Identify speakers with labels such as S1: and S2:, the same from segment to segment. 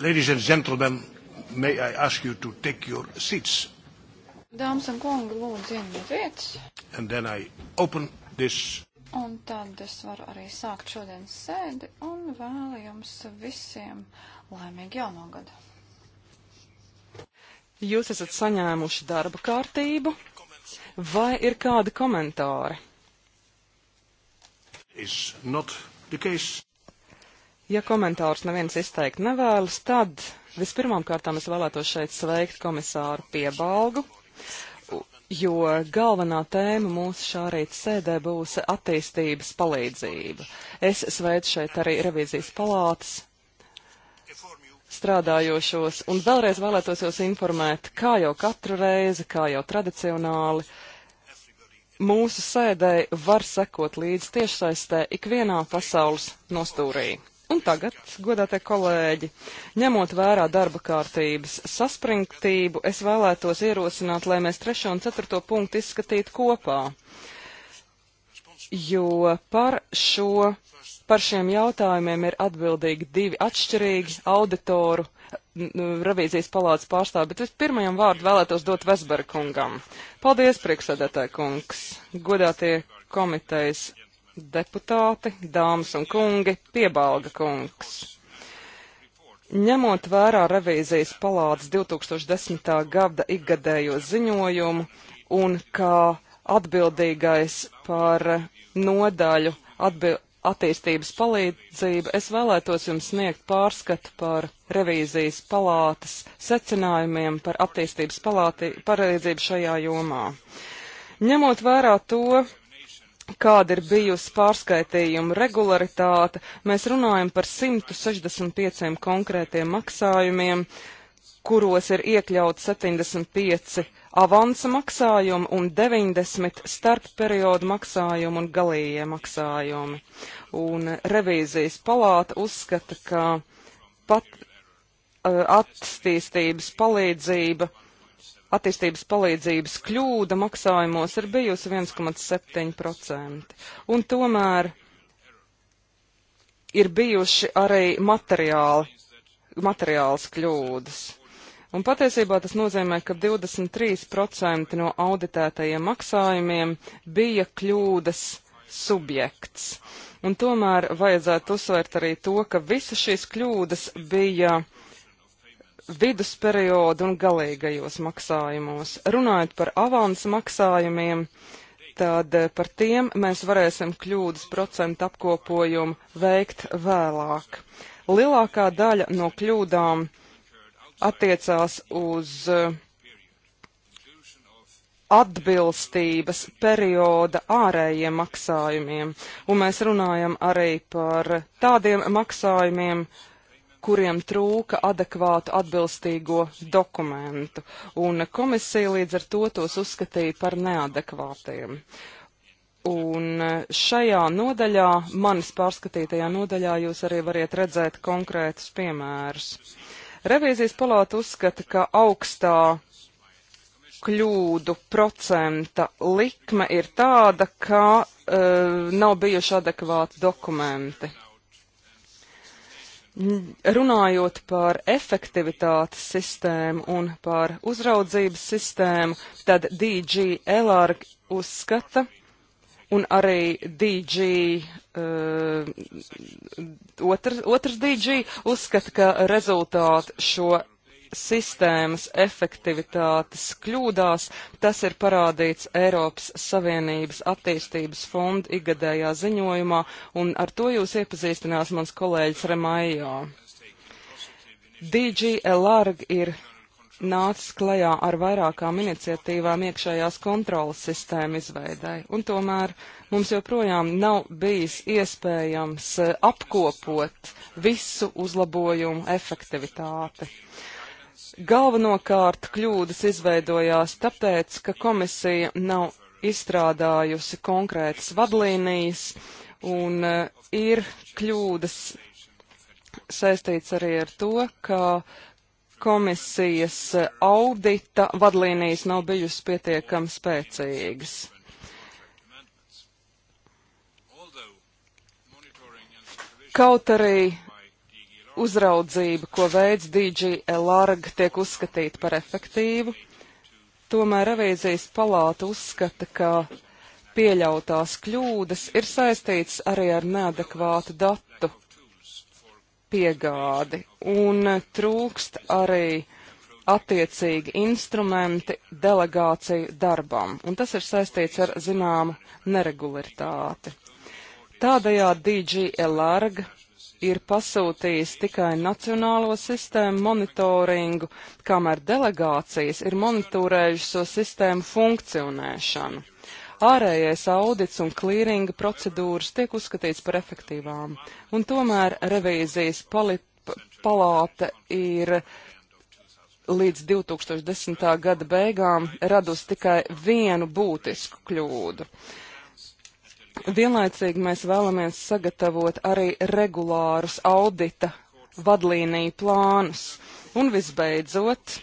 S1: Ladies and gentlemen, may I ask you to take your seats?
S2: Dāmas un kungi, lūdzu, ieņemiet vietas.
S1: And then I open this.
S2: Un tad es varu arī sākt šodienas sēdi un vēlu jums visiem laimīgu jauno gadu.
S3: Jūs esat saņēmuši darba kārtību, vai ir kādi komentāri? Is not the case. Ja komentārus neviens izteikt nevēlas, tad vispirmām kārtām es vēlētos šeit sveikt komisāru piebalgu, jo galvenā tēma mūsu šā rīta sēdē būs attīstības palīdzība. Es sveicu šeit arī revīzijas palātas strādājošos un vēlreiz vēlētos jūs informēt, kā jau katru reizi, kā jau tradicionāli mūsu sēdēji var sekot līdz tiešsaistē ikvienā pasaules nostūrī. Un tagad, godātie kolēģi, ņemot vērā darba kārtības saspringtību, es vēlētos ierosināt, lai mēs trešo un ceturto punktu izskatītu kopā, jo par šo, par šiem jautājumiem ir atbildīgi divi atšķirīgi auditoru revīzijas palātas pārstāvi, bet vispirmajam vārdu vēlētos dot Vesberga kungam. Paldies, priekšsēdētāji kungs, godātie komitejas deputāti, dāmas un kungi, piebalga kungs. Ņemot vērā revīzijas palādes 2010. gada ikgadējo ziņojumu un kā atbildīgais par nodaļu atbild attīstības palīdzību, es vēlētos jums sniegt pārskatu par revīzijas palātas secinājumiem par attīstības palāti, palīdzību šajā jomā. Ņemot vērā to, kāda ir bijusi pārskaitījuma regularitāte. Mēs runājam par 165 konkrētiem maksājumiem, kuros ir iekļauts 75 avansa maksājumi un 90 starpperiodi maksājumi un galīgie maksājumi. Un revīzijas palāta uzskata, ka pat uh, attīstības palīdzība uh, attīstības palīdzības kļūda maksājumos ir bijusi 1,7%. Un tomēr ir bijuši arī materiāli, materiāls kļūdas. Un patiesībā tas nozīmē, ka 23% no auditētajiem maksājumiem bija kļūdas subjekts. Un tomēr vajadzētu uzsvērt arī to, ka visas šīs kļūdas bija uh, vidusperioda un galīgajos maksājumos. Runājot par avans maksājumiem, tad eh, par tiem mēs varēsim kļūdas procentu apkopojumu veikt vēlāk. Lielākā daļa no kļūdām attiecās uz eh, atbilstības perioda ārējiem maksājumiem, un mēs runājam arī par tādiem maksājumiem, uh, kuriem trūka adekvātu atbilstīgo dokumentu, un komisija līdz ar to tos uzskatīja par neadekvātiem. Un šajā nodaļā, manis pārskatītajā nodaļā, jūs arī variet redzēt konkrētus piemērus. Revīzijas palāta uzskata, ka augstā kļūdu procenta likme ir tāda, ka uh, nav bijuši adekvāti dokumenti. Runājot par efektivitātes sistēmu un par uzraudzības sistēmu, tad DG Elārg uzskata, un arī DG, uh, eh, otrs, otrs DG uzskata, ka rezultāti šo sistēmas efektivitātes kļūdās, tas ir parādīts Eiropas Savienības attīstības fonda igadējā ziņojumā, un ar to jūs iepazīstinās mans kolēģis Remaijo. DG Elarg ir nācis klajā ar vairākām iniciatīvām iekšējās kontrolas sistēmu izveidai, un tomēr mums joprojām nav bijis iespējams eh, apkopot visu uzlabojumu efektivitāti. Galvenokārt kļūdas izveidojās tāpēc, ka komisija nav izstrādājusi konkrētas vadlīnijas un eh, ir kļūdas saistīts arī ar to, ka komisijas eh, audita vadlīnijas nav bijusi pietiekami spēcīgas. Kaut arī uzraudzība, ko veids DG Larg, tiek uzskatīta par efektīvu. Tomēr revīzijas palāta uzskata, ka pieļautās kļūdas ir saistīts arī ar neadekvātu datu piegādi un trūkst arī attiecīgi instrumenti delegāciju darbam, un tas ir saistīts ar zināmu neregularitāti. Tādējādi DG Elarga ir pasūtījis tikai nacionālo sistēmu monitoringu, kamēr delegācijas ir monitorējušas šo sistēmu funkcionēšanu. Ārējais audits un klīringa procedūras tiek uzskatīts par efektīvām, un tomēr revīzijas palāte ir līdz 2010. gada beigām radusi tikai vienu būtisku kļūdu. Uh, Vienlaicīgi mēs vēlamies sagatavot arī regulārus audita vadlīniju plānus. Un visbeidzot,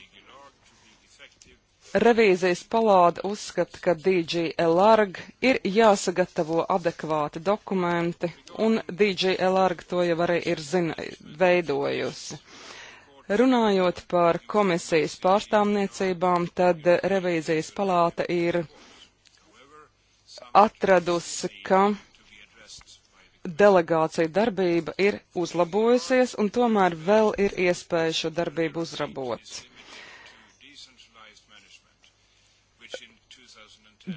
S3: revīzijas palāda uzskata, ka DG Elarg ir jāsagatavo adekvāti dokumenti, un DG Elarg to jau arī ir zina, veidojusi. Runājot par komisijas pārstāvniecībām, tad revīzijas palāta ir atradusi, ka delegācija darbība ir uzlabojusies, un tomēr vēl ir iespēja šo darbību uzrabot.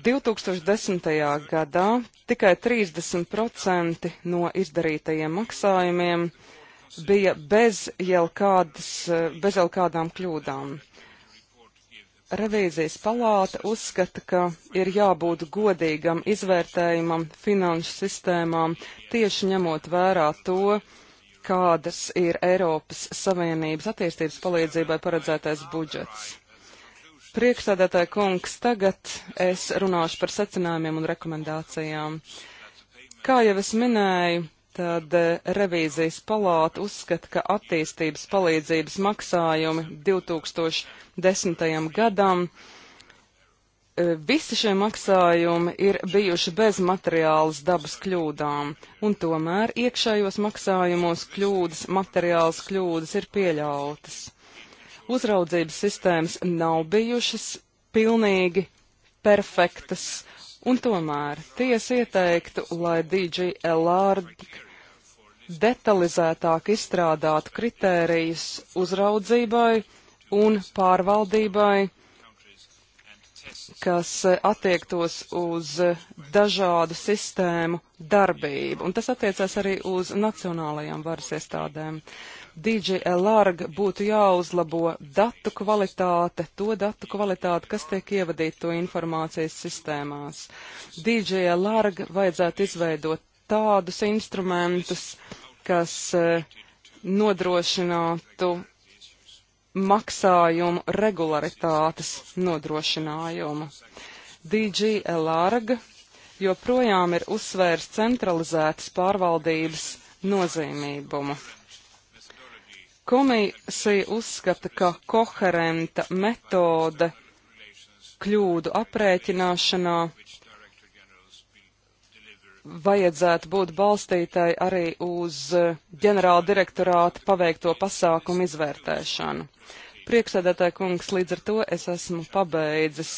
S3: 2010. gadā tikai 30% no izdarītajiem maksājumiem bija bez jau, kādas, bez jau kādām kļūdām revīzijas palāta uzskata, ka ir jābūt godīgam izvērtējumam finanšu sistēmām, tieši ņemot vērā to, kādas ir Eiropas Savienības attīstības palīdzībai paredzētais budžets. Priekšsēdētāja kungs, tagad es runāšu par secinājumiem un rekomendācijām. Kā jau es minēju, tad eh, revīzijas palāta uzskata, ka attīstības palīdzības maksājumi 2010. gadam eh, visi šie maksājumi ir bijuši bez materiālas dabas kļūdām, un tomēr iekšējos maksājumos kļūdas, materiālas kļūdas ir pieļautas. Uzraudzības sistēmas nav bijušas pilnīgi perfektas, Un tomēr tiesa ieteiktu, lai DGLR detalizētāk izstrādātu kritērijus uzraudzībai un pārvaldībai, kas eh, attiektos uz eh, dažādu sistēmu darbību. Un tas attiecās arī uz nacionālajām varas iestādēm. Uh, DigiLarg būtu jāuzlabo datu kvalitāte, to datu kvalitāte, kas tiek ievadīta to informācijas sistēmās. DigiLarg vajadzētu izveidot tādus instrumentus, kas e, nodrošinātu maksājumu regularitātes nodrošinājumu. DGLARG joprojām ir uzsvērs centralizētas pārvaldības nozīmībumu. Komisija uzskata, ka koherenta metode kļūdu aprēķināšanā vajadzētu būt balstītai arī uz ģenerāla direktorāta paveikto pasākumu izvērtēšanu. Priekšsēdētāja kungs, līdz ar to es esmu pabeidzis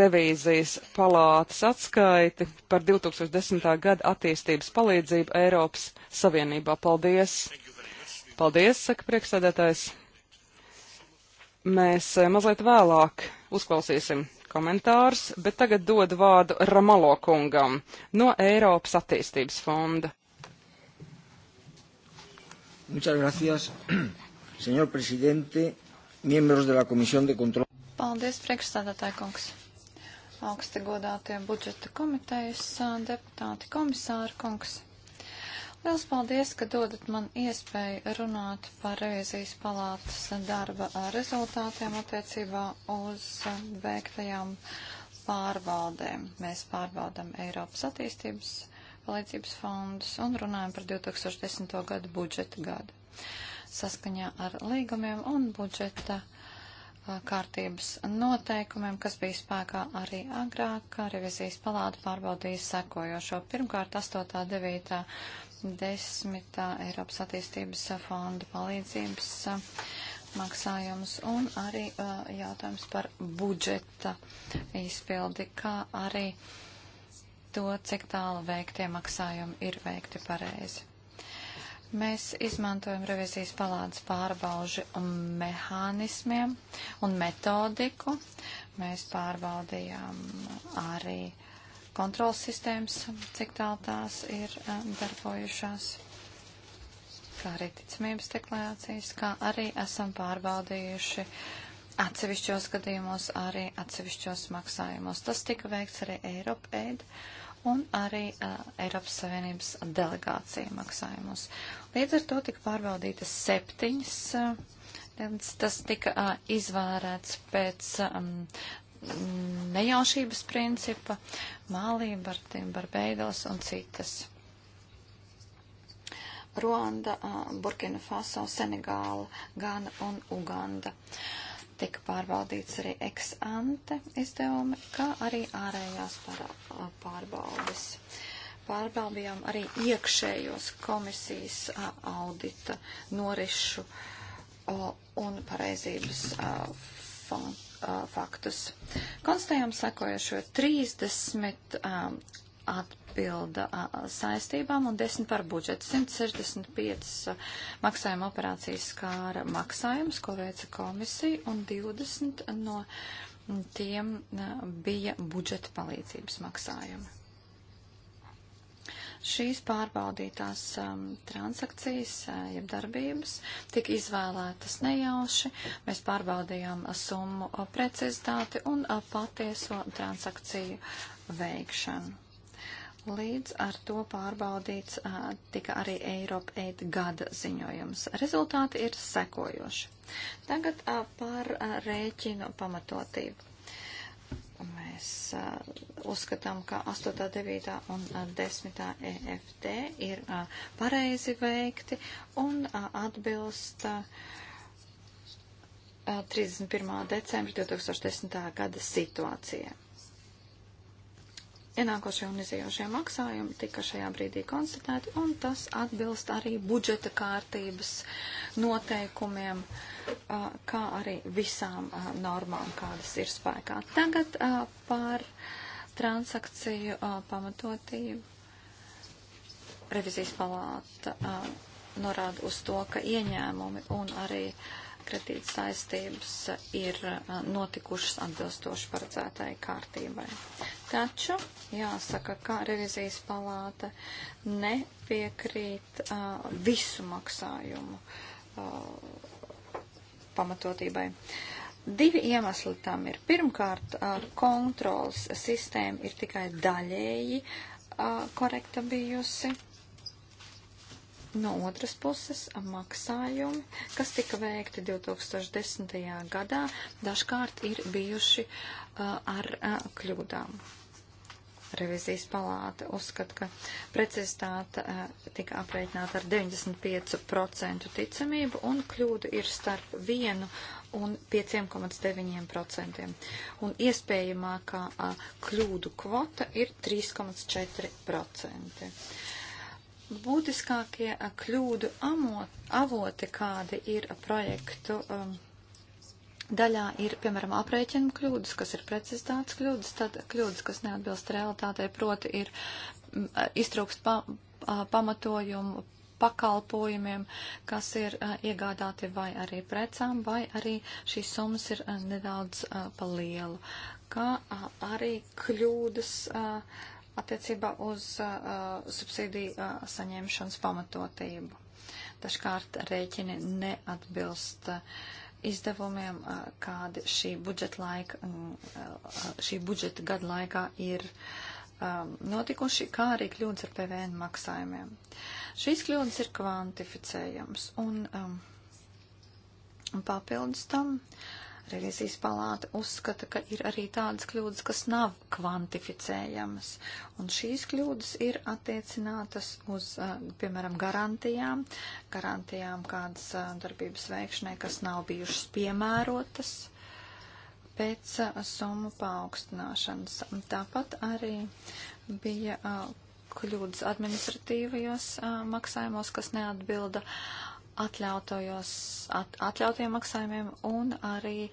S3: revīzijas palātas atskaiti par 2010. gada attīstības palīdzību Eiropas Savienībā. Paldies! Paldies, saka priekšsēdētājs. Mēs eh, mazliet vēlāk uzklausīsim komentārus, bet tagad dodu vārdu Ramalo kungam no Eiropas attīstības fonda.
S1: Muchas gracias,
S3: señor presidente, miembros de la Comisión de Control. Paldies,
S2: priekšstādātāja kungs. Augsti godātie budžeta komitejas eh, deputāti, komisāri kungs. Liels paldies, ka dodat man iespēju runāt par revizijas palātas darba rezultātiem attiecībā uz veiktajām pārvaldēm. Mēs pārvaldam Eiropas attīstības palīdzības fondus un runājam par 2010. gadu budžeta gadu. Saskaņā ar līgumiem un budžeta kārtības noteikumiem, kas bija spēkā arī agrāk, revizijas palāta pārbaudīja sekojošo. Pirmkārt, 8. 9 desmitā Eiropas attīstības fonda palīdzības maksājums un arī jautājums par budžeta izpildi, kā arī to, cik tālu veiktie maksājumi ir veikti pareizi. Mēs izmantojam revizijas palādes pārbaužu mehānismiem un metodiku. Mēs pārbaudījām arī uh, kontrols sistēmas, cik tālu tās ir eh, darbojušās, kā arī ticamības deklarācijas, kā arī esam pārbaudījuši atsevišķos gadījumos, arī atsevišķos maksājumos. Tas tika veikts arī Eiropa ēd un arī uh, Eiropas Savienības delegācija maksājumos. Līdz ar to tika pārbaudītas septiņas. Uh, Tas tika uh, izvērēts pēc um, nejaušības principa, Mālī, Barbeidos un citas. Ruanda, Burkina Faso, Senegāla, Gana un Uganda. Tika pārbaudīts arī ex ante izdevumi, kā arī ārējās pārbaudes. Pārbaudījām arī iekšējos komisijas audita norišu un pareizības fondu uh, faktus. Konstatējam sekojošo 30 um, atbilda uh, saistībām un 10 par budžetu. 165 uh, maksājuma operācijas skāra maksājums, ko veica komisija, un 20 no tiem uh, bija budžeta palīdzības maksājumi. Šīs pārbaudītās um, transakcijas, uh, jeb darbības, tika izvēlētas nejauši. Mēs pārbaudījām uh, summu uh, precizitāti un patieso transakciju veikšanu. Līdz ar to pārbaudīts tika arī Eiropa 8 gada ziņojums. Rezultāti ir sekojoši. Tagad par rēķinu pamatotību mēs uzskatām, ka 8, 9 un 10 EFT ir pareizi veikti un atbilst 31. decembra 2010. gada situācijai. Ienākošie un izējošie maksājumi tika šajā brīdī konstatēti, un tas atbilst arī budžeta kārtības noteikumiem, kā arī visām normām, kādas ir spēkā. Tagad par transakciju pamatotību. Revizijas palāta norāda uz to, ka ieņēmumi un arī uh, kredīt saistības ir notikušas atbilstoši paredzētai kārtībai. Taču jāsaka, ka revizijas palāta nepiekrīt uh, visu maksājumu uh, pamatotībai. Divi iemesli tam ir. Pirmkārt, uh, kontrols sistēma ir tikai daļēji uh, korekta bijusi No otras puses, maksājumi, kas tika veikti 2010. gadā, dažkārt ir bijuši uh, ar uh, kļūdām. Revizijas palāta uzskata, ka precizitāte uh, tika aprēķināta ar 95% ticamību un kļūda ir starp 1 un 5,9%. Un iespējamākā uh, kļūdu kvota ir 3,4% būtiskākie kļūdu amot, avoti, kādi ir projektu um, daļā, ir, piemēram, aprēķina kļūdas, kas ir precizitātes kļūdas, tad kļūdas, kas neatbilst realitātei, proti ir m, iztrūkst pa, pamatojumu pakalpojumiem, kas ir uh, iegādāti vai arī precām, vai arī šīs summas ir uh, nedaudz uh, pa lielu, kā arī kļūdas uh, attiecībā uz uh, subsīdiju uh, saņemšanas pamatotību. Dažkārt rēķini neatbilst uh, izdevumiem, uh, kādi šī budžeta, laika, mm, uh, šī budžeta gada laikā ir um, notikuši, kā arī kļūdas ar PVN maksājumiem. Šīs kļūdas ir kvantificējams un um, papildus tam. Uh, Revizijas palāta uzskata, ka ir arī tādas kļūdas, kas nav kvantificējamas. Un šīs kļūdas ir attiecinātas uz, piemēram, garantijām, garantijām kādas darbības veikšanai, kas nav bijušas piemērotas pēc summu paaugstināšanas. Tāpat arī bija kļūdas administratīvajos maksājumos, kas neatbilda atļautojos, at, atļautajiem maksājumiem un arī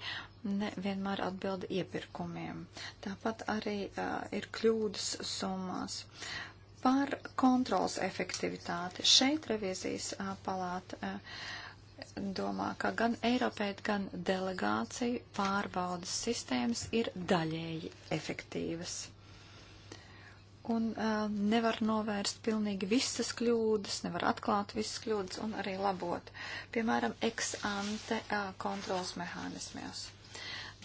S2: nevienmēr atbildi iepirkumiem. Tāpat arī uh, ir kļūdas summās. Par kontrols efektivitāti. Šeit revizijas uh, palāta uh, domā, ka gan Eiropēt, gan delegācija pārbaudas sistēmas ir daļēji efektīvas un uh, nevar novērst pilnīgi visas kļūdas, nevar atklāt visas kļūdas un arī labot. Piemēram, ex ante uh, kontrols mehānismos.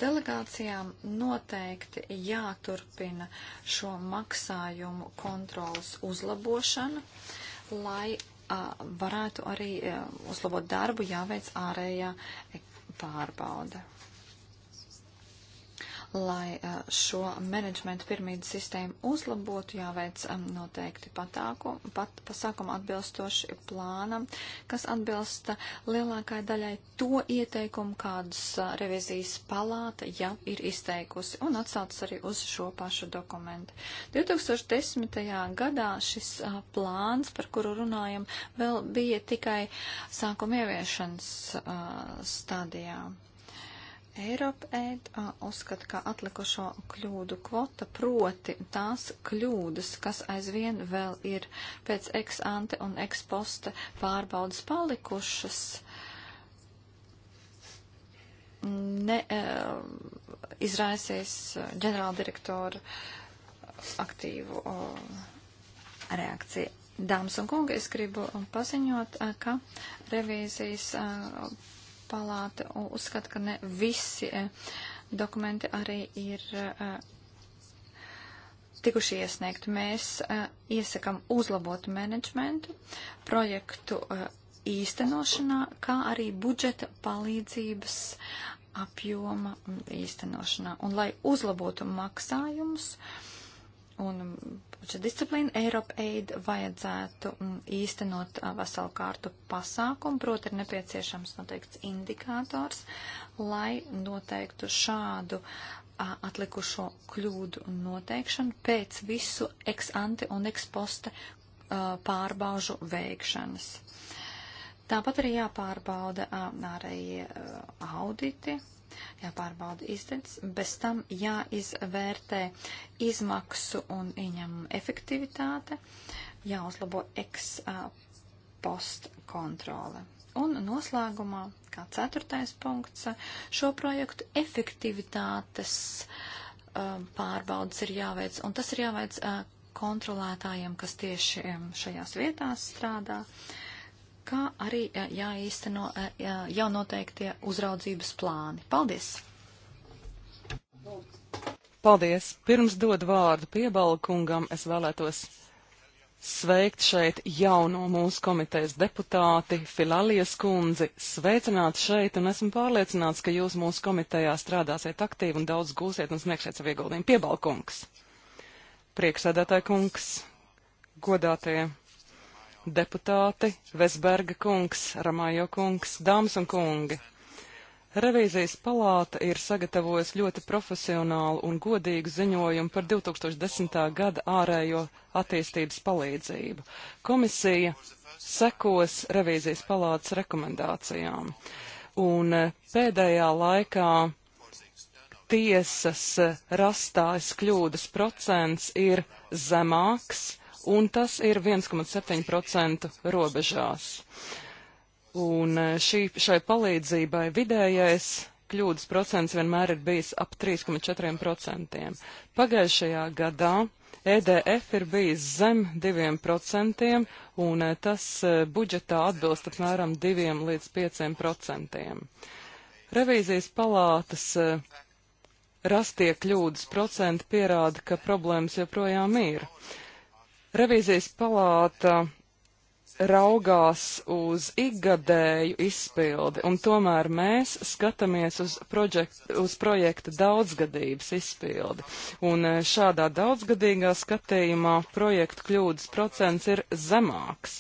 S2: Delegācijām noteikti jāturpina šo maksājumu kontrolas uzlabošana, lai uh, varētu arī uh, uzlabot darbu, jāveic ārējā e- pārbauda lai šo menedžmentu pirmīdu sistēmu uzlabotu, jāveic noteikti patāku, pat pasākumu atbilstoši plānam, kas atbilsta lielākai daļai to ieteikumu, kādus revizijas palāta jau ir izteikusi un atsaucas arī uz šo pašu dokumentu. 2010. gadā šis plāns, par kuru runājam, vēl bija tikai sākuma ieviešanas stadijā. Eiropa ēd uzskata, ka atlikušo kļūdu kvota proti tās kļūdas, kas aizvien vēl ir pēc ex ante un ex poste pārbaudas palikušas, ne, e, izraisīs ģenerāldirektora aktīvu o, reakciju. Dāmas un kungi, es gribu paziņot, ka revīzijas palāta uzskata, ka ne visi e, dokumenti arī ir e, tikuši iesniegti. Mēs e, iesakam uzlabot menedžmentu, projektu īstenošanā, kā arī budžeta palīdzības apjoma īstenošanā. Un lai uzlabotu maksājumus un budžeta disciplīnu, Eiropa Aid vajadzētu mm, īstenot veselu kārtu pasākumu, proti ir nepieciešams noteikts indikators, lai noteiktu šādu atlikušo kļūdu noteikšanu pēc visu ex ante un ex poste pārbaužu veikšanas. Tāpat arī jāpārbauda ārējie auditi, jāpārbauda izdegs, bez tam jāizvērtē izmaksu un ieņēmumu efektivitāte, jāuzlabo ex post kontrole. Un noslēgumā, kā ceturtais punkts, šo projektu efektivitātes pārbaudas ir jāveic, un tas ir jāveic kontrolētājiem, kas tieši šajās vietās strādā. Uh, kā arī jāīsteno jau noteiktie uzraudzības plāni. Paldies!
S3: Paldies! Pirms dod vārdu piebalkungam, es vēlētos sveikt šeit jauno mūsu komitejas deputāti Filalijas kundzi, sveicināt šeit un esmu pārliecināts, ka jūs mūsu komitejā strādāsiet aktīvi un daudz gūsiet un sniegsiet savu ieguldījumu. Piebalkungs, prieksēdētāja kungs, godātie deputāti, Vesberga kungs, Ramajo kungs, dāmas un kungi. Revīzijas palāta ir sagatavojusi ļoti profesionālu un godīgu ziņojumu par 2010. gada ārējo attīstības palīdzību. Komisija sekos revīzijas palātas rekomendācijām. Un eh, pēdējā laikā tiesas eh, rastājas kļūdas procents ir zemāks un tas ir 1,7% robežās. Un e, šī, šai palīdzībai vidējais kļūdas procents vienmēr ir bijis ap 3,4%. Pagājušajā gadā EDF ir bijis zem 2%, un e, tas e, budžetā atbilst apmēram 2 līdz 5%. Revīzijas palātas rastie kļūdas procenti pierāda, ka problēmas joprojām ir. Uh, Revīzijas palāta raugās uz ikgadēju izpildi, un tomēr mēs skatāmies uz, projekt, uz projekta daudzgadības izpildi. Un e, šādā daudzgadīgā skatījumā projektu kļūdas procents ir zemāks.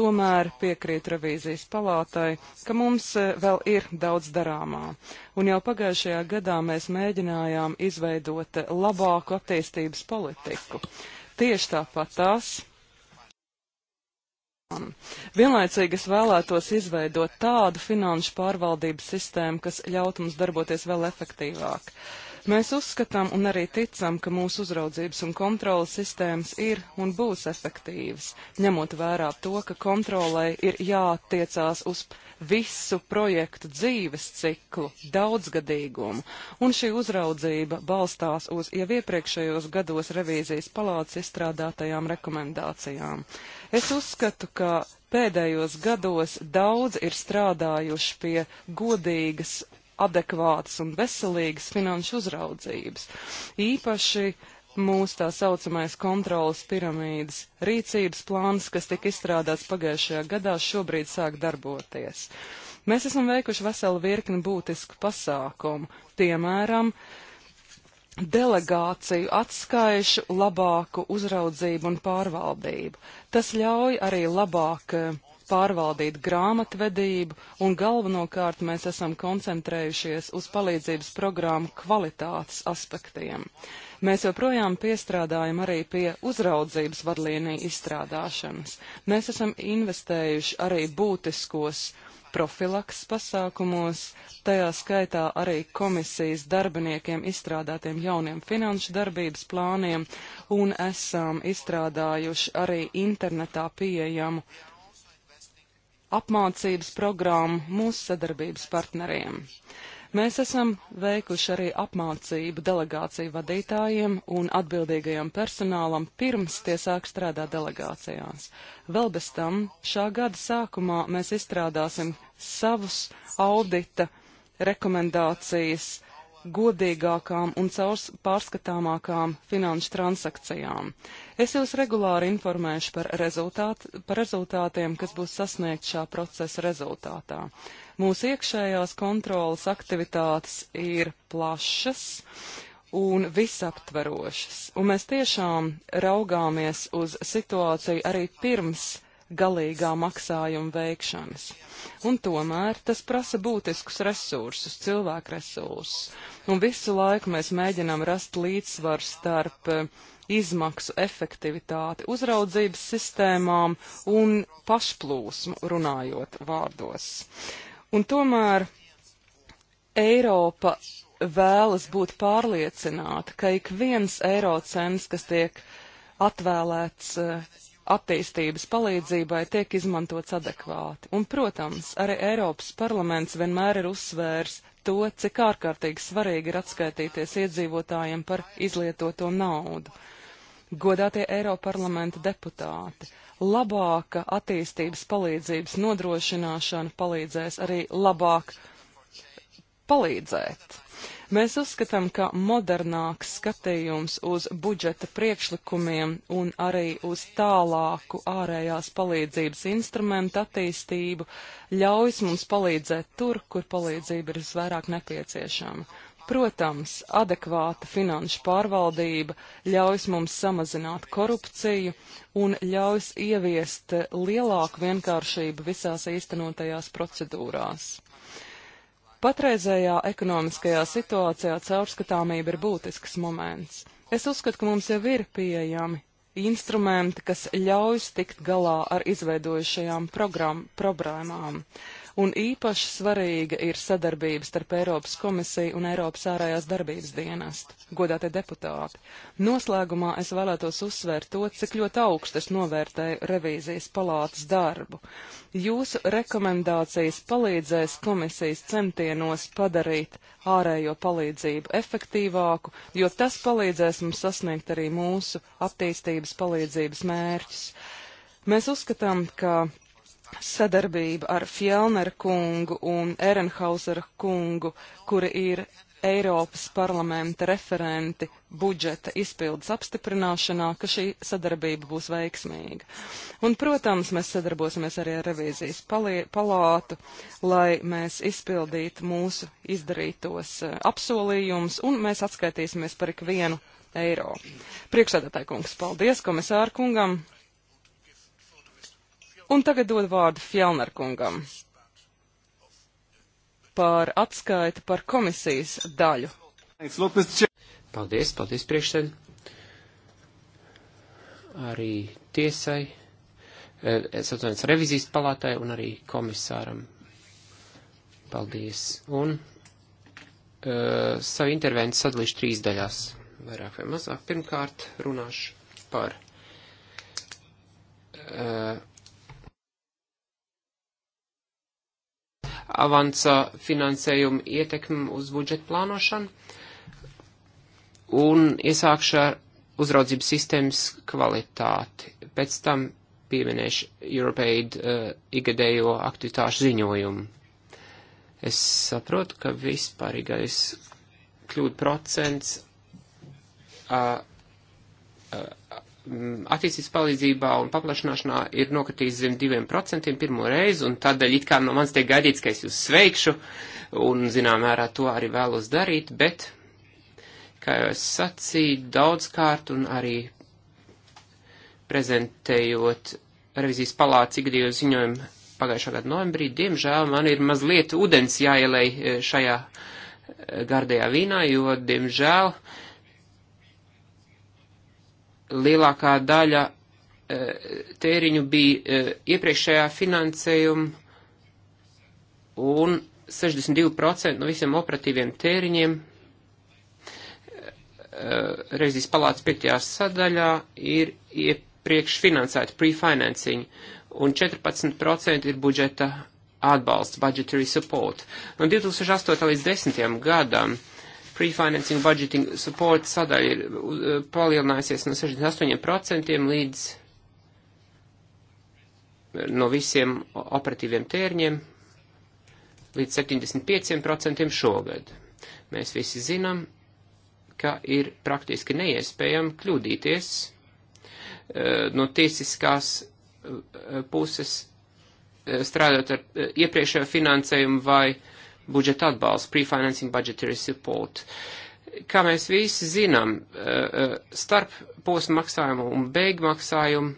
S3: Tomēr piekrīt revīzijas palātai, ka mums e, vēl ir daudz darāmā. Un jau pagājušajā gadā mēs mēģinājām izveidot e, labāku attīstības politiku tieši tāpat tās. Vienlaicīgi es vēlētos izveidot tādu finanšu pārvaldības sistēmu, kas ļaut mums darboties vēl efektīvāk. Uh, Mēs uzskatām un arī ticam, ka mūsu uzraudzības un kontrolas sistēmas ir un būs efektīvas, ņemot vērā to, ka kontrolai ir jātiecās uz visu projektu dzīves ciklu, daudzgadīgumu, un šī uzraudzība balstās uz jau iepriekšējos gados revīzijas palāca izstrādātajām rekomendācijām. Es uzskatu, ka pēdējos gados daudz ir strādājuši pie godīgas adekvātas un veselīgas finanšu uzraudzības. Īpaši mūsu tā saucamais kontrolas piramīdas rīcības plāns, kas tika izstrādāts pagājušajā gadā, šobrīd sāk darboties. Mēs esam veikuši veselu virkni būtisku pasākumu, piemēram, delegāciju atskaišu, labāku uzraudzību un pārvaldību. Tas ļauj arī labāk uh, pārvaldīt grāmatvedību, un galvenokārt mēs esam koncentrējušies uz palīdzības programmu kvalitātes aspektiem. Mēs joprojām piestrādājam arī pie uzraudzības vadlīniju izstrādāšanas. Mēs esam investējuši arī būtiskos profilaks pasākumos, tajā skaitā arī komisijas darbiniekiem izstrādātiem jauniem finanšu darbības plāniem un esam izstrādājuši arī internetā pieejamu apmācības programmu mūsu sadarbības partneriem. Mēs esam veikuši arī apmācību delegāciju vadītājiem un atbildīgajam personālam pirms tie sāk strādāt delegācijās. Vēl bez tam šā gada sākumā mēs izstrādāsim savus audita rekomendācijas godīgākām un caurs pārskatāmākām finanšu transakcijām. Es jūs regulāri informēšu par, rezultāt, par rezultātiem, kas būs sasniegt šā procesa rezultātā. Mūsu iekšējās kontrolas aktivitātes ir plašas un visaptverošas, un mēs tiešām raugāmies uz situāciju arī pirms galīgā maksājuma veikšanas. Un tomēr tas prasa būtiskus resursus, cilvēku resursus. Un visu laiku mēs mēģinām rast līdzsvaru starp eh, izmaksu efektivitāti uzraudzības sistēmām un pašplūsmu runājot vārdos. Un tomēr Eiropa vēlas būt pārliecināta, ka ik viens eiro cents, kas tiek atvēlēts eh, attīstības palīdzībai tiek izmantots adekvāti. Un, protams, arī Eiropas parlaments vienmēr ir uzsvērs to, cik ārkārtīgi svarīgi ir atskaitīties iedzīvotājiem par izlietoto naudu. Godātie Eiroparlamenta deputāti, labāka attīstības palīdzības nodrošināšana palīdzēs arī labāk palīdzēt. Mēs uzskatām, ka modernāks skatījums uz budžeta priekšlikumiem un arī uz tālāku ārējās palīdzības instrumentu attīstību ļauj mums palīdzēt tur, kur palīdzība ir visvairāk nepieciešama. Protams, adekvāta finanšu pārvaldība ļaus mums samazināt korupciju un ļaus ieviest lielāku vienkāršību visās īstenotajās procedūrās. Patreizējā ekonomiskajā situācijā caurskatāmība ir būtisks moments. Es uzskatu, ka mums jau ir pieejami instrumenti, kas ļauj tikt galā ar izveidojušajām problēmām un īpaši svarīga ir sadarbība starp Eiropas komisiju un Eiropas ārējās darbības dienestu. Godātie deputāti, noslēgumā es vēlētos uzsvērt to, cik ļoti augstu es novērtēju revīzijas palātas darbu. Jūsu rekomendācijas palīdzēs komisijas centienos padarīt ārējo palīdzību efektīvāku, jo tas palīdzēs mums sasniegt arī mūsu attīstības palīdzības mērķus. Mēs uzskatām, ka sadarbība ar Fjellner kungu un Erenhausera kungu, kuri ir Eiropas parlamenta referenti budžeta izpildes apstiprināšanā, ka šī sadarbība būs veiksmīga. Un, protams, mēs sadarbosimies arī ar revīzijas palātu, lai mēs izpildītu mūsu izdarītos uh, apsolījumus, un mēs atskaitīsimies par ikvienu eiro. Priekšsēdētāji kungs, paldies komisāru kungam! Un tagad dod vārdu Fjellner kungam par atskaiti par komisijas daļu.
S1: Paldies, paldies priekšsēd. Arī tiesai, eh, es atvainojos revizijas palātai un arī komisāram. Paldies. Un uh, savu intervenciju sadalīšu trīs daļās, vairāk vai mazāk. Pirmkārt runāšu par uh, avansa finansējumu ietekmi uz budžetu plānošanu un iesākšu ar uzraudzības sistēmas kvalitāti. Pēc tam pieminēšu Europaid uh, eh, igadējo aktivitāšu ziņojumu. Es saprotu, ka vispārīgais kļūda procents uh, uh, Mm, attīstības palīdzībā un paplašanāšanā ir nokritījis zem 2% pirmo reizi, un tādēļ it kā no manis tiek gaidīts, ka es jūs sveikšu, un zinām mērā to arī vēlos darīt, bet, kā jau es sacīju, daudzkārt un arī prezentējot revizijas palāca ikdienas ziņojumu pagājušā gada novembrī, diemžēl man ir mazliet ūdens jāielai e, šajā e, gardajā vīnā, jo, diemžēl, uh, lielākā daļa e, tēriņu bija e, iepriekšējā finansējuma un 62% no visiem operatīviem tēriņiem e, reizes palātas piektajā sadaļā ir iepriekš finansēta pre-financing un 14% ir budžeta atbalsts, budgetary support. No 2008. līdz 10. gadam uh, Prefinancing budgeting support sadaļa ir e, palielinājusies no 68% līdz e, no visiem operatīviem tērņiem līdz 75% šogad. Mēs visi zinām, ka ir praktiski neiespējami kļūdīties e, no tiesiskās puses strādāt ar iepriekšējo finansējumu vai uh, budžeta atbalsts, pre-financing budgetary support. Kā mēs visi zinām, eh, eh, starp posmu maksājumu un beigu maksājumu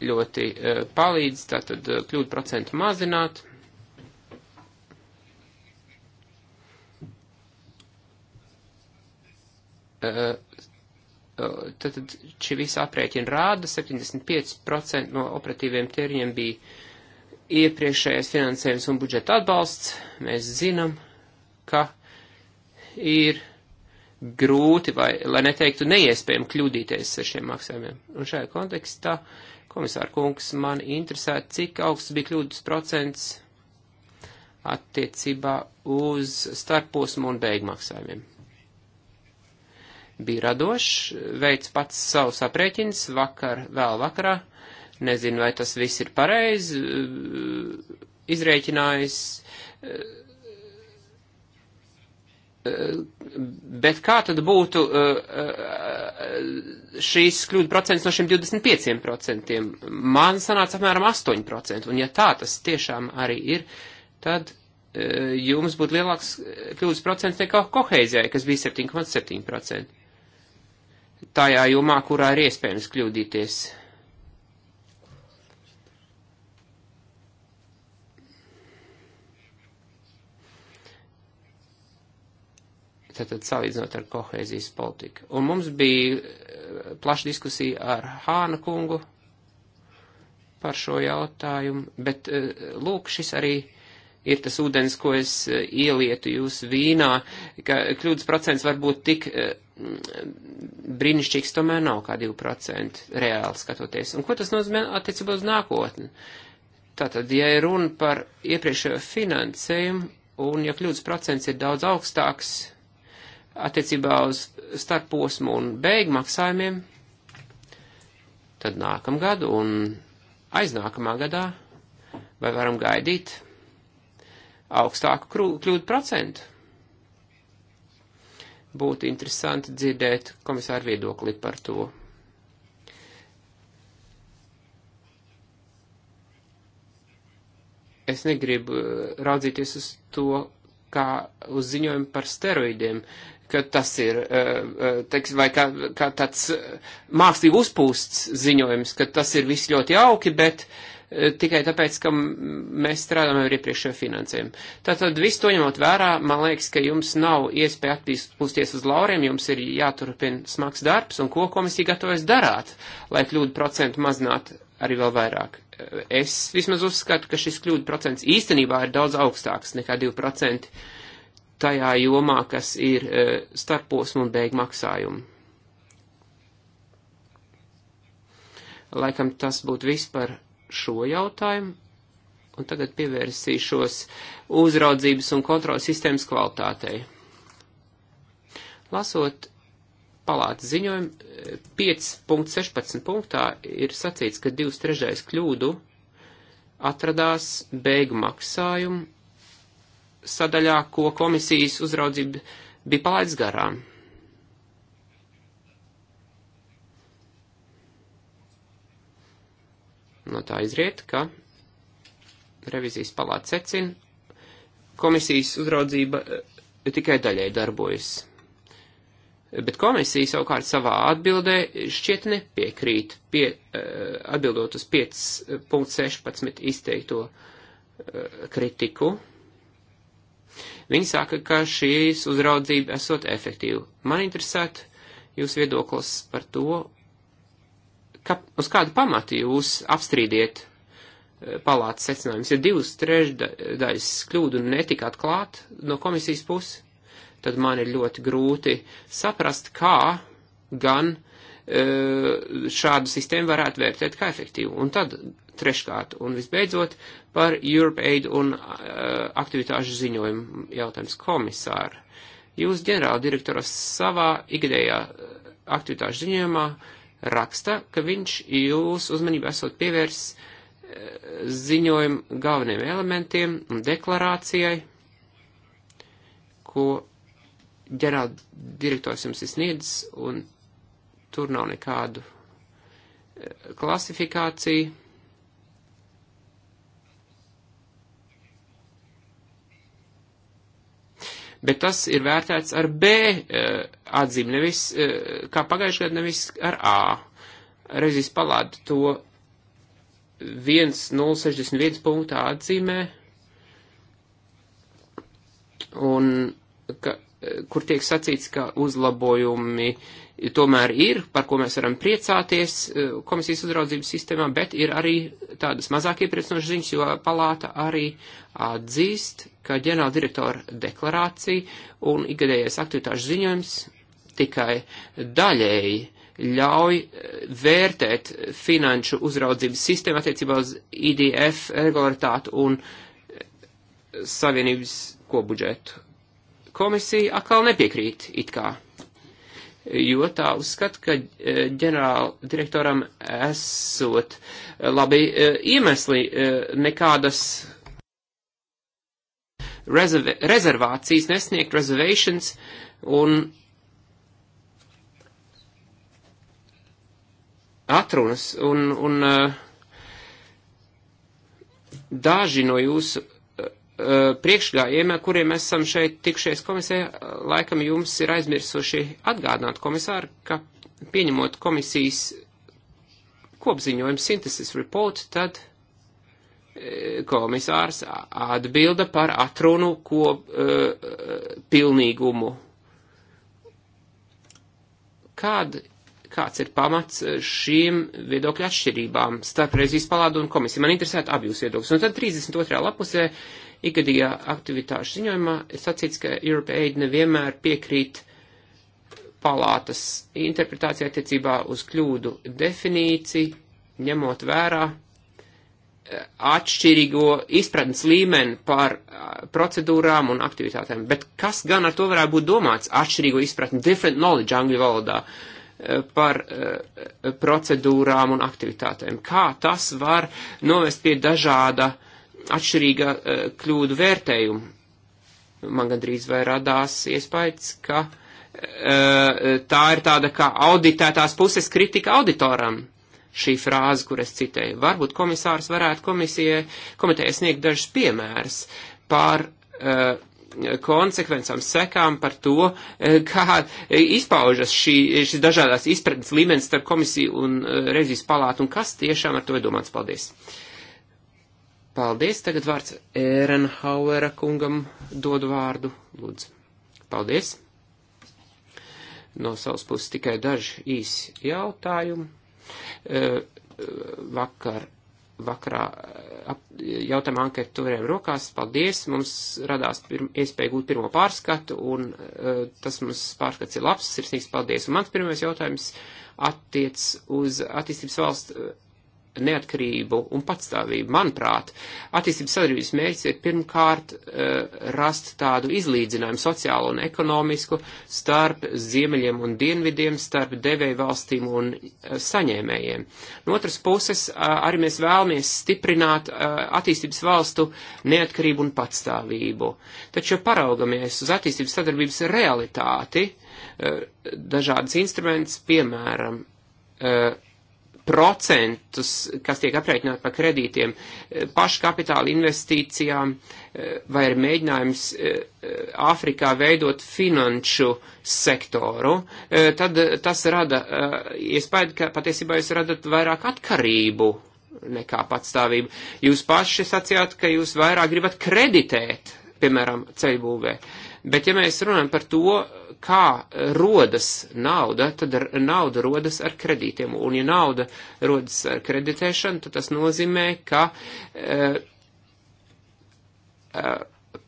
S1: ļoti eh, palīdz tātad kļūt procentu mazināt. Tātad šī visa aprēķina rāda 75% no operatīviem tēriņiem bija iepriekšējais finansējums un budžeta atbalsts, mēs zinām, ka ir grūti vai, lai neteiktu, neiespējami kļūdīties ar šiem maksājumiem. Un šajā kontekstā, komisāra kungs, man interesē, cik augsts bija kļūdas procents attiecībā uz starposmu un beigmaksājumiem. Bija radošs, veids pats savus aprēķins vakar, vēl vakarā. Uh, Nezinu, vai tas viss ir pareizi eh, izrēķinājis. Eh, eh, bet kā tad būtu šīs kļūda procents no šiem 25%? Man sanāca apmēram 8%, un ja tā tas tiešām arī ir, tad jums būtu lielāks kļūdas procents nekā koheizijai, kas bija 7,7%. Tajā jomā, kurā ir iespējams kļūdīties. tātad salīdzinot ar kohēzijas politiku. Un mums bija eh, plaša diskusija ar Hāna kungu par šo jautājumu, bet eh, lūk, šis arī ir tas ūdens, ko es eh, ielietu jūs vīnā, ka kļūdas procents var būt tik brīnišķīgs, tomēr nav kā 2% reāli skatoties. Un ko tas nozīmē attiecībā uz nākotni? Tātad, ja ir runa par iepriekšējo finansējumu, un ja kļūdas procents ir daudz augstāks, attiecībā uz starposmu un beigu maksājumiem, tad nākamgad un aiznākamā gadā vai varam gaidīt augstāku kļūdu procentu. Būtu interesanti dzirdēt komisāru viedokli par to. Es negribu raudzīties uz to, kā uz ziņojumu par steroidiem. Uh, ka tas ir, eh, eh, teiks, vai kā, kā tāds eh, mākslīgi uzpūsts ziņojums, ka tas ir viss ļoti jauki, bet tikai tāpēc, ka mēs strādājam ar iepriekšējo finansējumu. Tātad visu to ņemot vērā, man liekas, ka jums nav iespēja atpūsties uz lauriem, jums ir jāturpina smags darbs, un ko komisija gatavojas darāt, lai kļūdu procentu mazināt arī vēl vairāk. Es vismaz uzskatu, ka šis kļūdu procents īstenībā ir daudz augstāks nekā 2% tajā jomā, kas ir e, starposmu un beigu maksājumu. Laikam tas būtu viss par šo jautājumu, un tagad pievērsīšos uzraudzības un kontrolas sistēmas kvalitātei. Lasot palātas ziņojumu, 5.16 punktā ir sacīts, ka divas trešais kļūdu atradās beigu maksājumu sadaļā, ko komisijas uzraudzība bija palaidis garām. No tā izriet, ka revizijas palāta secina, komisijas uzraudzība eh, tikai daļai darbojas. Bet komisija savukārt savā atbildē šķiet nepiekrīt, pie, eh, atbildot uz 5.16 izteikto eh, kritiku. Viņi saka, ka šīs uzraudzība esot efektīva. Man interesētu jūs viedoklis par to, ka, uz kādu pamatu jūs apstrīdiet e, palātas secinājumus. Ja divas trešdaļas kļūdu netika atklāt no komisijas puses, tad man ir ļoti grūti saprast, kā gan e, šādu sistēmu varētu vērtēt kā efektīvu. Un tad treškārt. Un visbeidzot, par Europe Aid un uh, aktivitāšu ziņojumu jautājums komisāra. Jūs ģenerāla direktoras savā ikdējā uh, aktivitāšu ziņojumā raksta, ka viņš jūs uzmanību esot pievērs uh, ziņojumu galveniem elementiem un deklarācijai, ko ģenerāla direktors jums izsniedz, un tur nav nekādu uh, klasifikāciju. bet tas ir vērtēts ar B eh, atzīmi, nevis eh, kā pagājušajā gadā, nevis ar A. Reizes palāda to 1,061 punktā atzīmē, un ka, eh, kur tiek sacīts, ka uzlabojumi uh, tomēr ir, par ko mēs varam priecāties e, komisijas uzraudzības sistēmā, bet ir arī tādas mazāk iepriecinošas ziņas, jo palāta arī atzīst, ka ģenerāla direktora deklarācija un ikgadējais aktivitāšu ziņojums tikai daļēji ļauj e, vērtēt finanšu uzraudzības sistēmu attiecībā uz IDF regularitātu un e, savienības ko budžetu. Komisija atkal nepiekrīt it kā jo tā uzskata, ka e, ģenerāla direktoram esot e, labi e, iemesli nekādas rezerv rezervācijas nesniegt, reservations, un atrunas, un, un daži no jūsu Uh, priekšgājiem, ar kuriem esam šeit tikšies komisijā, laikam jums ir aizmirsuši atgādināt komisāru, ka pieņemot komisijas kopziņojumu synthesis report, tad uh, komisārs atbilda par atrunu kop, uh, pilnīgumu. Kāda kāds ir pamats šīm viedokļu atšķirībām starp revizijas palādu un komisiju. Man interesētu abi jūs viedokļus. Un tad 32. lapusē ikgadījā aktivitāšu ziņojumā ir sacīts, ka Europe Aid nevienmēr piekrīt palātas interpretācijā attiecībā uz kļūdu definīciju, ņemot vērā eh, atšķirīgo izpratnes līmeni par eh, procedūrām un aktivitātēm. Bet kas gan ar to varētu būt domāts? Atšķirīgo izpratni, different knowledge angļu valodā. Uh, par eh, procedūrām un aktivitātēm. Kā tas var novest pie dažāda atšķirīga eh, kļūdu vērtējuma? Man gandrīz vai radās iespējas, ka eh, tā ir tāda kā auditētās puses kritika auditoram. Šī frāze, kur es citēju, varbūt komisārs varētu komisijai, komitejai sniegt dažus piemērus par uh, konsekvencām, sekām par to, eh, kā izpaužas šī, šis dažādās izpratnes līmenis starp komisiju un eh, revizijas palātu un kas tiešām ar to ir domāts. Paldies! Paldies! Tagad vārds Ērenhauera kungam dodu vārdu. Lūdzu. Paldies! No savas puses tikai daži īsi jautājumi. Eh, vakar vakarā eh, ap, jautājumu anketu turējām rokās. Paldies! Mums radās pirma, iespēja gūt pirmo pārskatu, un uh, tas mums pārskats ir labs. Sirsnīgs paldies! Un mans pirmais jautājums attiec uz attīstības valsts eh, neatkarību un patstāvību. Manuprāt, attīstības sadarbības mērķis ir pirmkārt eh, rast tādu izlīdzinājumu sociālu un ekonomisku starp ziemeļiem un dienvidiem, starp devēju valstīm un eh, saņēmējiem. No otras puses, eh, arī mēs vēlamies stiprināt attīstības valstu neatkarību un patstāvību. Taču, ja paraugamies uz attīstības sadarbības realitāti, dažādas instruments, piemēram, procentus, kas tiek aprēķināti par kredītiem, eh, paškapitāla investīcijām, eh, vai ir mēģinājums eh, Āfrikā veidot finanšu sektoru, tad tas rada iespēju, ka patiesībā jūs radat vairāk atkarību nekā patstāvību. Jūs paši sacījāt, ka jūs vairāk gribat kreditēt, piemēram, ceļbūvē. Bet ja mēs runājam par to, kā rodas nauda, tad nauda rodas ar kredītiem. Un ja nauda rodas ar kreditēšanu, tad tas nozīmē, ka uh, uh,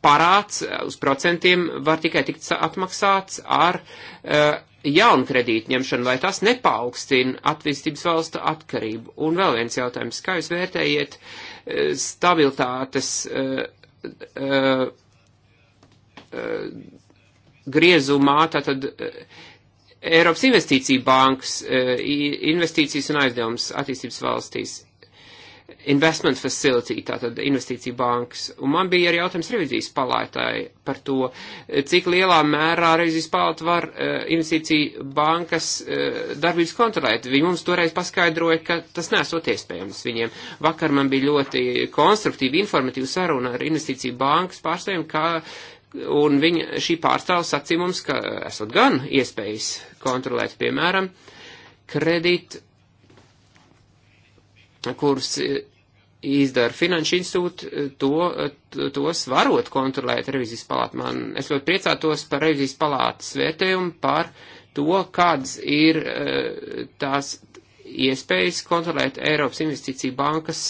S1: parāds uz procentiem var tikai tikt atmaksāts ar uh, jaunu kredītu ņemšanu, vai tas nepaukstina attīstības valstu atkarību. Un vēl viens jautājums, kā jūs vērtējiet stabilitātes. Uh, uh, griezumā, tātad eh, Eiropas investīcija bankas eh, investīcijas un aizdevums attīstības valstīs. Investment Facility, tātad investīcija bankas. Un man bija arī jautājums revizijas palātai par to, eh, cik lielā mērā revizijas palāta var uh, investīcija bankas uh, darbības kontrolēt. Viņi mums toreiz paskaidroja, ka tas nesot iespējams viņiem. Vakar man bija ļoti konstruktīva, informatīva saruna ar investīciju bankas pārstāvjiem, kā Un viņa, šī pārstāva sacīja mums, ka esot gan iespējas kontrolēt, piemēram, kredīt, kurus izdara finanšu institūti, to, tos varot kontrolēt revizijas palātu. Man, es ļoti priecātos par revizijas palātas vērtējumu par to, kādas ir eh, tās iespējas kontrolēt Eiropas investīciju bankas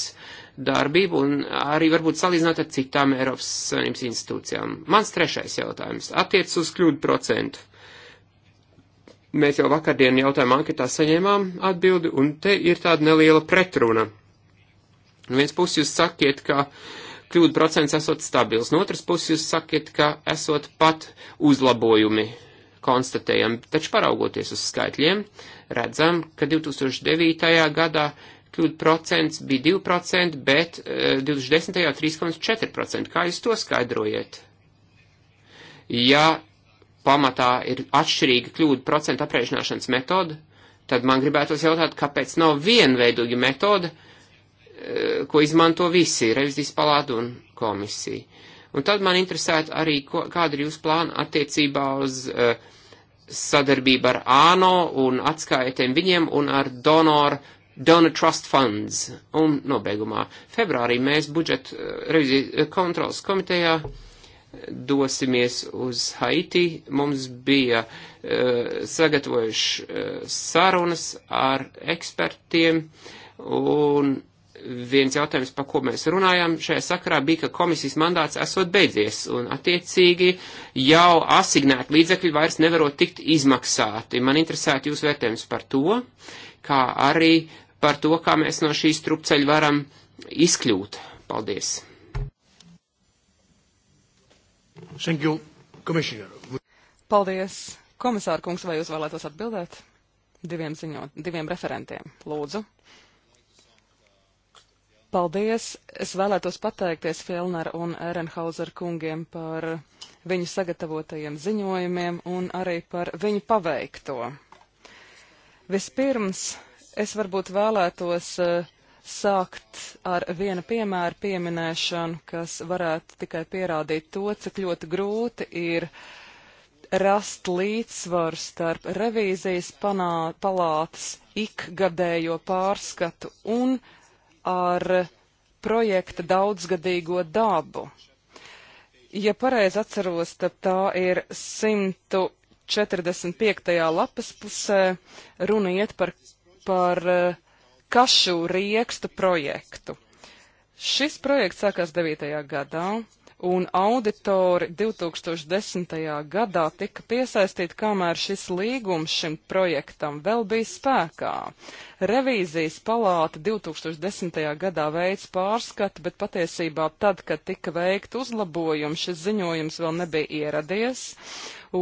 S1: darbību un arī varbūt salīdzināt ar citām Eiropas Savienības institūcijām. Mans trešais jautājums attiec uz kļūdu procentu. Mēs jau vakardien jautājumā anketā saņēmām atbildi, un te ir tāda neliela pretruna. No viens puses jūs sakiet, ka kļūdu procents esot stabils, no otras puses jūs sakiet, ka esot pat uzlabojumi konstatējam. Taču paraugoties uz skaitļiem, redzam, ka 2009. gadā kļūda procents bija 2%, bet 2010. Eh, jau 3,4%. Kā jūs to skaidrojat? Ja pamatā ir atšķirīga kļūda procenta aprēķināšanas metoda, tad man gribētos jautāt, kāpēc nav vienveidīga metoda, eh, ko izmanto visi revizijas palāda un komisija. Un tad man interesētu arī, ko, kāda ir jūsu plāna attiecībā uz uh, sadarbību ar ANO un atskaitēm viņiem un ar donoru donor trust funds. Un nobeigumā februārī mēs budžetu eh, reviziju eh, kontrolas komitejā eh, dosimies uz Haiti. Mums bija uh, sagatavojuši uh, sarunas ar ekspertiem, un viens jautājums, pa ko mēs runājām šajā sakarā, bija, ka komisijas mandāts esot beidzies, un attiecīgi jau asignēti līdzekļi vairs nevarot tikt izmaksāti. Man interesētu jūs vērtējums par to, kā arī par to, kā mēs no šīs trupceļa varam izkļūt. Paldies!
S3: Thank you, Commissioner. Paldies. Komisāra kungs, vai jūs vēlētos atbildēt? Diviem ziņot, diviem referentiem, lūdzu. Paldies. Es vēlētos pateikties Fielner un Ehrenhauser kungiem par viņu sagatavotajiem ziņojumiem un arī par viņu paveikto. Vispirms Es varbūt vēlētos eh, sākt ar vienu piemēru pieminēšanu, kas varētu tikai pierādīt to, cik ļoti grūti ir rast līdzsvaru starp revīzijas panā, palātas ikgadējo pārskatu un ar projekta daudzgadīgo dabu. Ja pareizi atceros, tad tā ir 145. lapas pusē runa iet par par eh, kašu riekstu projektu. Šis projekts sākās 9. gadā, un auditori 2010. gadā tika piesaistīti, kamēr šis līgums šim projektam vēl bija spēkā. Revīzijas palāta 2010. gadā veids pārskatu, bet patiesībā tad, kad tika veikt uzlabojumi, šis ziņojums vēl nebija ieradies,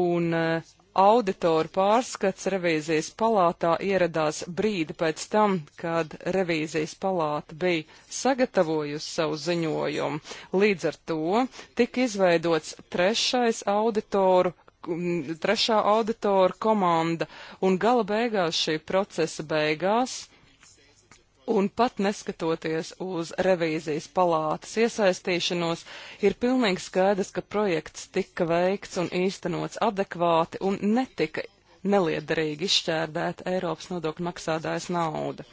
S3: un eh, auditoru pārskats revīzijas palātā ieradās brīdi pēc tam, kad revīzijas palāta bija sagatavojusi savu ziņojumu. Līdz ar to tika izveidots trešais auditoru trešā auditora komanda, un gala beigās šī procesa beigās un pat neskatoties uz revīzijas palātas iesaistīšanos, ir pilnīgi skaidrs, ka projekts tika veikts un īstenots adekvāti un netika neliederīgi izšķērdēta Eiropas nodokļu maksādājas nauda.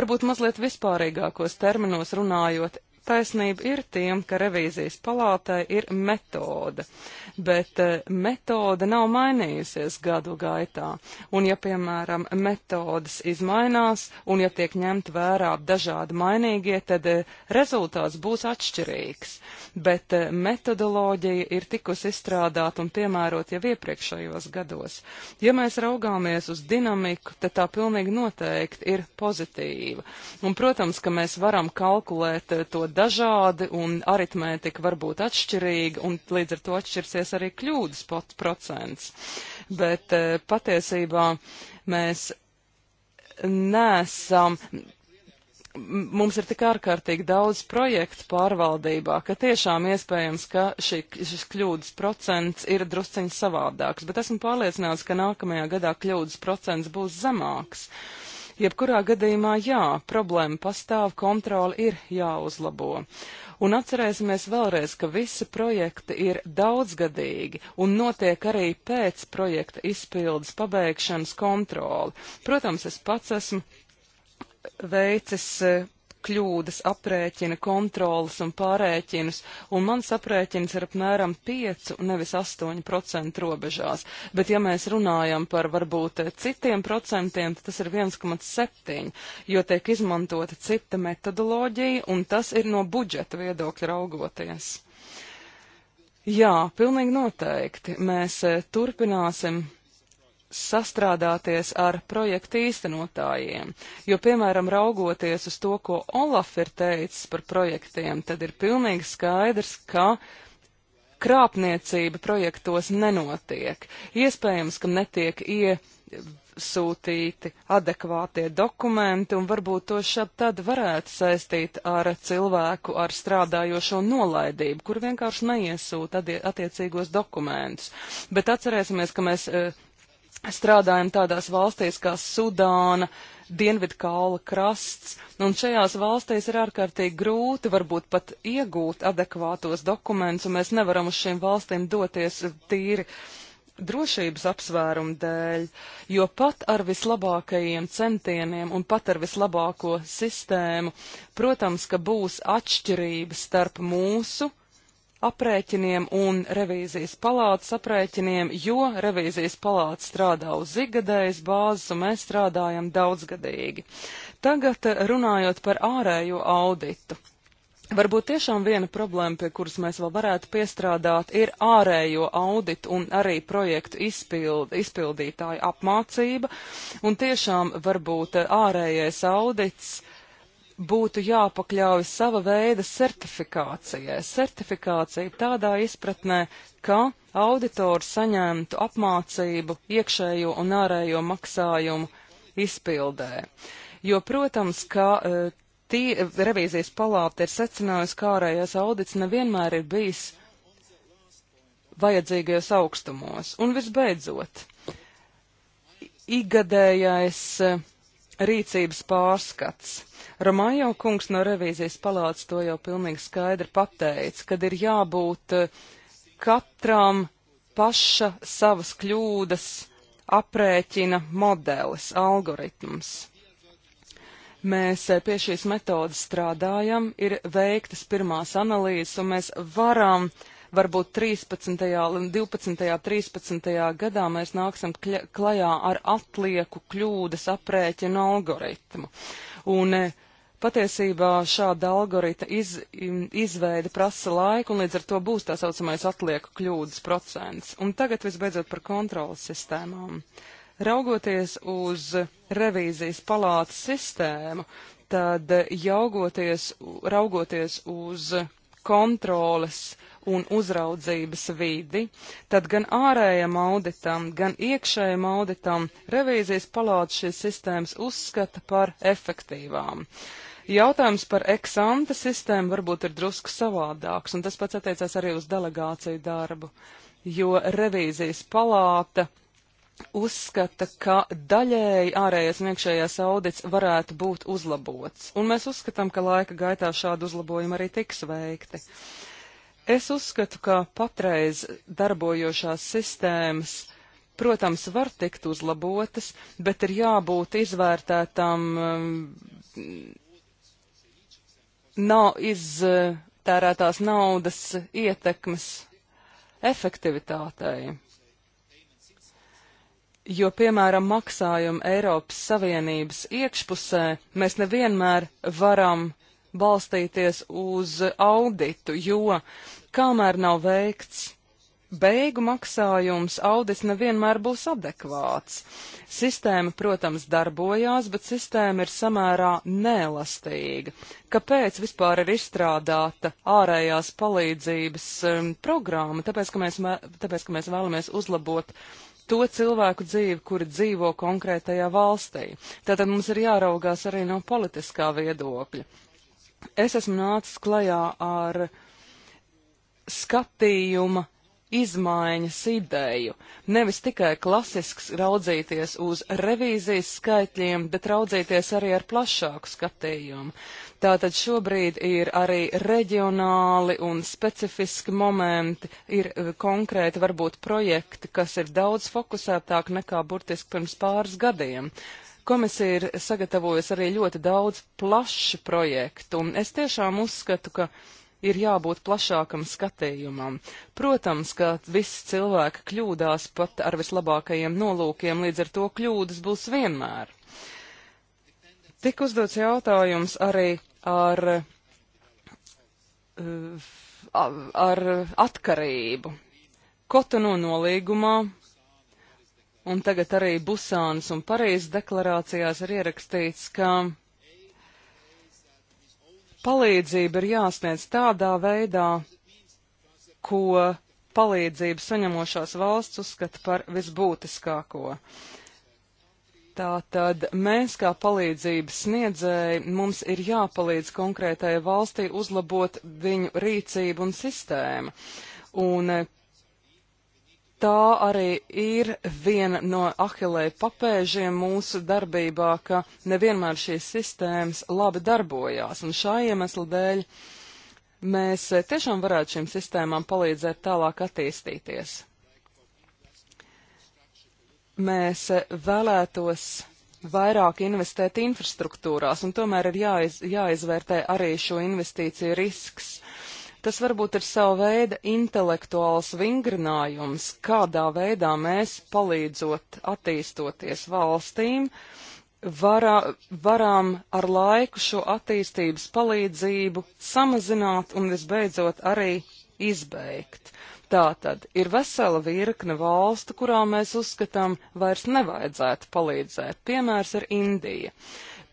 S3: Varbūt mazliet vispārīgākos terminos runājot, Taisnība ir tiem, ka revīzijas palātai ir metode, bet eh, metode nav mainījusies gadu gaitā. Un ja, piemēram, metodas izmainās un ja tiek ņemt vērā dažādi mainīgie, tad eh, rezultāts būs atšķirīgs. Bet eh, metodoloģija ir tikusi izstrādāta un piemērota jau iepriekšējos gados. Ja mēs raugāmies uz dinamiku, tad tā pilnīgi noteikti ir pozitīva. Un, protams, ka mēs varam kalkulēt to dažādi un aritmētika var būt atšķirīga un līdz ar to atšķirsies arī kļūdas procents. Bet eh, patiesībā mēs nesam. Mums ir tik ārkārtīgi daudz projektu pārvaldībā, ka tiešām iespējams, ka šī, šis kļūdas procents ir drusciņš savādāks, bet esmu pārliecināts, ka nākamajā gadā kļūdas procents būs zemāks. Uh, Jebkurā gadījumā jā, problēma pastāv, kontroli ir jāuzlabo. Un atcerēsimies vēlreiz, ka visi projekti ir daudzgadīgi un notiek arī pēc projekta izpildes pabeigšanas kontroli. Protams, es pats esmu veicis eh, kļūdas, aprēķina, kontrolas un pārēķinus, un mans aprēķins ir apmēram 5, nevis 8% robežās. Bet ja mēs runājam par varbūt citiem procentiem, tad tas ir 1,7, jo tiek izmantota cita metodoloģija, un tas ir no budžeta viedokļa raugoties. Jā, pilnīgi noteikti. Mēs eh, turpināsim sastrādāties ar projektu īstenotājiem, jo, piemēram, raugoties uz to, ko Olaf ir teicis par projektiem, tad ir pilnīgi skaidrs, ka krāpniecība projektos nenotiek. Iespējams, ka netiek iesūtīti adekvātie dokumenti, un varbūt to šad tad varētu saistīt ar cilvēku ar strādājošo nolaidību, kur vienkārši neiesūta attiecīgos dokumentus. Bet atcerēsimies, ka mēs uh, strādājam tādās valstīs kā Sudāna, Dienvidkāla krasts, un šajās valstīs ir ārkārtīgi grūti varbūt pat iegūt adekvātos dokumentus, un mēs nevaram uz šīm valstīm doties tīri drošības apsvērumu dēļ, jo pat ar vislabākajiem centieniem un pat ar vislabāko sistēmu, protams, ka būs atšķirības starp mūsu aprēķiniem un revīzijas palātas aprēķiniem, jo revīzijas palāta strādā uz zigadējas bāzes un mēs strādājam daudzgadīgi. Tagad eh, runājot par ārējo auditu. Varbūt tiešām viena problēma, pie kuras mēs vēl varētu piestrādāt, ir ārējo auditu un arī projektu izpild, izpildītāju apmācība. Un tiešām varbūt eh, ārējais audits uh, būtu jāpakļauj sava veida certifikācijai. Certifikācija tādā izpratnē, ka auditors saņemtu apmācību iekšējo un ārējo maksājumu izpildē. Jo, protams, ka tie, revīzijas palāta ir secinājusi, ka ārējais audits nevienmēr ir bijis vajadzīgajos augstumos. Un visbeidzot, igadējais e, rīcības pārskats. Romajo kungs no revīzijas palātas to jau pilnīgi skaidri pateica, kad ir jābūt eh, katram paša savas kļūdas aprēķina modelis, algoritms. Mēs eh, pie šīs metodas strādājam, ir veiktas pirmās analīzes, un mēs varam uh, varbūt 13. un 12. 13. gadā mēs nāksim klajā ar atlieku kļūdas aprēķinu algoritmu. Un, e, Patiesībā šāda algoritma iz, izveida prasa laiku, un līdz ar to būs tā saucamais atlieku kļūdas procents. Un tagad visbeidzot par kontrolas sistēmām. Raugoties uz revīzijas palātas sistēmu, tad e, jaugoties, raugoties uz kontroles un uzraudzības vidi, tad gan ārējam auditam, gan iekšējam auditam revīzijas palāta šīs sistēmas uzskata par efektīvām. Jautājums par eksanta sistēmu varbūt ir drusku savādāks, un tas pats attiecās arī uz delegāciju darbu, jo revīzijas palāta uzskata, ka daļēji ārējais un iekšējais audits varētu būt uzlabots, un mēs uzskatām, ka laika gaitā šādu uzlabojumu arī tiks veikti. Es uzskatu, ka patreiz darbojošās sistēmas, protams, var tikt uzlabotas, bet ir jābūt izvērtētam, um, nav iztērētās naudas ietekmes efektivitātei jo, piemēram, maksājumu Eiropas Savienības iekšpusē mēs nevienmēr varam balstīties uz auditu, jo kamēr nav veikts beigu maksājums, audits nevienmēr būs adekvāts. Sistēma, protams, darbojās, bet sistēma ir samērā neelastīga. Kāpēc vispār ir izstrādāta ārējās palīdzības um, programma? Tāpēc ka, mēs, tāpēc, ka mēs vēlamies uzlabot uh, to cilvēku dzīvi, kuri dzīvo konkrētajā valstī. Tātad mums ir jāraugās arī no politiskā viedokļa. Es esmu nācis klajā ar skatījuma izmaiņas ideju, nevis tikai klasisks raudzīties uz revīzijas skaitļiem, bet raudzīties arī ar plašāku skatījumu. Tātad šobrīd ir arī reģionāli un specifiski momenti, ir eh, konkrēti varbūt projekti, kas ir daudz fokusētāk nekā burtiski pirms pāris gadiem. Komisija ir sagatavojusi arī ļoti daudz plašu projektu, un es tiešām uzskatu, ka ir jābūt plašākam skatījumam. Protams, ka viss cilvēki kļūdās pat ar vislabākajiem nolūkiem, līdz ar to kļūdas būs vienmēr. Tik uzdots jautājums arī ar, eh, ar atkarību. Kotonu nolīgumā un tagad arī Busānas un Parīzes deklarācijās ir ierakstīts, ka palīdzība ir jāsniedz tādā veidā, ko palīdzību saņemošās valsts uzskata par visbūtiskāko. Uh, Tātad mēs, kā palīdzības sniedzēji, mums ir jāpalīdz konkrētajai valstī uzlabot viņu rīcību un sistēmu. Un eh, tā arī ir viena no ahilēja papēžiem mūsu darbībā, ka nevienmēr šīs sistēmas labi darbojās. Un šā iemesla dēļ mēs eh, tiešām varētu šīm sistēmām palīdzēt tālāk attīstīties mēs eh, vēlētos vairāk investēt infrastruktūrās, un tomēr ir jāiz, jāizvērtē arī šo investīciju risks. Tas varbūt ir sava veida intelektuāls vingrinājums, kādā veidā mēs, palīdzot attīstoties valstīm, varā, varam ar laiku šo attīstības palīdzību samazināt un visbeidzot arī izbeigt. Tātad ir vesela virkne valstu, kurām mēs uzskatām vairs nevajadzētu palīdzēt. Piemērs ir Indija.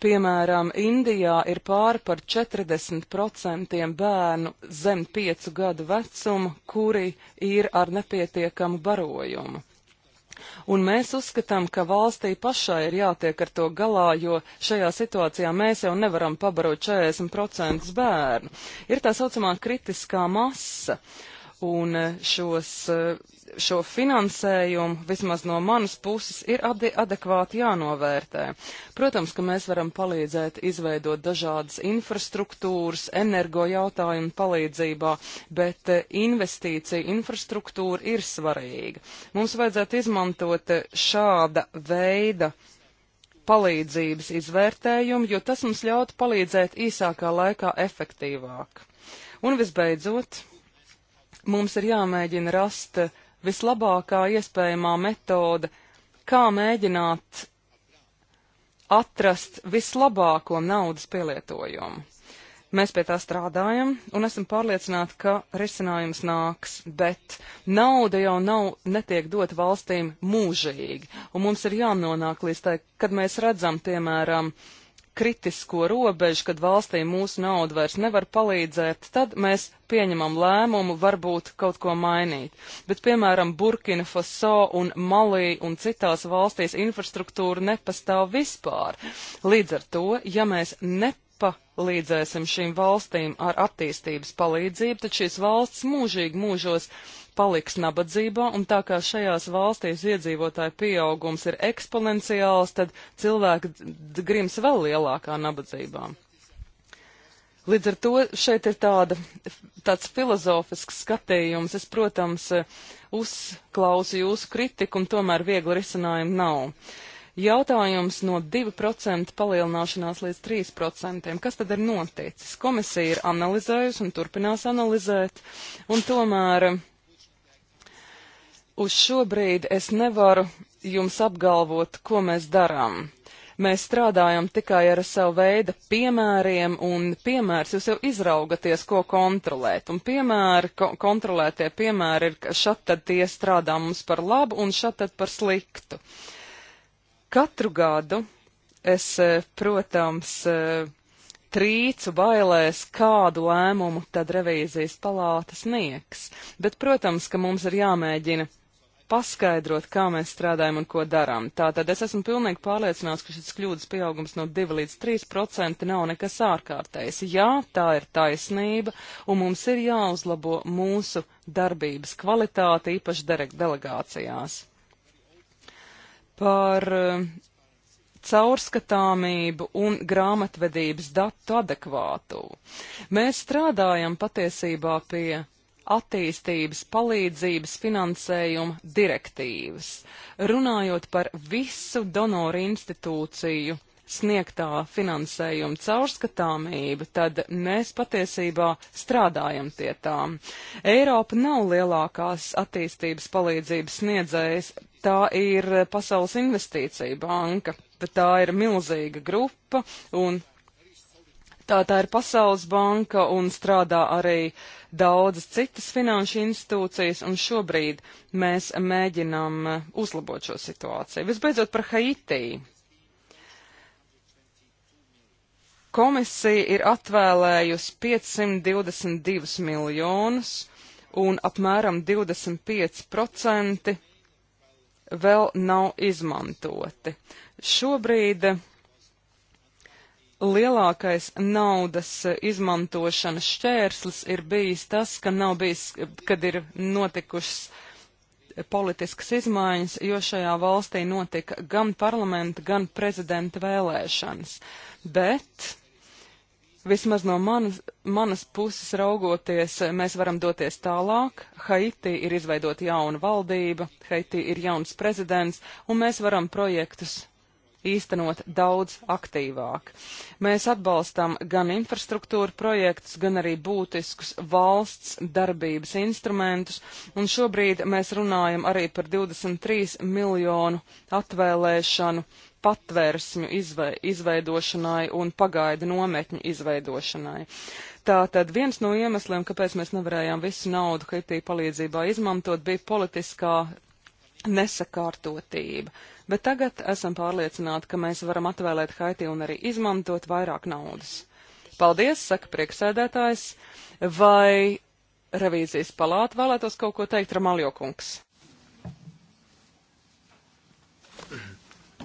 S3: Piemēram, Indijā ir pāri par 40% bērnu zem 5 gadu vecumu, kuri ir ar nepietiekamu barojumu. Un mēs uzskatām, ka valstī pašai ir jātiek ar to galā, jo šajā situācijā mēs jau nevaram pabarot 40% bērnu. Ir tā saucamā kritiskā masa. Uh, un eh, šos, eh, šo finansējumu, vismaz no manas puses, ir adekvāti jānovērtē. Protams, ka mēs varam palīdzēt izveidot dažādas infrastruktūras, energo jautājumu palīdzībā, bet eh, investīcija infrastruktūra ir svarīga. Mums vajadzētu izmantot šāda veida palīdzības izvērtējumu, jo tas mums ļautu palīdzēt īsākā laikā efektīvāk. Un visbeidzot, Mums ir jāmēģina rast vislabākā iespējamā metode, kā mēģināt atrast vislabāko naudas pielietojumu. Mēs pie tā strādājam un esam pārliecināti, ka risinājums nāks, bet nauda jau nav, netiek dot valstīm mūžīgi, un mums ir jānonāk līdz tai, kad mēs redzam, piemēram, uh, kritisko robežu, kad valstī mūsu nauda vairs nevar palīdzēt, tad mēs pieņemam lēmumu varbūt kaut ko mainīt. Bet, piemēram, Burkina Faso un Malī un citās valstīs infrastruktūra nepastāv vispār. Līdz ar to, ja mēs nepalīdzēsim šīm valstīm ar attīstības palīdzību, tad šīs valsts mūžīgi mūžos paliks nabadzībā, un tā kā šajās valstīs iedzīvotāju pieaugums ir eksponenciāls, tad cilvēki grims vēl lielākā nabadzībā. Līdz ar to šeit ir tāda, tāds filozofisks skatījums. Es, protams, uzklausu jūsu kritiku, un tomēr viegli risinājumu nav. Jautājums no 2% palielināšanās līdz 3%. Kas tad ir noticis? Komisija ir analizējusi un turpinās analizēt, un tomēr uz šo brīdi es nevaru jums apgalvot, ko mēs darām. Mēs strādājam tikai ar savu veidu piemēriem, un piemērs jūs jau izraugaties, ko kontrolēt. Un piemēri, ko kontrolētie piemēri ir, ka šat tad tie strādā mums par labu un šat tad par sliktu. Katru gadu es, e, protams, e, trīcu bailēs, kādu lēmumu tad revīzijas palāta sniegs. Bet, protams, ka mums ir jāmēģina paskaidrot, kā mēs strādājam un ko darām. Tātad es esmu pilnīgi pārliecināts, ka šis kļūdas pieaugums no 2 līdz 3 procenti nav nekas ārkārtējs. Jā, tā ir taisnība, un mums ir jāuzlabo mūsu darbības kvalitāte, īpaši delegācijās. Par eh, caurskatāmību un grāmatvedības datu adekvātu. Mēs strādājam patiesībā pie attīstības palīdzības finansējuma direktīvas. Runājot par visu donoru institūciju sniegtā finansējuma caurskatāmību, tad mēs patiesībā strādājam pie tām. Eiropa nav lielākās attīstības palīdzības sniedzējs, tā ir Pasaules investīcija banka, bet tā ir milzīga grupa un Tā tā ir Pasaules banka un strādā arī daudzas citas finanšu institūcijas, un šobrīd mēs mēģinām eh, uzlabot šo situāciju. Visbeidzot par Haiti. Komisija ir atvēlējusi 522 miljonus un apmēram 25% vēl nav izmantoti. Šobrīd lielākais naudas izmantošanas šķērslis ir bijis tas, ka nav bijis, kad ir notikušas politiskas izmaiņas, jo šajā valstī notika gan parlamenta, gan prezidenta vēlēšanas. Bet vismaz no manas, manas puses raugoties, mēs varam doties tālāk. Haiti ir izveidota jauna valdība, Haiti ir jauns prezidents, un mēs varam projektus īstenot daudz aktīvāk. Mēs atbalstam gan infrastruktūra projektus, gan arī būtiskus valsts darbības instrumentus, un šobrīd mēs runājam arī par 23 miljonu atvēlēšanu patvērsņu izve, izveidošanai un pagaidu nometņu izveidošanai. Tātad viens no iemesliem, kāpēc mēs nevarējām visu naudu Haitī palīdzībā izmantot, bija politiskā nesakārtotība bet tagad esam pārliecināti, ka mēs varam atvēlēt Haiti un arī izmantot vairāk naudas. Paldies, saka prieksēdētājs. Vai revīzijas palāta vēlētos kaut ko teikt, Ramaljokungs?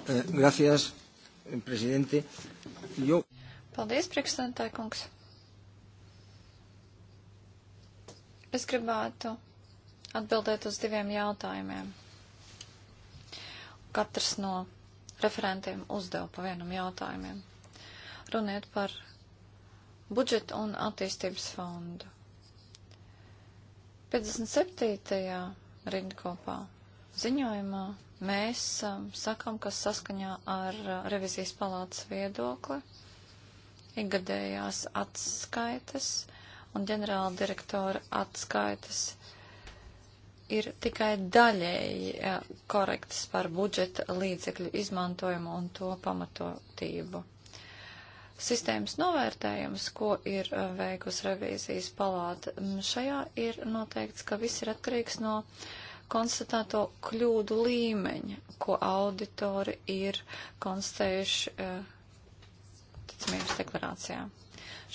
S3: Eh, gracias, presidente. Jo...
S2: Paldies, priekšstādātāji kungs. Es gribētu atbildēt uz diviem jautājumiem katrs no referentiem uzdeva pa vienam jautājumiem. Runiet par budžetu un attīstības fondu. 57. rindkopā ziņojumā mēs um, sakam, ka saskaņā ar uh, revizijas palātas viedokli ikgadējās atskaites un ģenerāla direktora atskaites ir tikai daļēji korekts par budžeta līdzekļu izmantojumu un to pamatotību. Sistēmas novērtējums, ko ir eh, veikusi revīzijas palāta, šajā ir noteikts, ka viss ir atkarīgs no konstatēto kļūdu līmeņa, ko auditori ir konstatējuši eh, ticamības deklarācijā.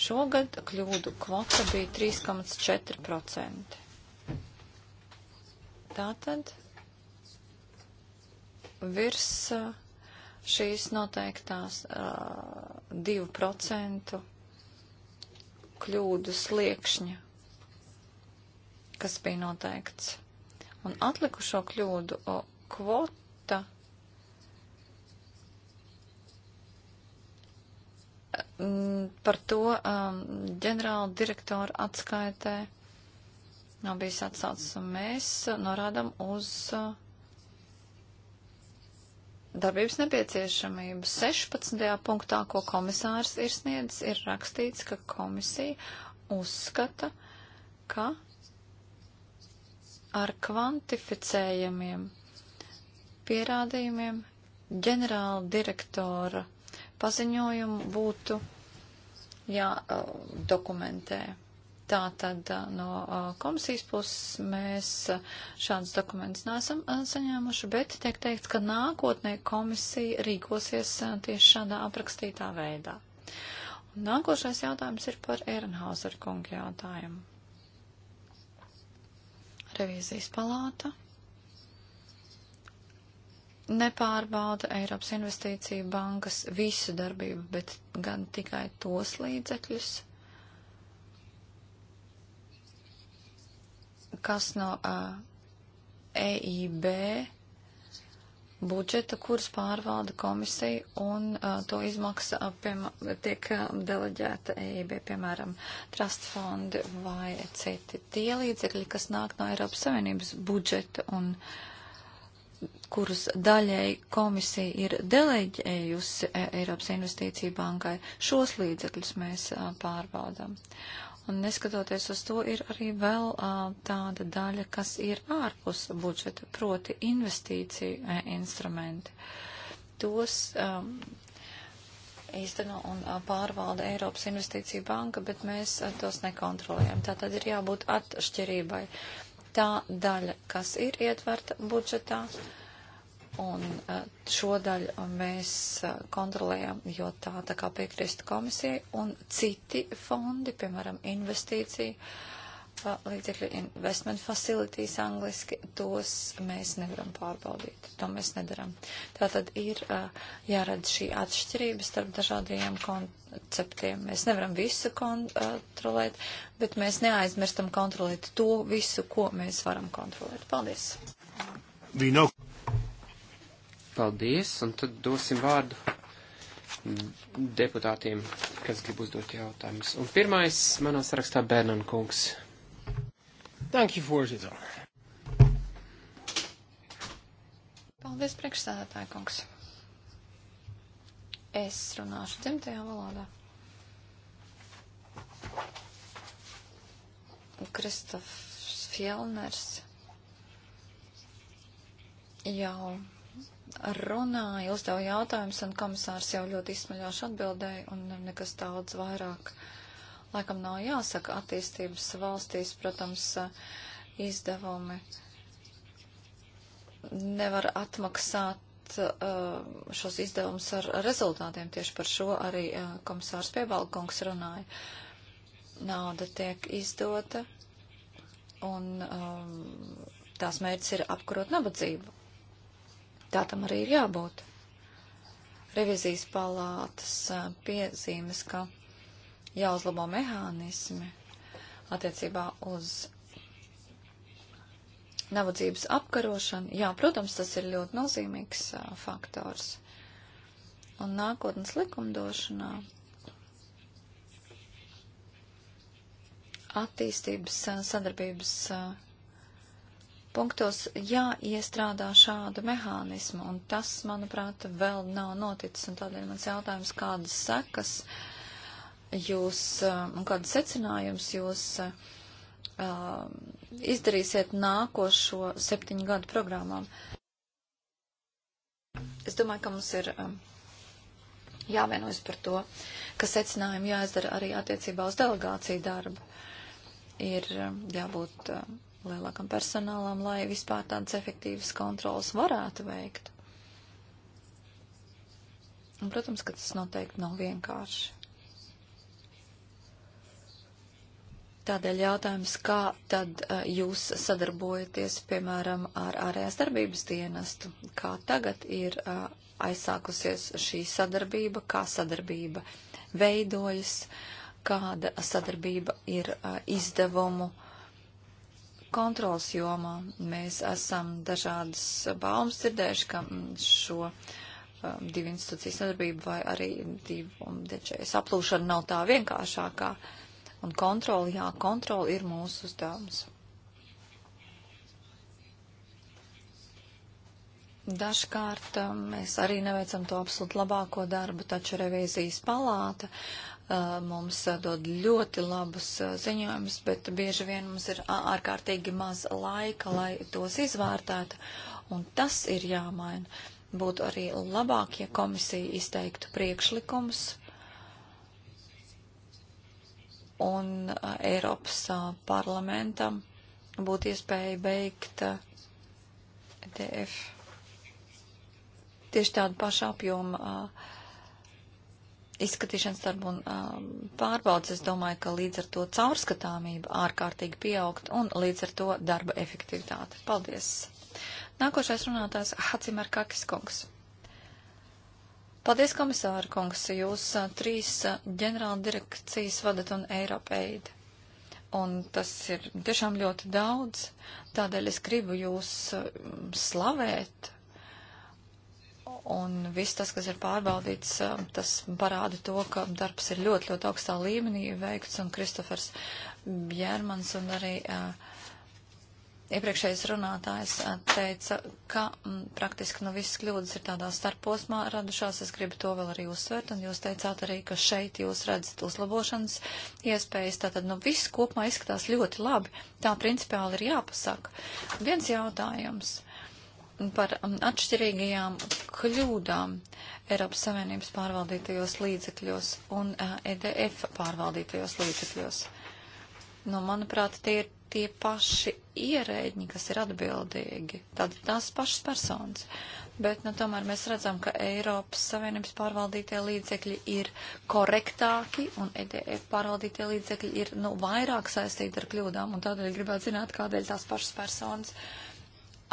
S2: Šogad kļūdu kvota bija 3,4%. Tātad virs uh, šīs noteiktās uh, 2% kļūdu sliekšņa, kas bija noteikts. Un atlikušo kļūdu kvota par to um, ģenerāla direktora atskaitē nav bijis atsaucis, un mēs norādam uz uh, darbības nepieciešamību. 16. punktā, ko komisārs ir sniedzis, ir rakstīts, ka komisija uzskata, ka ar kvantificējamiem pierādījumiem ģenerāla direktora paziņojumu būtu jādokumentē. Uh, Tātad no komisijas puses mēs šādus dokumentus nesam saņēmuši, bet tiek teikt, ka nākotnē komisija rīkosies tieši šādā aprakstītā veidā. Un nākošais jautājums ir par Ehrenhauser kungu jautājumu. Revīzijas palāta nepārbauda Eiropas investīciju bankas visu darbību, bet gan tikai tos līdzekļus, kas no uh, EIB budžeta, kuras pārvalda komisija un uh, to izmaksa uh, piem, tiek uh, deleģēta EIB, piemēram, trust fondi vai citi tie līdzekļi, kas nāk no Eiropas Savienības budžeta un kuras daļai komisija ir deleģējusi uh, Eiropas Investīcija bankai, šos līdzekļus mēs uh, pārbaudām. Uh, Un neskatoties uz to, ir arī vēl uh, tāda daļa, kas ir ārpus budžeta, proti investīciju e, instrumenti. Tos um, īsteno un uh, pārvalda Eiropas investīcija banka, bet mēs uh, tos nekontrolējam. Tā tad ir jābūt atšķirībai. Tā daļa, kas ir ietverta budžetā. Uh, Un eh, šo daļu eh, mēs eh, kontrolējam, jo tā tā kā piekrist komisija un citi fondi, piemēram, investīcija, līdzekļu investment facilities angliski, tos mēs nevaram pārbaudīt. To mēs nedaram. Tā tad ir jārada šī atšķirība starp dažādajiem konceptiem. Mēs nevaram visu kontrolēt, bet mēs neaizmirstam kontrolēt to visu, ko mēs varam kontrolēt. Paldies!
S1: We know. Paldies, un tad dosim vārdu deputātiem, kas grib uzdot jautājumus. Un pirmais manā sarakstā Bērnan kungs. Thank you, voorzitter.
S2: Paldies, priekšsēdētāji kungs. Es runāšu dzimtajā valodā. Kristofs Fjellners jau runāja, uzdeva jautājumus, un komisārs jau ļoti izsmeļoši atbildēja, un nekas daudz vairāk laikam nav jāsaka. Attīstības valstīs, protams, izdevumi nevar atmaksāt uh, šos izdevumus ar rezultātiem. Tieši par šo arī uh, komisārs Piebalkungs runāja. Nauda tiek izdota, un um, tās mērķis ir apkarot nabadzību Tā tam arī ir jābūt. Revizijas palātas piezīmes, ka jāuzlabo mehānismi attiecībā uz nabadzības apkarošanu. Jā, protams, tas ir ļoti nozīmīgs faktors. Un nākotnes likumdošanā attīstības sadarbības punktos jāiestrādā šādu mehānismu, un tas, manuprāt, vēl nav noticis, un tādēļ mans jautājums, kādas sekas jūs, uh, un kādas secinājums jūs uh, izdarīsiet nākošo septiņu gadu programmām? Es domāju, ka mums ir uh, jāvienojas par to, ka secinājumi jāizdara arī attiecībā uz delegāciju darbu. Ir uh, jābūt. Uh, lielākam personālam, lai vispār tādas efektīvas kontrolas varētu veikt. Un, protams, ka tas noteikti nav vienkārši. Tādēļ jautājums, kā tad uh, jūs sadarbojaties, piemēram, ar ārējās darbības dienestu? Kā tagad ir uh, aizsākusies šī sadarbība, kā sadarbība veidojas, kāda sadarbība ir uh, izdevumu uh, kontrols jomā. Mēs esam dažādas baumas dzirdējuši, ka mm, šo um, divu institūciju sadarbību vai arī divu dečēju saplūšanu nav tā vienkāršākā. Un kontroli, jā, kontroli ir mūsu uzdevums. Dažkārt um, mēs arī neveicam to absolūti labāko darbu, taču revīzijas palāta uh, Uh, mums uh, dod ļoti labus uh, ziņojumus, bet bieži vien mums ir ārkārtīgi maz laika, lai tos izvērtētu, un tas ir jāmaina. Būtu arī labāk, ja komisija izteiktu priekšlikumus un Eiropas parlamentam būtu iespēja beigt DF e tieši tādu pašu apjomu. Uh, izskatīšanas darbu un um, pārbaudas, es domāju, ka līdz ar to caurskatāmība ārkārtīgi pieaugt un līdz ar to darba efektivitāte. Paldies! Nākošais runātājs Hacimar Kakis kungs. Paldies, komisāra kungs, jūs a, uh, trīs uh, ģenerāla direkcijas vadat un Eiropeidi. Un tas ir tiešām ļoti daudz, tādēļ es gribu jūs a, uh, slavēt Un viss tas, kas ir pārbaudīts, tas parāda to, ka darbs ir ļoti, ļoti augstā līmenī veikts, un Kristofers Bjērmans un arī uh, iepriekšējais runātājs uh, teica, ka m, praktiski nu visas kļūdas ir tādā starposmā radušās. Es gribu to vēl arī uzsvērt, un jūs teicāt arī, ka šeit jūs redzat uzlabošanas iespējas. Tātad, nu viss kopumā izskatās ļoti labi. Tā principiāli ir jāpasaka. Viens jautājums. Uh, par um, atšķirīgajām kļūdām Eiropas Savienības pārvaldītajos līdzekļos un uh, EDF pārvaldītajos līdzekļos. Nu, manuprāt, tie ir tie paši ierēģi, kas ir atbildīgi, tad tās pašas personas. Bet, nu, tomēr mēs redzam, ka Eiropas Savienības pārvaldītie līdzekļi ir korektāki un EDF pārvaldītie līdzekļi ir, nu, vairāk saistīti ar kļūdām, un tādēļ gribētu zināt, kādēļ tās pašas personas uh,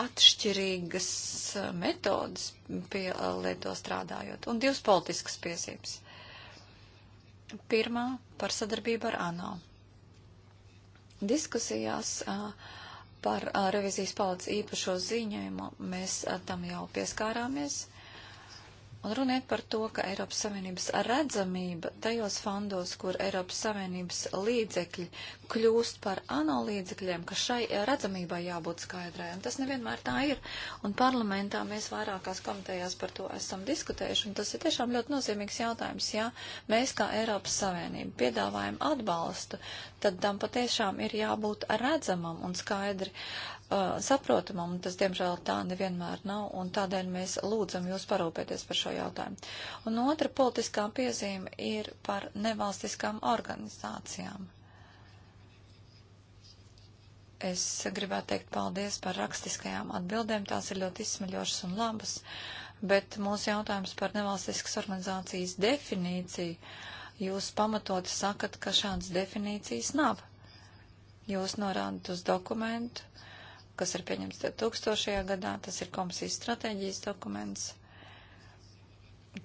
S2: atšķirīgas eh, metodas pie eh, lieto strādājot un divas politiskas piezīmes. Pirmā par sadarbību ar ANO. Diskusijās eh, par revizijas palīdz īpašo ziņojumu mēs tam jau pieskārāmies. Un runiet par to, ka Eiropas Savienības redzamība tajos fondos, kur Eiropas Savienības līdzekļi kļūst par ANO līdzekļiem, ka šai redzamībai jābūt skaidrai. Un tas nevienmēr tā ir. Un parlamentā mēs vairākās komitejās par to esam diskutējuši. Un tas ir tiešām ļoti nozīmīgs jautājums. Ja mēs kā Eiropas Savienība piedāvājam atbalstu, tad tam patiešām ir jābūt redzamam un skaidri. Uh, uh, saprotamam, un tas, diemžēl, tā nevienmēr nav, un tādēļ mēs lūdzam jūs parūpēties par šo jautājumu. Un otra politiskā piezīme ir par nevalstiskām organizācijām. Es gribētu teikt paldies par rakstiskajām atbildēm, tās ir ļoti izsmeļošas un labas, bet mūsu jautājums par nevalstiskas organizācijas definīciju, jūs pamatot sakat, ka šādas definīcijas nav. Jūs norādat uz dokumentu, kas ir pieņemts 2000. gadā. Tas ir komisijas stratēģijas dokuments,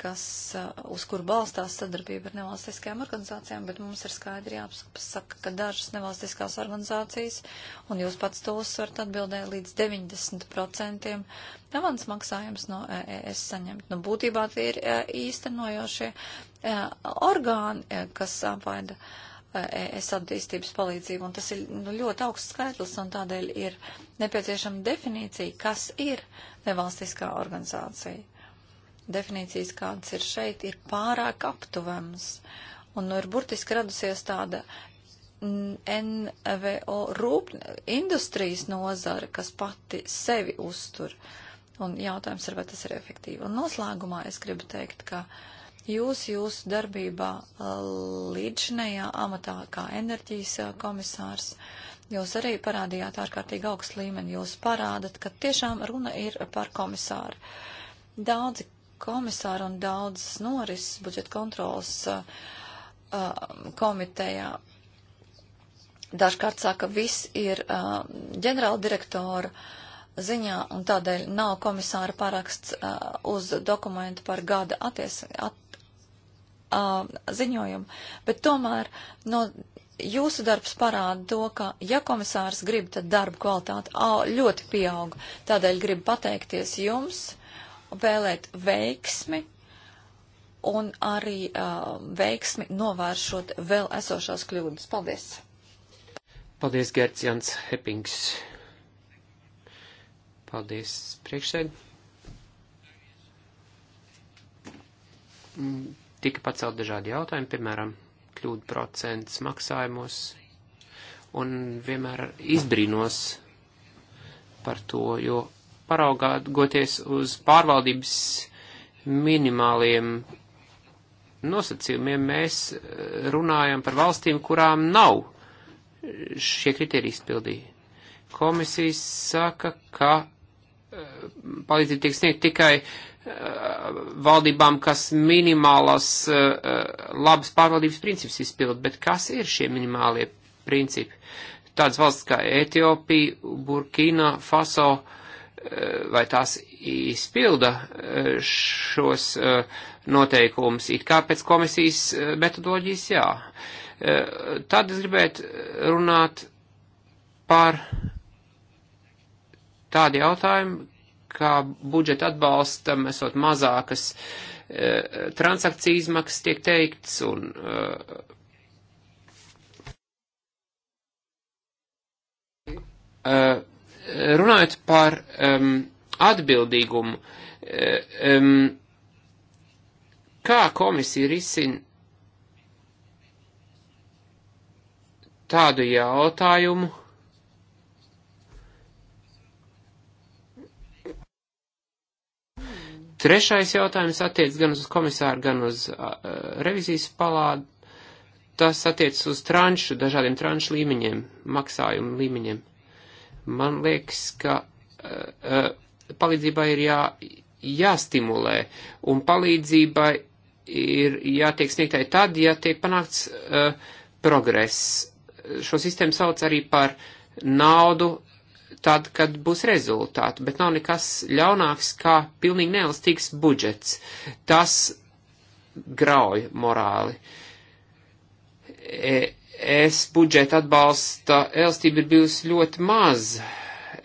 S2: kas, uh, uz kur balstās sadarbība ar nevalstiskajām organizācijām, bet mums ir skaidri jāpasaka, ka dažas nevalstiskās organizācijas, un jūs pats to uzsvart atbildē, līdz 90% avans maksājums no ES e saņemt. Nu, būtībā tie ir uh, īstenojošie uh, orgāni, kas apvaida. Uh, E, ES attīstības palīdzību, un tas ir nu, ļoti augsts skaitlis, un tādēļ ir nepieciešama definīcija, kas ir nevalstiskā organizācija. Definīcijas, kādas ir šeit, ir pārāk aptuvenas, un nu, ir burtiski radusies tāda NVO rūp, industrijas nozara, kas pati sevi uztur. Un jautājums ir, vai tas ir efektīvi. Un noslēgumā es gribu teikt, ka. Uh, jūs jūsu darbībā līdzinējā amatā kā enerģijas komisārs. Jūs arī parādījāt ārkārtīgi augstu līmeni, jūs parādat, ka tiešām runa ir par komisāru. Daudzi komisāri un daudzas norises budžeta kontrolas komitejā dažkārt saka, viss ir uh, ģenerāla direktora ziņā, un tādēļ nav komisāra paraksts uh, uz dokumentu par gada attiec, at, uh, ziņojumu, bet tomēr no jūsu darbs parāda to, ka, ja komisārs grib, tad darba kvalitāte ļoti pieauga. Tādēļ gribu pateikties jums, vēlēt veiksmi un arī uh, veiksmi novēršot vēl esošās kļūdas. Paldies!
S1: Paldies, Gerts Jans Hepings! Paldies, priekšsēd! Mm. Tika pacelt dažādi jautājumi, piemēram, kļūdu procents maksājumos, un vienmēr izbrīnos par to, jo paraugāties uz pārvaldības minimāliem nosacījumiem, mēs eh, runājam par valstīm, kurām nav šie kriteriji izpildīti. Komisijas saka, ka eh, palīdzība tiek sniegta tikai uh, valdībām, kas minimālas eh, eh, labas pārvaldības principus izpild, bet kas ir šie minimālie principi? Tādas valsts kā Etiopija, Burkina, Faso, eh, vai tās izpilda šos noteikumus, it kā pēc komisijas metodoloģijas, jā. Tad es gribētu runāt par tādu jautājumu, kā budžeta atbalstam, esot mazākas e, transakciju izmaksas, tiek teikts, un. E, e, runājot par um, atbildīgumu, um, kā komisija risina tādu jautājumu, Trešais jautājums attiec gan uz komisāru, gan uz uh, revizijas palādu. Tas attiec uz tranšu, dažādiem tranšu līmeņiem, maksājumu līmeņiem. Man liekas, ka uh, uh palīdzībai ir jā, jāstimulē, un palīdzībai ir jātiek sniegtai tad, ja tiek panākts uh, progress. Šo sistēmu sauc arī par naudu tad, kad būs rezultāti, bet nav nekas ļaunāks kā pilnīgi neelastīgs budžets. Tas grauj morāli. E, es budžeta atbalsta elastība ir bijusi ļoti maz.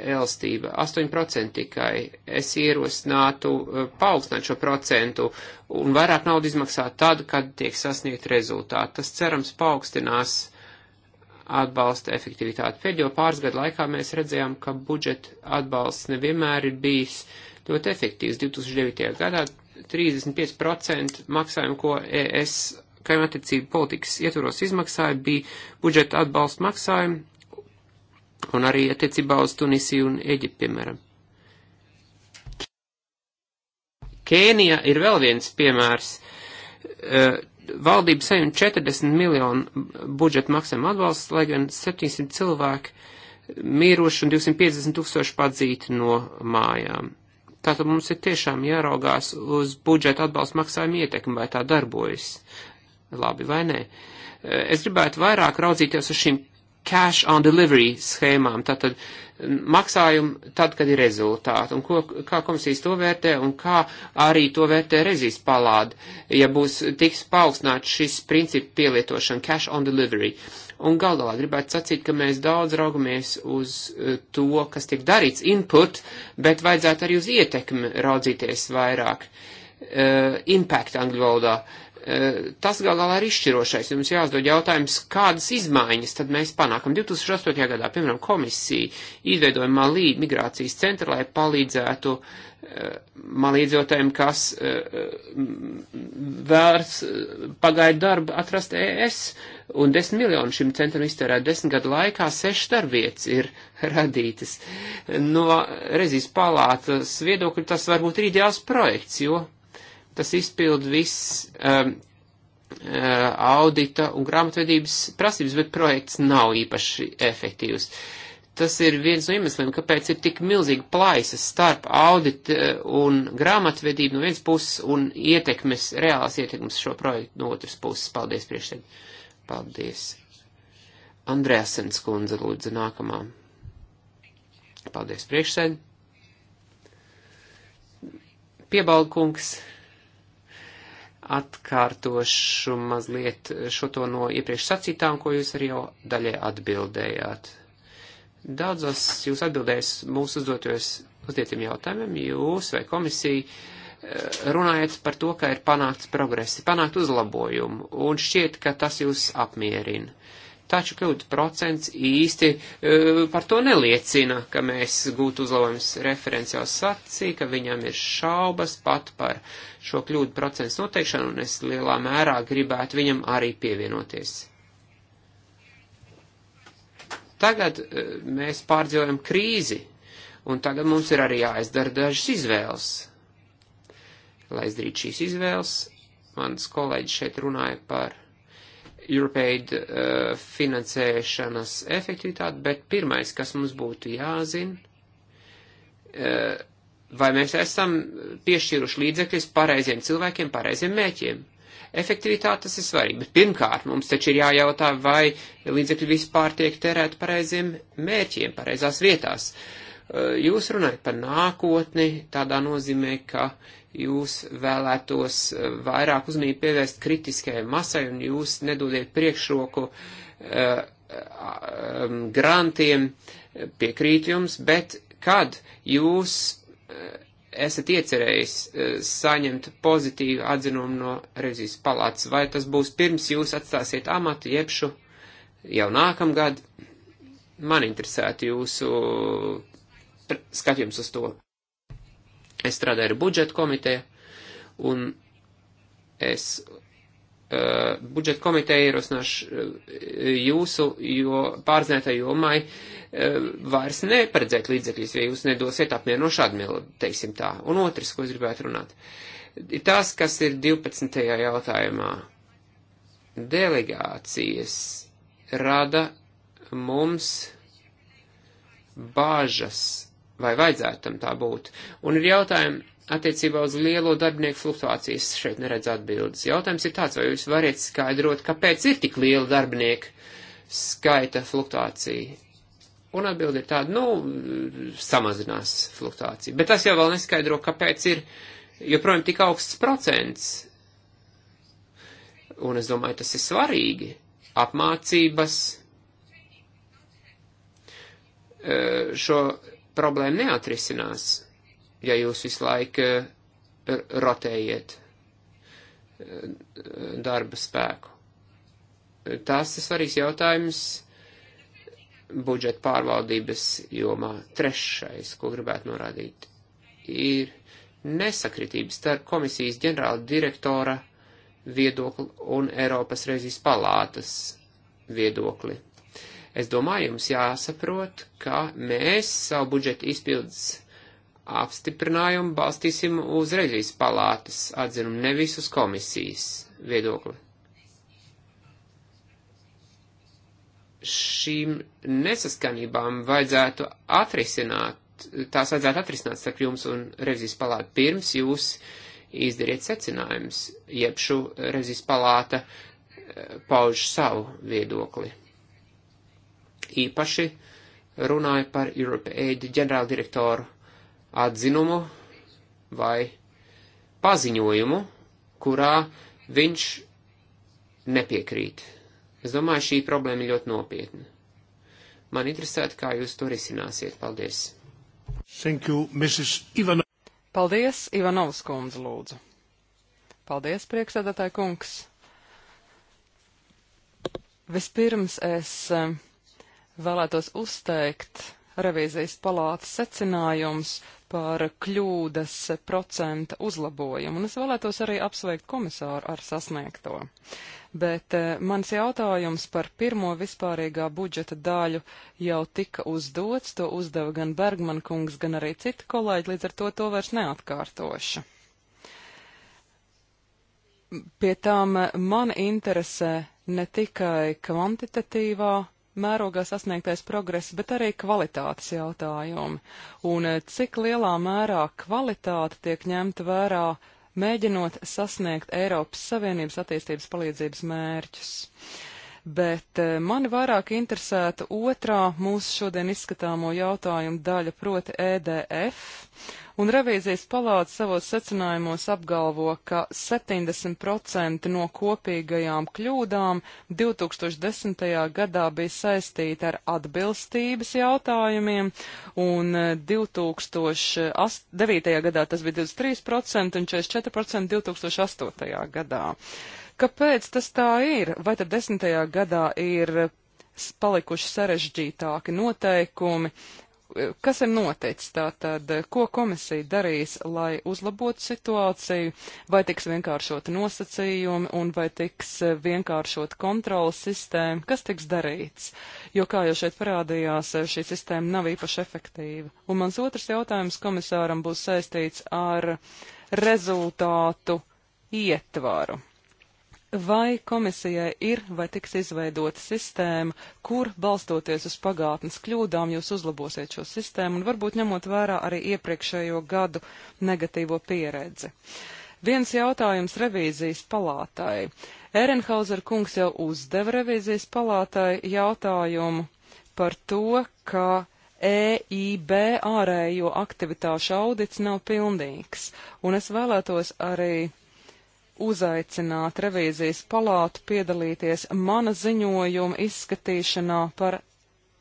S1: Elstība 8% tikai. Es ierosinātu e, paaugstināt šo procentu un vairāk naudu izmaksāt tad, kad tiek sasniegt rezultāti. Tas cerams paaugstinās atbalsta efektivitāti. Pēdējo pāris gadu laikā mēs redzējām, ka budžeta atbalsts nevienmēr ir bijis ļoti efektīvs. 2009. gadā 35% maksājumu, ko ES kaimiņattiecību politikas ietvaros izmaksāja, bija budžeta atbalsta maksājumi un arī attiecībā uz Tunisiju un Eģiptu, piemēram. Kēnija ir vēl viens piemērs. Eh, valdība saņem 40 miljonu budžeta maksājuma atbalsts, lai gan 700 cilvēki mīruši un 250 tūkstoši padzīti no mājām. Tātad mums ir tiešām jāraugās uz budžeta atbalsta maksājumu ietekmi, vai tā darbojas labi vai nē. Es gribētu vairāk raudzīties uz šīm cash on delivery schēmām, tātad mm, maksājumu tad, kad ir rezultāti, un ko, kā komisijas to vērtē, un kā arī to vērtē rezīs palāda, ja būs tiks paaugstināts šis principu pielietošana cash on delivery. Un galvā gribētu sacīt, ka mēs daudz raugamies uz eh, to, kas tiek darīts input, bet vajadzētu arī uz ietekmi raudzīties vairāk. Uh, impact angļu valodā. Uh, E, tas galā ir izšķirošais. Jums jāuzdod jautājums, kādas izmaiņas tad mēs panākam. 2008. gadā, piemēram, komisija izveidoja Malī migrācijas centru, lai palīdzētu e, malīdzotājiem, kas e, vērs pagaidu darbu atrast ES, un 10 miljonu šim centram iztērēt 10 gadu laikā 6 darbvietas ir radītas. No rezīs palātas viedokļa tas varbūt ir ideāls projekts, jo tas izpild viss um, uh, audita un grāmatvedības prasības, bet projekts nav īpaši efektīvs. Tas ir viens no iemesliem, kāpēc ir tik milzīga plaisa starp audit uh, un grāmatvedību no vienas puses un ietekmes, reālās ietekmes šo projektu no otras puses. Paldies, priekšsēd. Paldies. Andrēsens kundze, lūdzu, nākamā. Paldies, priekšsēd. Piebalkungs. kungs atkārtošu mazliet šo to no iepriekš sacītām, ko jūs arī jau daļai atbildējāt. Daudzos jūs atbildējis mūsu uzdotajos uzdotiem jautājumiem, jūs vai komisija eh, runājat par to, ka ir panākts progresi, panākt uzlabojumu, un šķiet, ka tas jūs apmierina. Uh, taču kļūda procents īsti e, par to neliecina, ka mēs gūtu uzlabojums referents jau sacīja, ka viņam ir šaubas pat par šo kļūdu procents noteikšanu, un es lielā mērā gribētu viņam arī pievienoties. Tagad e, mēs pārdzīvojam krīzi, un tagad mums ir arī jāizdara dažas izvēles. Lai izdarītu šīs izvēles, mans kolēģis šeit runāja par Europaid uh, finansēšanas efektivitāti, bet pirmais, kas mums būtu jāzina, uh, vai mēs esam piešķīruši līdzekļus pareiziem cilvēkiem, pareiziem mēķiem. Efektivitāte tas ir svarīgi, bet pirmkārt mums taču ir jājautā, vai līdzekļi vispār tiek tērēti pareiziem mērķiem, pareizās vietās. Uh, jūs runājat par nākotni tādā nozīmē, ka uh, jūs vēlētos eh, vairāk uzmanību pievērst kritiskajai masai un jūs nedodiet priekšroku uh, um, grantiem, piekrīt jums, bet kad jūs uh, esat iecerējis uh, saņemt pozitīvu atzinumu no revizijas palātas, vai tas būs pirms jūs atstāsiet amatu iepšu jau nākamgad? Man interesētu jūsu skatījums uz to. Es strādāju ar budžeta komiteju, un es uh, budžeta komiteju ierosināšu uh, jūsu, jo pārzinētai jomai uh, vairs neparedzēt līdzekļus, ja jūs nedosiet apmienošu atbildi, teiksim tā. Un otrs, ko es gribētu runāt, ir tas, kas ir 12. jautājumā. Delegācijas rada mums bāžas vai vajadzētu tam tā būt. Un ir jautājumi attiecībā uz lielo darbinieku fluktuācijas, šeit neredz atbildes. Jautājums ir tāds, vai jūs varat skaidrot, kāpēc ir tik liela darbinieku skaita fluktuācija? Un atbildi ir tāda, nu, samazinās fluktuācija. Bet tas jau vēl neskaidro, kāpēc ir joprojām tik augsts procents. Un es domāju, tas ir svarīgi. Apmācības, eh, šo problēma neatrisinās, ja jūs visu laiku eh, rotējiet eh, darba spēku. Tas ir svarīgs jautājums budžeta pārvaldības jomā. Trešais, ko gribētu norādīt, ir nesakritības starp komisijas ģenerāla direktora viedokli un Eiropas reizes palātas viedokli. Es domāju, jums jāsaprot, ka mēs savu budžeta izpildes apstiprinājumu balstīsim uz reģijas palātas atzinumu, nevis uz komisijas viedokli. Šīm nesaskanībām vajadzētu atrisināt, tās vajadzētu atrisināt starp jums un revizijas palātu pirms jūs izdariet secinājumus, jeb šo revizijas palāta eh, pauž savu viedokli īpaši runāja par Europe Aid ģenerāldirektoru atzinumu vai paziņojumu, kurā viņš nepiekrīt. Es domāju, šī problēma ir ļoti nopietna. Man interesētu, kā jūs to risināsiet. Paldies!
S3: Thank you, Mrs. Ivanov. Paldies, Ivanovs kundze, lūdzu. Paldies, priekšsēdētāji kungs. Vispirms es. Uh, vēlētos uzteikt revīzijas palātas secinājums par kļūdas procenta uzlabojumu, un es vēlētos arī apsveikt komisāru ar sasniegto. Bet eh, mans jautājums par pirmo vispārīgā budžeta daļu jau tika uzdots, to uzdeva gan Bergman kungs, gan arī citi kolēģi, līdz ar to to vairs neatkārtošu. Pie tām eh, man interesē ne tikai kvantitatīvā mērogā sasniegtais progress, bet arī kvalitātes jautājumi. Un eh, cik lielā mērā kvalitāte tiek ņemta vērā, mēģinot sasniegt Eiropas Savienības attīstības palīdzības mērķus. Bet eh, mani vairāk interesētu otrā mūsu šodien izskatāmo jautājumu daļa, proti EDF un revīzijas palāca savos secinājumos apgalvo, ka 70% no kopīgajām kļūdām 2010. gadā bija saistīta ar atbilstības jautājumiem, un 2009. E, gadā tas bija 23% un 44% 2008. gadā. Kāpēc tas tā ir? Vai tad desmitajā gadā ir palikuši sarežģītāki noteikumi, kas ir noticis tātad, ko komisija darīs, lai uzlabotu situāciju, vai tiks vienkāršot nosacījumi un vai tiks vienkāršot kontrolas sistēma, kas tiks darīts, jo, kā jau šeit parādījās, šī sistēma nav īpaši efektīva. Un mans otrs jautājums komisāram būs saistīts ar rezultātu ietvaru. Vai komisijai ir vai tiks izveidota sistēma, kur balstoties uz pagātnes kļūdām jūs uzlabosiet šo sistēmu un varbūt ņemot vērā arī iepriekšējo gadu negatīvo pieredzi? Viens jautājums revīzijas palātai. Ehrenhauser kungs jau uzdeva revīzijas palātai jautājumu par to, ka EIB ārējo aktivitāšu audits nav pilnīgs, un es vēlētos arī uzaicināt revīzijas palātu piedalīties mana ziņojuma izskatīšanā par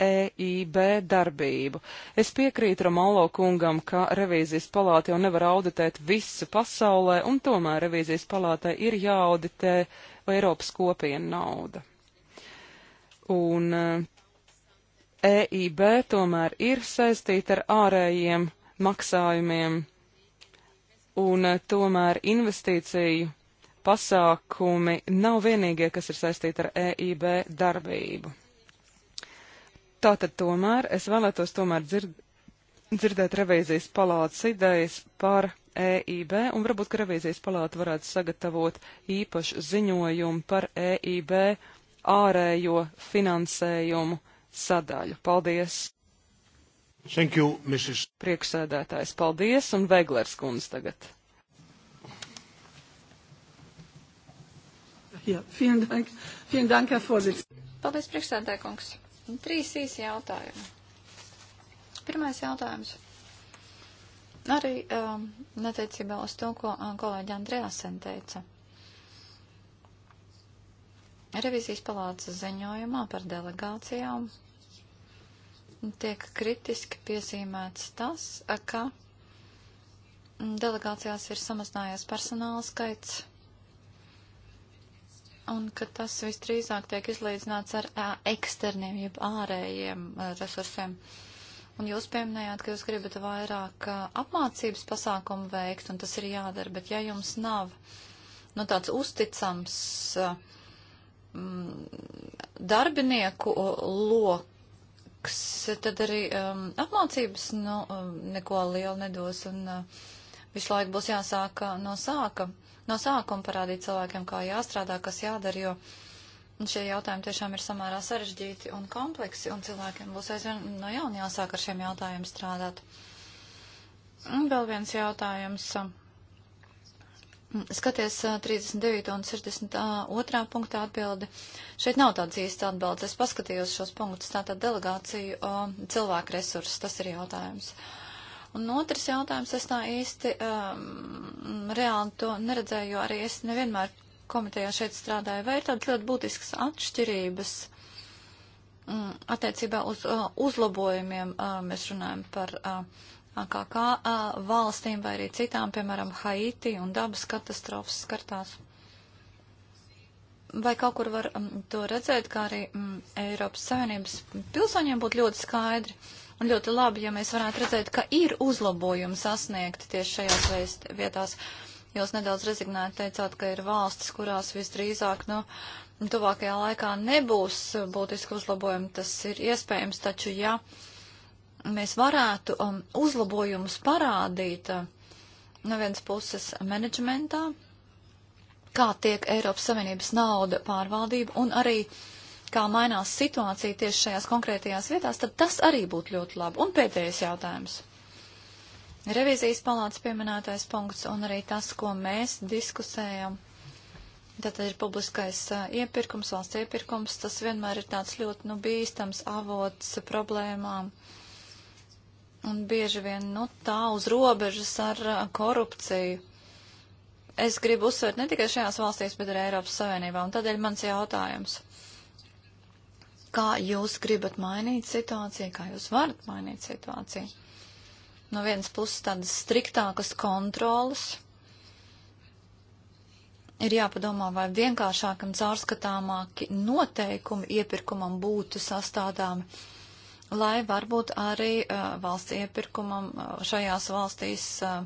S3: EIB darbību. Es piekrītu Romalo kungam, ka revīzijas palāta jau nevar auditēt visu pasaulē, un tomēr revīzijas palātai ir jāauditē Eiropas kopiena nauda. Un EIB e tomēr ir saistīta ar ārējiem maksājumiem, un tomēr investīciju pasākumi nav vienīgie, kas ir saistīti ar EIB darbību. Tātad tomēr es vēlētos tomēr dzird, dzirdēt revīzijas palātas idejas par EIB, un varbūt, ka revīzijas palāta varētu sagatavot īpašu ziņojumu par EIB ārējo finansējumu sadaļu. Paldies! Thank you, Mrs. Priekšsēdētājs, paldies, un Veglers kundze tagad. Jā, vielen dank, vielen dank, Herr Vorsitz.
S2: Paldies, priekšsēdētāj, kungs. Trīs īsi jautājumi. Pirmais jautājums. Arī um, neteicībā uz to, ko um, kolēģi Andrēsen teica. Revizijas palātas ziņojumā par delegācijām tiek kritiski piezīmēts tas, ka delegācijās ir samazinājies personāla skaits un ka tas visdrīzāk tiek izlīdzināts ar eksterniem, jeb ārējiem resursiem. Un jūs pieminējāt, ka jūs gribat vairāk apmācības pasākumu veikt, un tas ir jādara, bet ja jums nav nu, tāds uzticams mm, darbinieku loks, tad arī um, apmācības nu, neko lielu nedos, un uh, visu laiku būs jāsāk no sāka. Uh, no sākuma parādīt cilvēkiem, kā jāstrādā, kas jādara, jo šie jautājumi tiešām ir samērā sarežģīti un kompleksi, un cilvēkiem būs aizvien no jauna jāsāk ar šiem jautājumiem strādāt. Un vēl viens jautājums. Skaties 39 un 62 punktā atbildi. Šeit nav tāds īsts atbildes. Es paskatījos šos punktus. Tātad delegāciju cilvēku resursus, tas ir jautājums. Uh, Un otrs jautājums, es tā īsti um, reāli to neredzēju, jo arī es nevienmēr komitejā šeit strādāju. Vai ir tādas ļoti būtiskas atšķirības um, attiecībā uz uh, uzlabojumiem? Uh, mēs runājam par uh, AKK uh, valstīm vai arī citām, piemēram, Haiti un dabas katastrofas skartās. Vai kaut kur var um, to redzēt, kā arī um, Eiropas Savienības pilsoņiem būtu ļoti skaidri? Uh, Un ļoti labi, ja mēs varētu redzēt, ka ir uzlabojumi sasniegti tieši šajās vietās. Jūs nedaudz rezignēti teicāt, ka ir valstis, kurās visdrīzāk, nu, tuvākajā laikā nebūs būtiski uzlabojumi. Tas ir iespējams, taču, ja mēs varētu um, uzlabojumus parādīt uh, no vienas puses menedžmentā, kā tiek Eiropas Savienības nauda pārvaldība un arī uh, kā mainās situācija tieši šajās konkrētajās vietās, tad tas arī būtu ļoti labi. Un pēdējais jautājums. Revizijas palātas pieminētais punkts un arī tas, ko mēs diskusējam. Tātad ir publiskais uh, iepirkums, valsts iepirkums. Tas vienmēr ir tāds ļoti nu, bīstams avots problēmām. Un bieži vien nu, tā uz robežas ar uh, korupciju es gribu uzsvērt ne tikai šajās valstīs, bet arī Eiropas Savienībā. Un tādēļ mans jautājums kā jūs gribat mainīt situāciju, kā jūs varat mainīt situāciju. No vienas puses tādas striktākas kontrolas. Ir jāpadomā, vai vienkāršāk un caurskatāmāki noteikumi iepirkumam būtu sastādāmi, lai varbūt arī uh, valsts iepirkumam uh, šajās valstīs uh,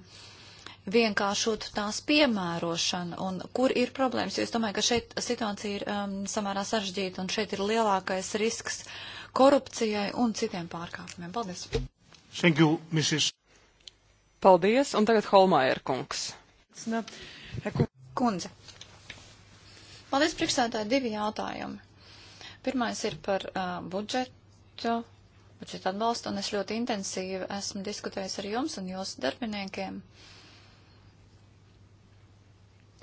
S2: vienkāršot tās piemērošanu un kur ir problēmas. Es domāju, ka šeit situācija ir um, samērā sarežģīta un šeit ir lielākais risks korupcijai un citiem pārkāpumiem. Paldies!
S3: Thank you, Mrs. Paldies, un tagad Holmājer kungs.
S2: Kundze. Paldies, priekšsētāji, divi jautājumi. Pirmais ir par uh, budžetu, budžeta atbalstu, un es ļoti intensīvi esmu diskutējis ar jums un jūsu darbiniekiem. Uh,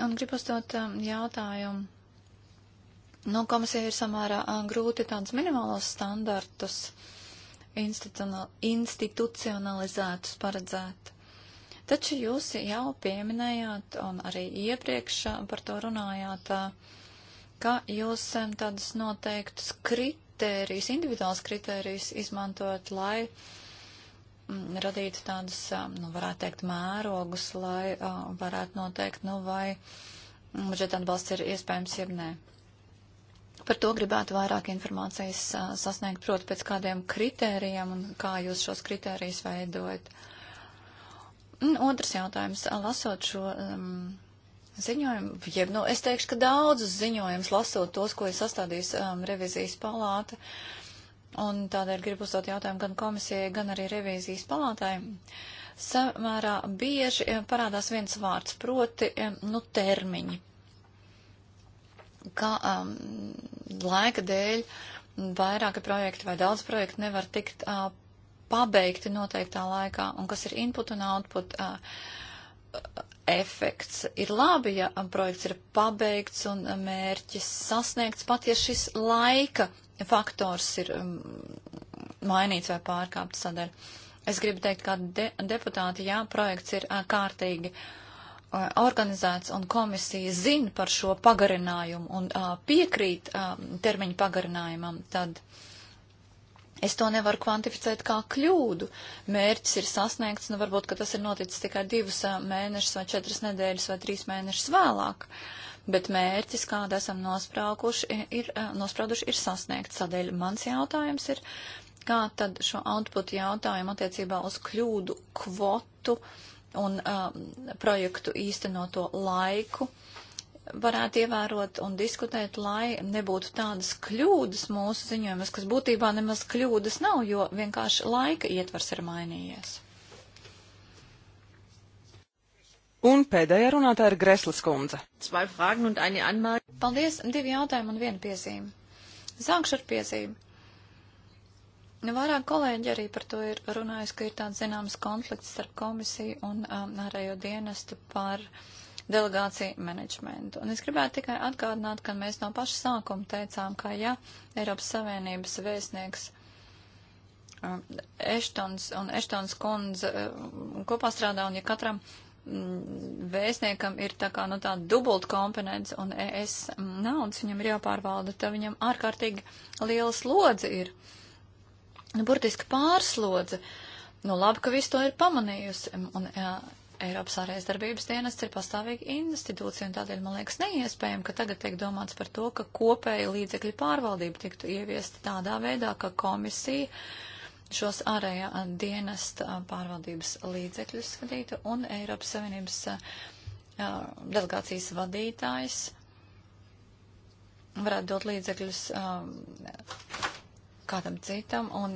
S2: Un gribu uzdot um, jautājumu. Nu, komisija ir samērā uh, grūti tādus minimālos standartus institucionalizētus paredzēt. Taču jūs jau pieminējāt un arī iepriekš uh, par to runājāt, uh, ka jūs um, tādus noteiktus kritērijus, individuāls kritērijus izmantojat, lai uh, Mm, radītu tādus, um, nu, varētu teikt, mērogus, lai uh, varētu noteikt, nu, vai mm, budžeta atbalsts ir iespējams, jeb nē. Par to gribētu vairāk informācijas uh, sasniegt, proti, pēc kādiem kritērijiem un kā jūs šos kritērijus veidojat. Un otrs jautājums. Uh, lasot šo um, ziņojumu, jeb, nu, es teikšu, ka daudzus ziņojumus lasot tos, ko ir sastādījis um, revizijas palāta, uh, un tādēļ gribu uzdot jautājumu gan komisijai, gan arī revīzijas palātai. Samērā bieži eh, parādās viens vārds, proti, eh, nu, termiņi. Kā um, laika dēļ vairāki projekti vai daudz projektu nevar tikt uh, pabeigti noteiktā laikā, un kas ir input un output. Uh, efekts. Ir labi, ja projekts ir pabeigts un mērķis sasniegts, pat ja šis laika faktors ir um, mainīts vai pārkāpts sadaļa. Es gribu teikt, kā de deputāti, jā, projekts ir kārtīgi organizēts un komisija zina par šo pagarinājumu un piekrīt termiņu pagarinājumam, tad. Es to nevaru kvantificēt kā kļūdu. Mērķis ir sasniegts, nu varbūt, ka tas ir noticis tikai divus mēnešus vai četras nedēļas vai trīs mēnešus vēlāk. Uh, bet mērķis, kādu esam nospraukuši, ir, eh, nosprauduši, ir sasniegts. Tādēļ mans jautājums ir, kā tad šo output jautājumu attiecībā uz kļūdu kvotu un um, projektu īstenoto laiku varētu ievērot un diskutēt, lai nebūtu tādas kļūdas mūsu ziņojumas, kas būtībā nemaz kļūdas nav, jo vienkārši laika ietvars ir mainījies.
S3: Un pēdējā runātāja ir Greslas kundze.
S2: Paldies, divi jautājumi un viena piezīme. Sākšu ar piezīmi. Nu, vairāk kolēģi arī par to ir runājusi, ka ir tāds zināms konflikts starp komisiju un um, ārējo dienestu par delegāciju menedžmentu. Un es gribētu tikai atgādināt, ka mēs no paša sākuma teicām, ka ja Eiropas Savienības vēstnieks um, Eštons un Eštons kundze um, kopā strādā un ja katram Mm, vēstniekam ir tā kā, nu, tā dubult komponents un ES naudas viņam ir jāpārvalda, tad viņam ārkārtīgi liela slodze ir. Nu, burtiski pārslodze. Nu, labi, ka visu to ir pamanījusi. Un jā, Eiropas ārējais darbības dienests ir pastāvīga institūcija, un tādēļ man liekas neiespējami, ka tagad tiek domāts par to, ka kopēja līdzekļu pārvaldība tiktu ieviesta tādā veidā, ka komisija uh, šos ārējā dienesta pārvaldības līdzekļus skatītu un Eiropas Savienības delegācijas vadītājs varētu dot līdzekļus kādam citam un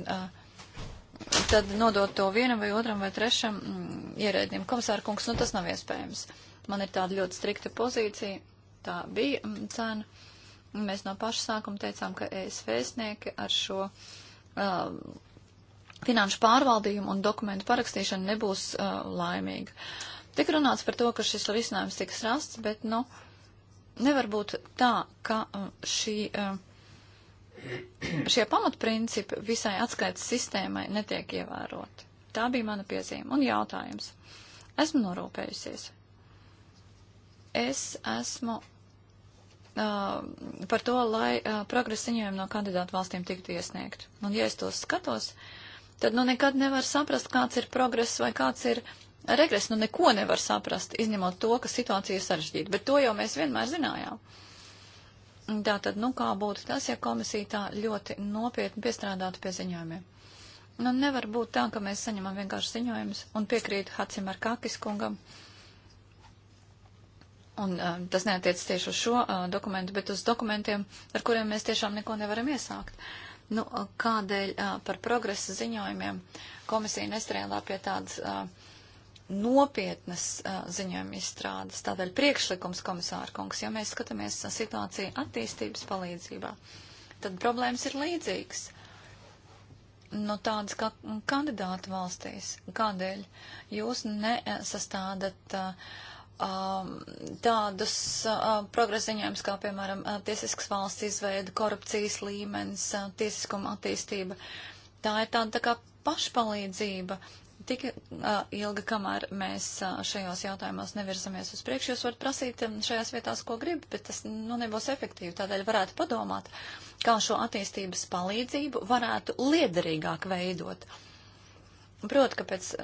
S2: tad nodot to vienam vai otram vai trešam ierēdnim. Komisāra kungs, nu tas nav iespējams. Man ir tāda ļoti strikta pozīcija. Tā bija cena. Mēs no paša sākuma teicām, ka ES vēstnieki ar šo uh, finanšu pārvaldījumu un dokumentu parakstīšana nebūs uh, laimīga. Tik runāts par to, ka šis risinājums tiks rasts, bet, nu, nevar būt tā, ka uh, šī, uh, šie pamatprincipi visai atskaitas sistēmai netiek ievēroti. Tā bija mana piezīme un jautājums. Esmu norūpējusies. Es esmu uh, par to, lai uh, progresa ziņojumi no kandidātu valstīm tiktu iesniegti. Un, ja es tos skatos, uh, tad nu nekad nevar saprast, kāds ir progress vai kāds ir regress. Nu neko nevar saprast, izņemot to, ka situācija ir sarežģīta. Bet to jau mēs vienmēr zinājām. Tā tad, nu kā būtu tas, ja komisija tā ļoti nopietni piestrādātu pie ziņojumiem? Nu, nevar būt tā, ka mēs saņemam vienkārši ziņojumus un piekrītu Hacim ar Kakis kungam. Un uh, tas neatiec tieši uz šo uh, dokumentu, bet uz dokumentiem, ar kuriem mēs tiešām neko nevaram iesākt. Uh, Nu, kādēļ par progresa ziņojumiem komisija nestrādā pie tādas nopietnas ziņojuma izstrādes? Tādēļ priekšlikums komisāra kungs, ja mēs skatāmies situāciju attīstības palīdzībā, tad problēmas ir līdzīgas. No nu, tādas kā kandidātu valstīs, kādēļ jūs nesastādat uh, Um, tādus uh, progresiņojumus, kā piemēram uh, tiesisks valsts izveida, korupcijas līmenis, uh, tiesiskuma attīstība. Tā ir tāda tā kā pašpalīdzība. Tik ilga, kamēr mēs šajos jautājumos nevirzamies uz priekšu, jūs varat prasīt um, šajās vietās, ko gribat, bet tas nu, nebūs efektīvi. Tādēļ varētu padomāt, kā šo attīstības palīdzību varētu liederīgāk veidot. Proti, ka pēc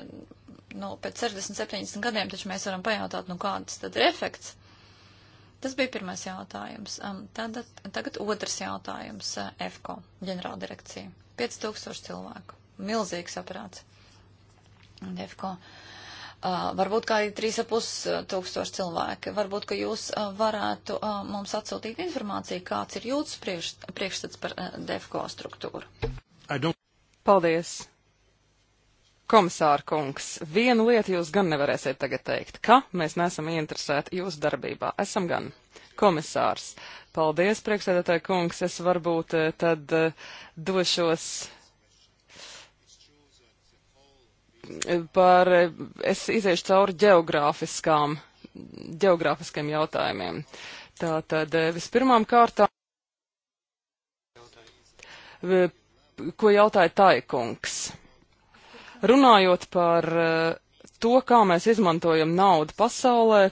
S2: nu, pēc 60, 70 gadiem taču mēs varam pajautāt, nu, kāds tad ir efekts. Tas bija pirmais jautājums. Tad, tagad otrs jautājums eh, - EFCO ģenerāldirekcija. 5000 cilvēku. Milzīgs aparāts. Un EFCO. Uh, eh, varbūt kā ir 3,5 eh, tūkstoši cilvēki. Varbūt, ka jūs uh, varētu uh, mums atsūtīt informāciju, kāds ir jūtas priekš, priekšstats par uh,
S3: DEFCO struktūru. Paldies! Komisāra kungs, vienu lietu jūs gan nevarēsiet tagad teikt, ka mēs neesam ieinteresēti jūsu darbībā. Esam gan. Komisārs, paldies, priekšsēdētāji kungs, es varbūt eh, tad eh, došos eh, par, es iziešu cauri geogrāfiskām, geogrāfiskiem jautājumiem. Tātad vispirmām kārtām, ko jautāja Taikungs? Runājot par eh, to, kā mēs izmantojam naudu pasaulē,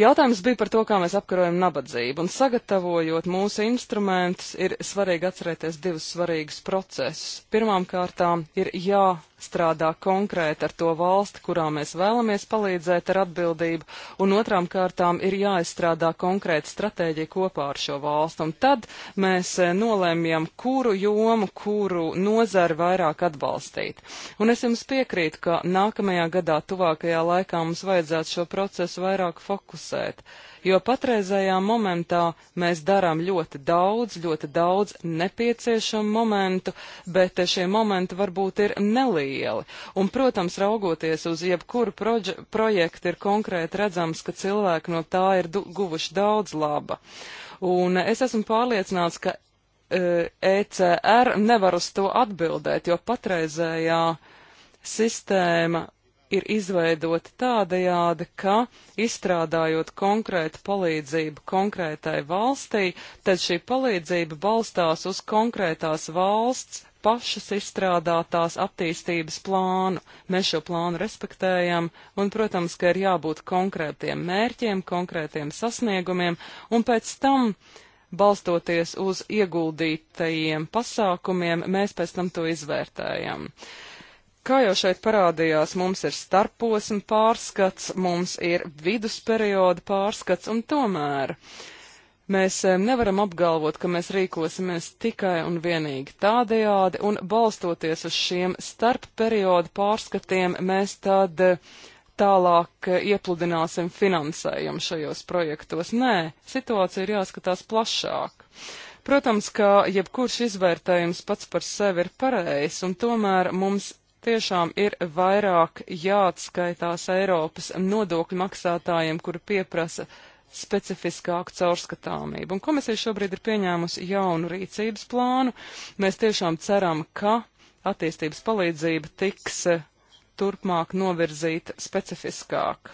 S3: Jautājums bija par to, kā mēs apkarojam nabadzību, un sagatavojot mūsu instrumentus, ir svarīgi atcerēties divus svarīgus procesus. Pirmām kārtām ir jā jāstrādā konkrēti ar to valsti, kurā mēs vēlamies palīdzēt ar atbildību, un otrām kārtām ir jāizstrādā konkrēta stratēģija kopā ar šo valstu. Un tad mēs eh, nolēmjam, kuru jomu, kuru nozari vairāk atbalstīt. Un es jums piekrītu, ka nākamajā gadā, tuvākajā laikā mums vajadzētu šo procesu vairāk fokusēt jo patreizējā momentā mēs darām ļoti daudz, ļoti daudz nepieciešamu momentu, bet šie momenti varbūt ir nelieli. Un, protams, raugoties uz jebkuru projektu, ir konkrēti redzams, ka cilvēki no tā ir guvuši daudz laba. Un es esmu pārliecināts, ka ECR e nevar uz to atbildēt, jo patreizējā sistēma ir izveidoti tādajādi, ka izstrādājot konkrētu palīdzību konkrētai valstī, tad šī palīdzība balstās uz konkrētās valsts pašas izstrādātās attīstības plānu. Mēs šo plānu respektējam, un, protams, ka ir jābūt konkrētiem mērķiem, konkrētiem sasniegumiem, un pēc tam, balstoties uz ieguldītajiem pasākumiem, mēs pēc tam to izvērtējam. Uh, Kā jau šeit parādījās, mums ir starposma pārskats, mums ir vidusperioda pārskats, un tomēr mēs eh, nevaram apgalvot, ka mēs rīkosimies tikai un vienīgi tādējādi, un balstoties uz šiem starpperioda pārskatiem, mēs tad eh, tālāk eh, iepludināsim finansējumu šajos projektos. Nē, situācija ir jāskatās plašāk. Protams, ka jebkurš izvērtējums pats par sevi ir pareizs, un tomēr mums tiešām ir vairāk jāatskaitās Eiropas nodokļu maksātājiem, kuri pieprasa specifiskāku caurskatāmību. Un komisija šobrīd ir pieņēmusi jaunu rīcības plānu. Mēs tiešām ceram, ka attīstības palīdzība tiks eh, turpmāk novirzīta specifiskāk.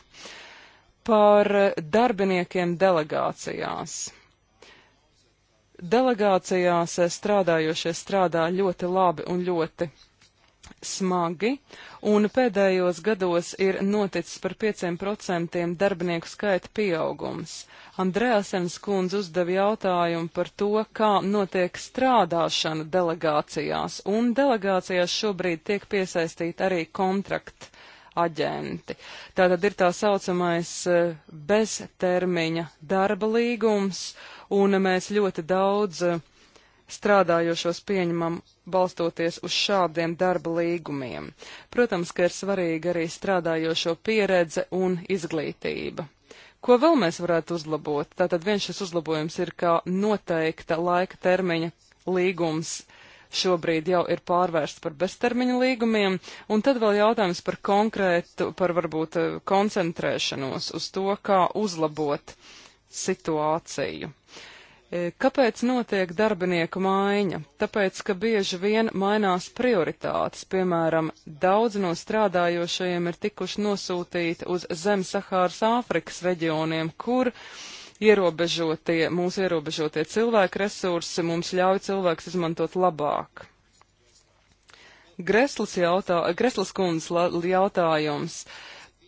S3: Par eh, darbiniekiem delegācijās. Delegācijās eh, strādājošie strādā ļoti labi un ļoti smagi, un pēdējos gados ir noticis par 5% darbinieku skaita pieaugums. Andrēsens kundze uzdeva jautājumu par to, kā notiek strādāšana delegācijās, un delegācijās šobrīd tiek piesaistīti arī kontrakti aģenti. Tātad ir tā saucamais eh, beztermiņa darba līgums, un mēs ļoti daudz uh, strādājošos pieņemam balstoties uz šādiem darba līgumiem. Protams, ka ir svarīga arī strādājošo pieredze un izglītība. Ko vēl mēs varētu uzlabot? Tātad viens šis uzlabojums ir, ka noteikta laika termiņa līgums šobrīd jau ir pārvērsts par beztermiņa līgumiem, un tad vēl jautājums par konkrētu, par varbūt eh, koncentrēšanos uz to, kā uzlabot situāciju. Uh, E, kāpēc notiek darbinieku maiņa? Tāpēc, ka bieži vien mainās prioritātes, piemēram, daudz no strādājošajiem ir tikuši nosūtīti uz zem Sahāras Āfrikas reģioniem, kur ierobežotie, mūsu ierobežotie cilvēku resursi mums ļauj cilvēks izmantot labāk. Greslas, jautā, Greslas kundas la, jautājums.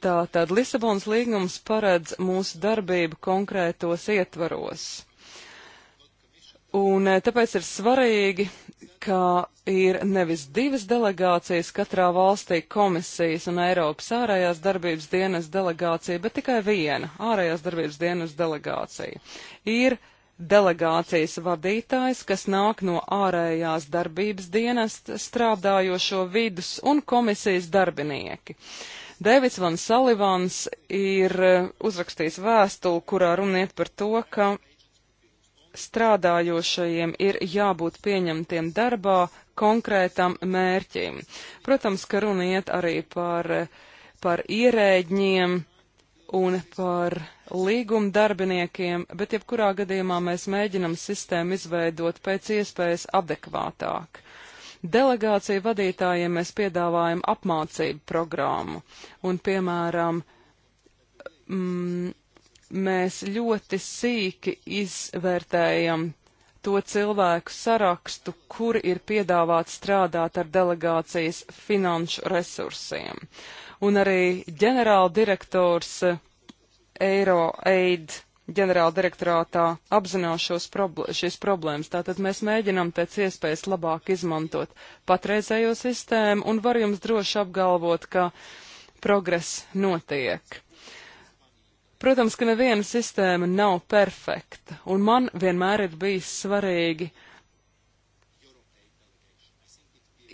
S3: Tātad Lisabonas līgums paredz mūsu darbību konkrētos ietvaros Un eh, tāpēc ir svarīgi, ka ir nevis divas delegācijas katrā valstī komisijas un Eiropas ārējās darbības dienas delegācija, bet tikai viena ārējās darbības dienas delegācija. Ir delegācijas vadītājs, kas nāk no ārējās darbības dienas strādājošo vidus un komisijas darbinieki. Deivids Van Salivans ir eh, uzrakstījis vēstuli, kurā runiet par to, ka strādājošajiem ir jābūt pieņemtiem darbā konkrētam mērķim. Protams, ka runa iet arī par, par ierēģiem un par līguma darbiniekiem, bet jebkurā gadījumā mēs mēģinam sistēmu izveidot pēc iespējas adekvātāk. Delegāciju vadītājiem mēs piedāvājam apmācību programmu un, piemēram, mm, mēs ļoti sīki izvērtējam to cilvēku sarakstu, kur ir piedāvāts strādāt ar delegācijas finanšu resursiem. Un arī ģenerāldirektors eh, EiroAid ģenerāldirektorātā apzinās probl šīs problēmas. Tātad mēs mēģinām pēc iespējas labāk izmantot patreizējo sistēmu un var jums droši apgalvot, ka progress notiek. Protams, ka neviena sistēma nav perfekta, un man vienmēr ir bijis svarīgi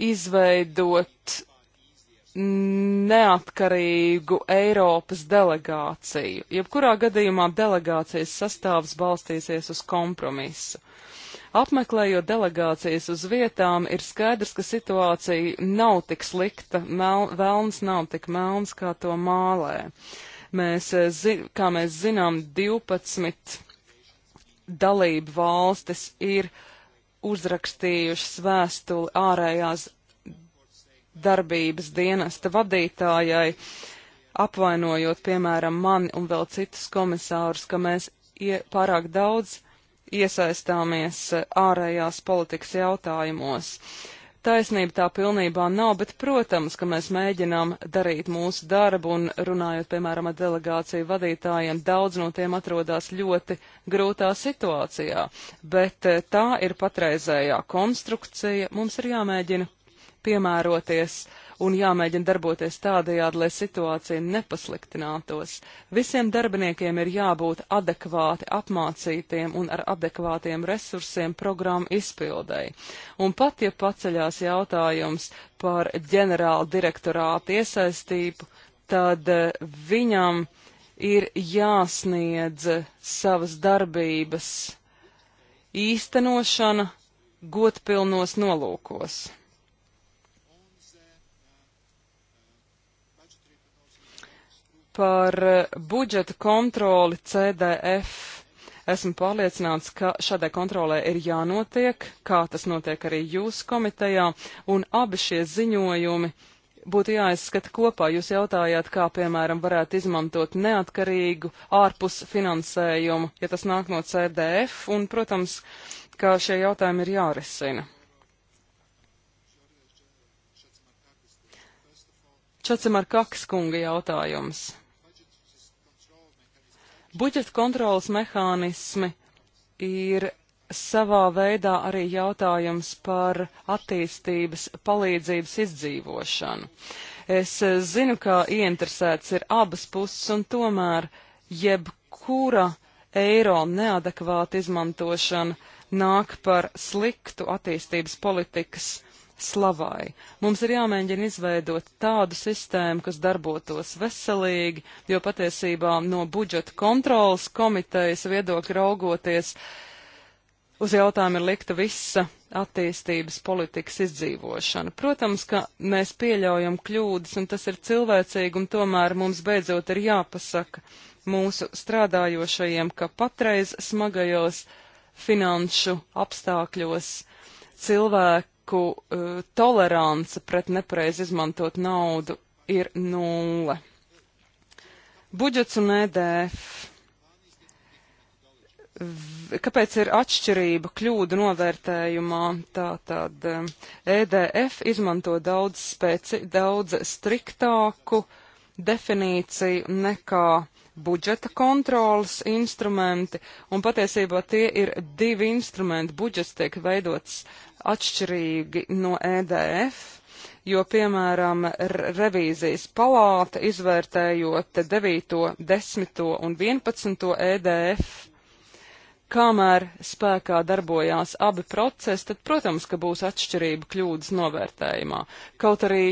S3: izveidot neatkarīgu Eiropas delegāciju. Jebkurā gadījumā delegācijas sastāvs balstīsies uz kompromisu. Apmeklējot delegācijas uz vietām, ir skaidrs, ka situācija nav tik slikta, mel, vēlns nav tik melns, kā to mālē. Uh, Mēs, eh, kā mēs zinām, 12 dalību valstis ir uzrakstījušas vēstuli ārējās darbības dienesta vadītājai, apvainojot, piemēram, mani un vēl citus komisārus, ka mēs ie, pārāk daudz iesaistāmies eh, ārējās politikas jautājumos. Uh, Taisnība tā pilnībā nav, bet, protams, ka mēs mēģinām darīt mūsu darbu un runājot, piemēram, ar delegāciju vadītājiem, daudz no tiem atrodas ļoti grūtā situācijā. Bet eh, tā ir patreizējā konstrukcija. Mums ir jāmēģina piemēroties uh, un jāmēģina darboties tādajādi, lai situācija nepasliktinātos. Visiem darbiniekiem ir jābūt adekvāti apmācītiem un ar adekvātiem resursiem programmu izpildēji. Un pat, ja paceļās jautājums par ģenerāla direktorāta iesaistību, tad eh, viņam ir jāsniedz savas darbības īstenošana godpilnos nolūkos. par eh, budžeta kontroli CDF. Esmu pārliecināts, ka šādai kontrolē ir jānotiek, kā tas notiek arī jūsu komitejā, un abi šie ziņojumi būtu jāizskata kopā. Jūs jautājāt, kā, piemēram, varētu izmantot neatkarīgu ārpus finansējumu, ja tas nāk no CDF, un, protams, kā šie jautājumi ir jārisina. Čacimar Kakas kunga jautājums. Budžeta kontrolas mehānismi ir savā veidā arī jautājums par attīstības palīdzības izdzīvošanu. Es eh, zinu, ka ieinteresēts ir abas puses, un tomēr jebkura eiro neadekvāta izmantošana nāk par sliktu attīstības politikas slavai. Mums ir jāmēģina izveidot tādu sistēmu, kas darbotos veselīgi, jo patiesībā no budžeta kontrolas komitejas viedokļa raugoties uz jautājumu ir likta visa attīstības politikas izdzīvošana. Protams, ka mēs pieļaujam kļūdas, un tas ir cilvēcīgi, un tomēr mums beidzot ir jāpasaka mūsu strādājošajiem, ka patreiz smagajos finanšu apstākļos cilvēki banku uh, eh, tolerance pret nepareiz izmantot naudu ir nulle. Budžets un EDF. V, kāpēc ir atšķirība kļūdu novērtējumā? Tātad EDF eh, e izmanto daudz, speci, daudz striktāku definīciju nekā budžeta kontrolas instrumenti, un patiesībā tie ir divi instrumenti. Budžets tiek veidots atšķirīgi no EDF, jo, piemēram, revīzijas palāta izvērtējot 9., 10. un 11. EDF, kamēr spēkā darbojās abi procesi, tad, protams, ka būs atšķirība kļūdas novērtējumā. Kaut arī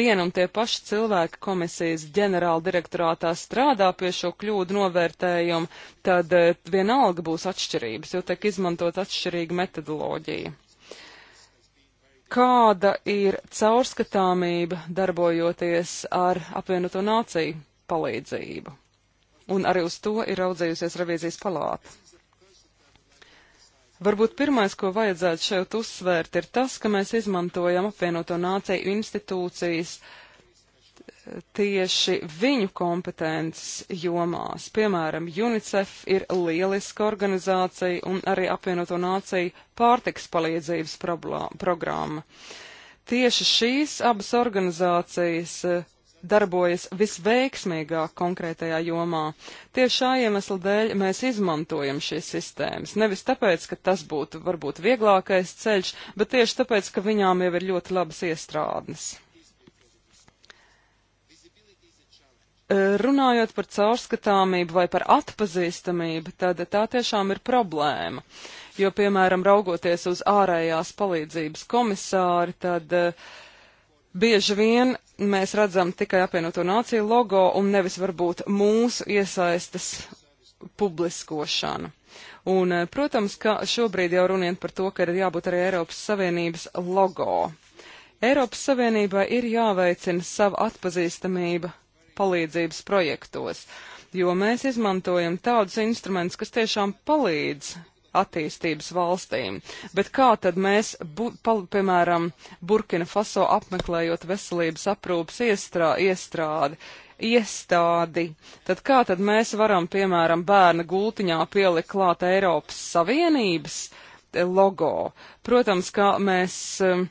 S3: vien un tie paši cilvēki komisijas ģenerāla direktorātā strādā pie šo kļūdu novērtējumu, tad eh, vienalga būs atšķirības, jo tiek izmantot atšķirīga metodoloģija kāda ir caurskatāmība darbojoties ar apvienoto nāciju palīdzību. Un arī uz to ir raudzījusies revīzijas palāta. Varbūt pirmais, ko vajadzētu šeit uzsvērt, ir tas, ka mēs izmantojam apvienoto nāciju institūcijas uh, tieši viņu kompetences jomās. Piemēram, UNICEF ir lieliska organizācija un arī apvienoto nāciju pārtiks palīdzības programma. Tieši šīs abas organizācijas eh, darbojas visveiksmīgāk konkrētajā jomā. Tieši šā iemesla dēļ mēs izmantojam šīs sistēmas. Nevis tāpēc, ka tas būtu varbūt vieglākais ceļš, bet tieši tāpēc, ka viņām jau ir ļoti labas iestrādnes. Runājot par caurskatāmību vai par atpazīstamību, tad tā tiešām ir problēma. Jo, piemēram, raugoties uz ārējās palīdzības komisāri, tad eh, bieži vien mēs redzam tikai apvienoto nāciju logo un nevis varbūt mūsu iesaistas publiskošanu. Un, eh, protams, ka šobrīd jau runiet par to, ka ir jābūt arī Eiropas Savienības logo. Eiropas Savienībai ir jāveicina sava atpazīstamība palīdzības projektos, jo mēs izmantojam tādus instrumentus, kas tiešām palīdz attīstības valstīm. Bet kā tad mēs, bu, pal, piemēram, Burkina Faso apmeklējot veselības aprūpas iestrā, iestrādi, iestādi, tad kā tad mēs varam, piemēram, bērna gultiņā pielikt klāt Eiropas Savienības logo? Protams, kā mēs. Uh,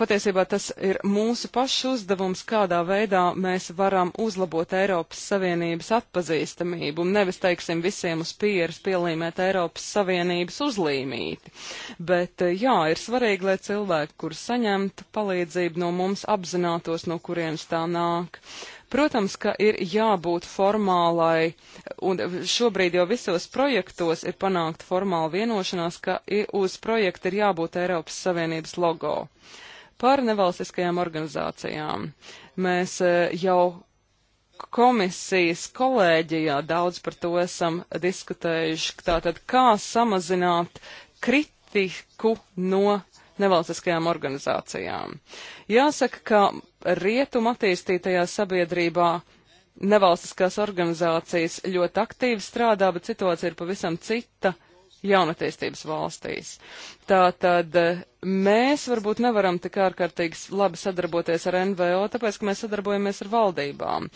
S3: Patiesībā tas ir mūsu pašu uzdevums, kādā veidā mēs varam uzlabot Eiropas Savienības atpazīstamību un nevis, teiksim, visiem uz pieras pielīmēt Eiropas Savienības uzlīmīti. Bet, eh, jā, ir svarīgi, lai cilvēki, kur saņemtu palīdzību no mums, apzinātos, no kurienes tā nāk. Protams, ka ir jābūt formālai, un šobrīd jau visos projektos ir panākt formāla vienošanās, ka uz projekta ir jābūt Eiropas Savienības logo. Par nevalstiskajām organizācijām. Mēs e, jau komisijas kolēģijā daudz par to esam diskutējuši. Tātad, kā samazināt kritiku no nevalstiskajām organizācijām. Jāsaka, ka rietumu attīstītajā sabiedrībā nevalstiskās organizācijas ļoti aktīvi strādā, bet situācija ir pavisam cita jaunatīstības valstīs. Tātad eh, mēs varbūt nevaram tik ārkārtīgi labi sadarboties ar NVO, tāpēc, ka mēs sadarbojamies ar valdībām.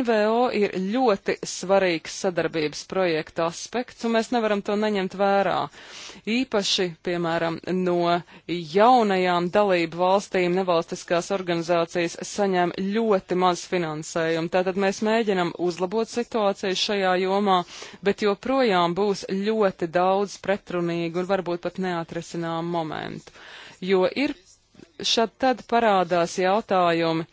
S3: NVO ir ļoti svarīgs sadarbības projekta aspekts, un mēs nevaram to neņemt vērā. Īpaši, piemēram, no jaunajām dalību valstīm nevalstiskās organizācijas saņem ļoti maz finansējumu. Tātad mēs mēģinam uzlabot situāciju šajā jomā, bet joprojām būs ļoti daudz pretrunīgu un varbūt pat neatrisinātu neatrisināmu momentu. Jo ir šad tad parādās jautājumi,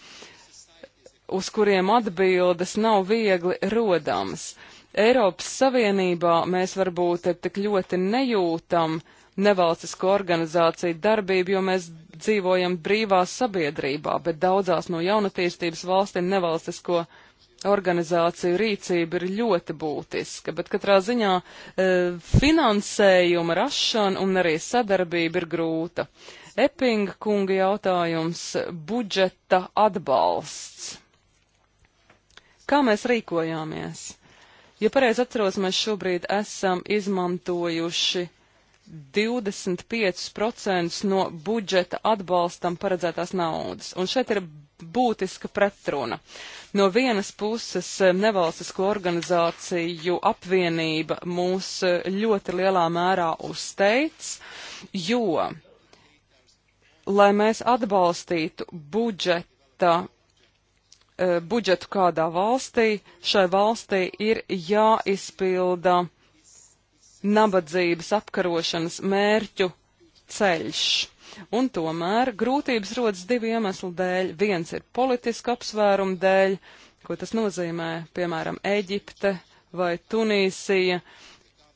S3: uz kuriem atbildes nav viegli rodamas. Eiropas Savienībā mēs varbūt tik ļoti nejūtam nevalstisko organizāciju darbību, jo mēs dzīvojam brīvā sabiedrībā, bet daudzās no jaunatīstības valstīm nevalstisko organizāciju organizāciju rīcība ir ļoti būtiska, bet katrā ziņā e, finansējuma rašana un arī sadarbība ir grūta. Epinga kunga jautājums - budžeta atbalsts. Kā mēs rīkojāmies? Ja pareizi atceros, mēs šobrīd esam izmantojuši 25% no budžeta atbalstam paredzētās naudas. Un šeit ir būtiska pretruna. No vienas puses eh, nevalstisko organizāciju apvienība mūs eh, ļoti lielā mērā uzteic, jo, lai mēs atbalstītu budžeta eh, budžetu kādā valstī, šai valstī ir jāizpilda uh, nabadzības apkarošanas mērķu ceļš. Un tomēr grūtības rodas divu iemeslu dēļ. Viens ir politiska apsvērumu dēļ, ko tas nozīmē, piemēram, Eģipte vai Tunīsija,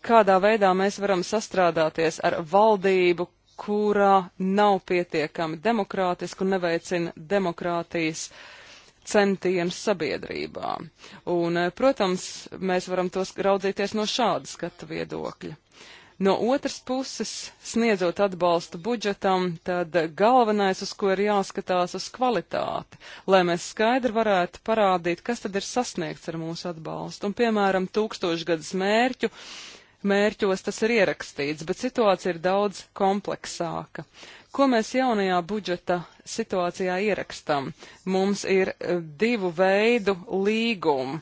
S3: kādā veidā mēs varam sastrādāties ar valdību, kurā nav pietiekami demokrātiski un neveicina demokrātijas uh, centienus sabiedrībā. Un, eh, protams, mēs varam tos raudzīties no šāda skata viedokļa. No otras puses, sniedzot atbalstu budžetam, tad galvenais, uz ko ir jāskatās, uz kvalitāti, lai mēs skaidri varētu parādīt, kas tad ir sasniegts ar mūsu atbalstu. Un, piemēram, tūkstošgadas mērķu, mērķos tas ir ierakstīts, bet situācija ir daudz kompleksāka. Ko mēs jaunajā budžeta situācijā ierakstam? Mums ir eh, divu veidu līgumi.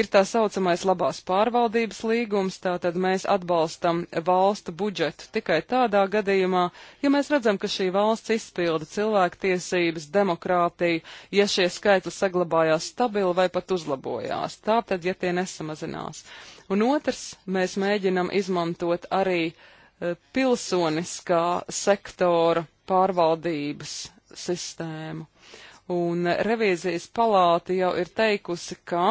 S3: Ir tā saucamais labās pārvaldības līgums, tātad mēs atbalstam valstu budžetu tikai tādā gadījumā, ja mēs redzam, ka šī valsts izpilda cilvēktiesības, demokrātiju, ja šie skaitli saglabājās stabili vai pat uzlabojās, tātad, ja tie nesamazinās. Un otrs, mēs mēģinam izmantot arī uh, Eh, pilsoniskā sektora pārvaldības sistēmu. Un revīzijas palāta jau ir teikusi, ka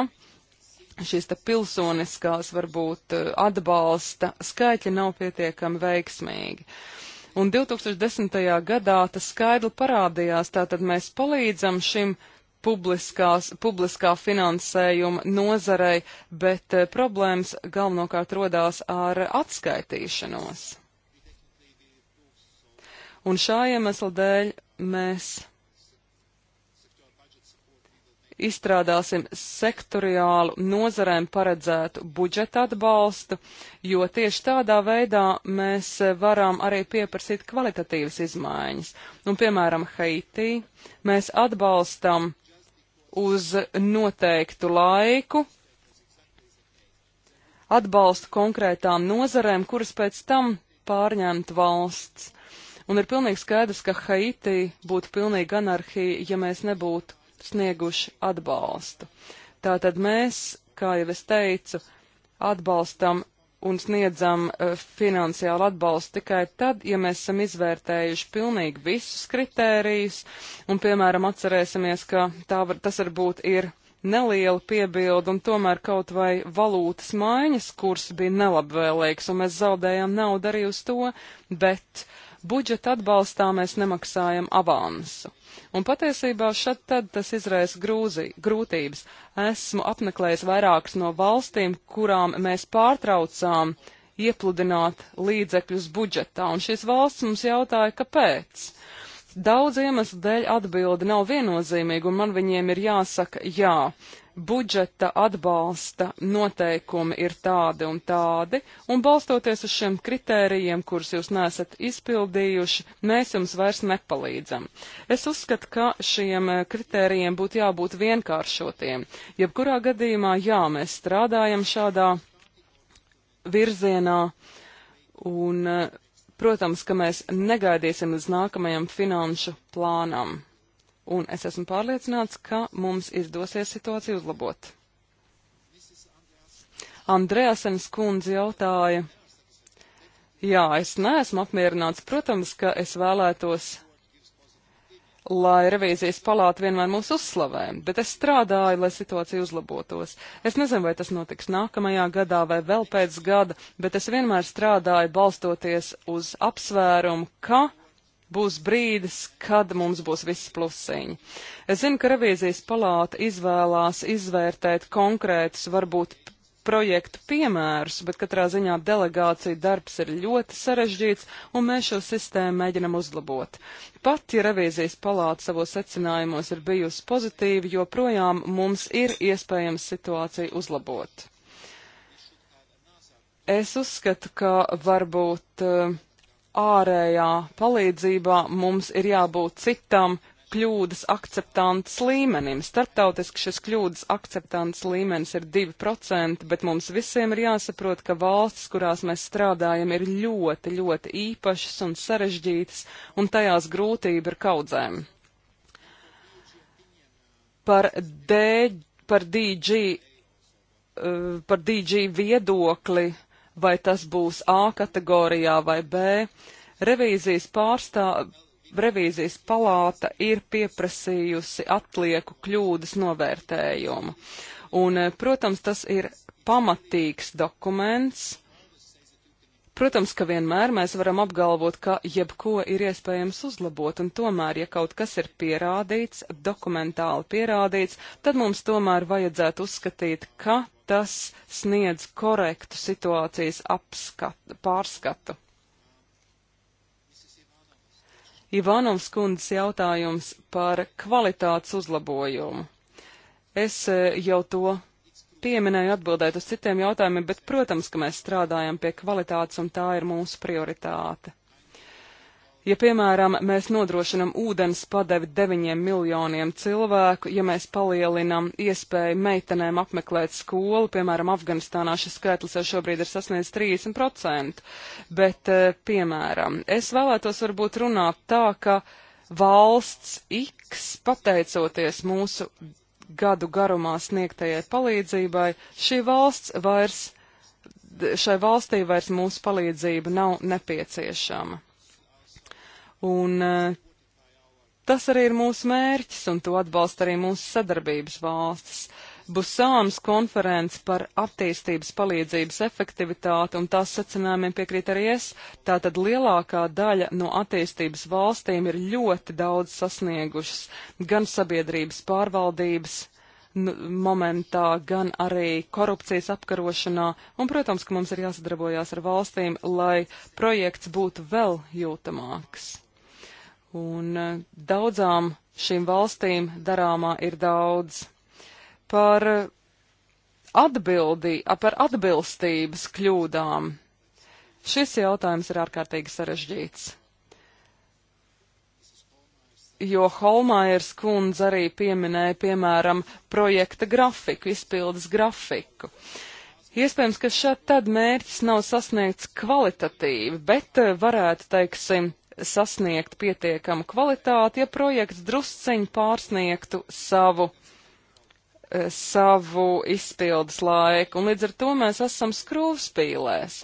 S3: šīs te pilsoniskās varbūt eh, atbalsta skaitļi nav pietiekami veiksmīgi. Un 2010. gadā tas skaidri parādījās, tātad mēs palīdzam šim uh, publiskās, publiskā finansējuma nozarei, bet e, problēmas galvenokārt rodās ar atskaitīšanos. Un šā iemesla dēļ mēs izstrādāsim sektoriālu nozarēm paredzētu budžeta atbalstu, jo tieši tādā veidā mēs eh, varam arī pieprasīt kvalitatīvas izmaiņas. Un, piemēram, Haitī mēs atbalstam uh, uz noteiktu laiku atbalstu konkrētām nozarēm, kuras pēc tam pārņemt valsts. Un ir pilnīgi skaidrs, ka Haiti būtu pilnīga anarhija, ja mēs nebūtu snieguši atbalstu. Tātad mēs, kā jau es teicu, atbalstam un sniedzam eh, finansiālu atbalstu tikai tad, ja mēs esam izvērtējuši pilnīgi visus kritērijus, un, piemēram, atcerēsimies, ka var, tas varbūt ir neliela piebilda, un tomēr kaut vai valūtas maiņas kurs bija nelabvēlīgs, un mēs zaudējām naudu arī uz to, bet uh, budžeta atbalstā mēs nemaksājam avansu. Un patiesībā šad tad tas izraisa grūzi, grūtības. Esmu apmeklējis vairākas no valstīm, kurām mēs pārtraucām iepludināt līdzekļus budžetā, un šīs valsts mums jautāja, kāpēc. Daudz iemeslu dēļ atbildi nav viennozīmīga, un man viņiem ir jāsaka jā budžeta atbalsta noteikumi ir tādi un tādi, un balstoties uz šiem kritērijiem, kurus jūs nesat izpildījuši, mēs jums vairs nepalīdzam. Es uzskatu, ka šiem eh, kritērijiem būtu jābūt vienkāršotiem. Jebkurā gadījumā, jā, mēs strādājam šādā virzienā, un, eh, protams, ka mēs negaidīsim līdz nākamajam finanšu plānam un es esmu pārliecināts, ka mums izdosies situāciju uzlabot. Andreasenes kundze jautāja, jā, es neesmu apmierināts, protams, ka es vēlētos, lai revīzijas palāta vienmēr mūs uzslavē, bet es strādāju, lai situācija uzlabotos. Es nezinu, vai tas notiks nākamajā gadā vai vēl pēc gada, bet es vienmēr strādāju balstoties uz apsvērumu, ka būs brīdis, kad mums būs viss plusiņi. Es zinu, ka revīzijas palāta izvēlās izvērtēt konkrētus, varbūt projektu piemērus, bet katrā ziņā delegācija darbs ir ļoti sarežģīts, un mēs šo sistēmu mēģinam uzlabot. Pat, ja revīzijas palāta savos secinājumos ir bijusi pozitīva, joprojām mums ir iespējams situāciju uzlabot. Es uzskatu, ka varbūt uh, ārējā palīdzībā mums ir jābūt citam kļūdas akceptants līmenim. Startautiski šis kļūdas akceptants līmenis ir 2%, bet mums visiem ir jāsaprot, ka valstis, kurās mēs strādājam, ir ļoti, ļoti īpašas un sarežģītas, un tajās grūtība ir kaudzēm. Par, D, par, DG, eh, par DG viedokli vai tas būs A kategorijā vai B. Revīzijas pārstāv, revīzijas palāta ir pieprasījusi atlieku kļūdas novērtējumu. Un, eh, protams, tas ir pamatīgs dokuments. Protams, ka vienmēr mēs varam apgalvot, ka jebko ir iespējams uzlabot, un tomēr, ja kaut kas ir pierādīts, dokumentāli pierādīts, tad mums tomēr vajadzētu uzskatīt, ka tas sniedz korektu situācijas apskatu, pārskatu. Ivanovs kundzes jautājums par kvalitātes uzlabojumu. Es e, jau to pieminēju atbildēt uz citiem jautājumiem, bet, protams, ka mēs strādājam pie kvalitātes un tā ir mūsu prioritāte. Ja, piemēram, mēs nodrošinam ūdens padevi deviņiem miljoniem cilvēku, ja mēs palielinam iespēju meitenēm apmeklēt skolu, piemēram, Afganistānā šis skaitlis jau šobrīd ir sasniedzis 30%, bet, eh, piemēram, es vēlētos varbūt runāt tā, ka valsts X, pateicoties mūsu gadu garumā sniegtajai palīdzībai, šī valsts vairs, šai valstī vairs mūsu palīdzība nav nepieciešama. Un eh, tas arī ir mūsu mērķis, un to atbalsta arī mūsu sadarbības valstis. Busānas konferences par attīstības palīdzības efektivitāti un tās secinājumiem piekrīt arī es. Tātad lielākā daļa no attīstības valstīm ir ļoti daudz sasniegušas gan sabiedrības pārvaldības momentā, gan arī korupcijas apkarošanā, un, protams, ka mums ir jāsadarbojās ar valstīm, lai projekts būtu vēl jūtamāks un eh, daudzām šīm valstīm darāmā ir daudz. Par eh, atbildi, par atbilstības kļūdām. Šis jautājums ir ārkārtīgi sarežģīts. Jo Holmaiers kundze arī pieminēja, piemēram, projekta grafiku, izpildes grafiku. Iespējams, ka šad tad mērķis nav sasniegts kvalitatīvi, bet eh, varētu, teiksim, sasniegt pietiekamu kvalitāti, ja projekts drusceņi pārsniegtu savu, eh, savu izpildes laiku. Un līdz ar to mēs esam skrūvspīlēs.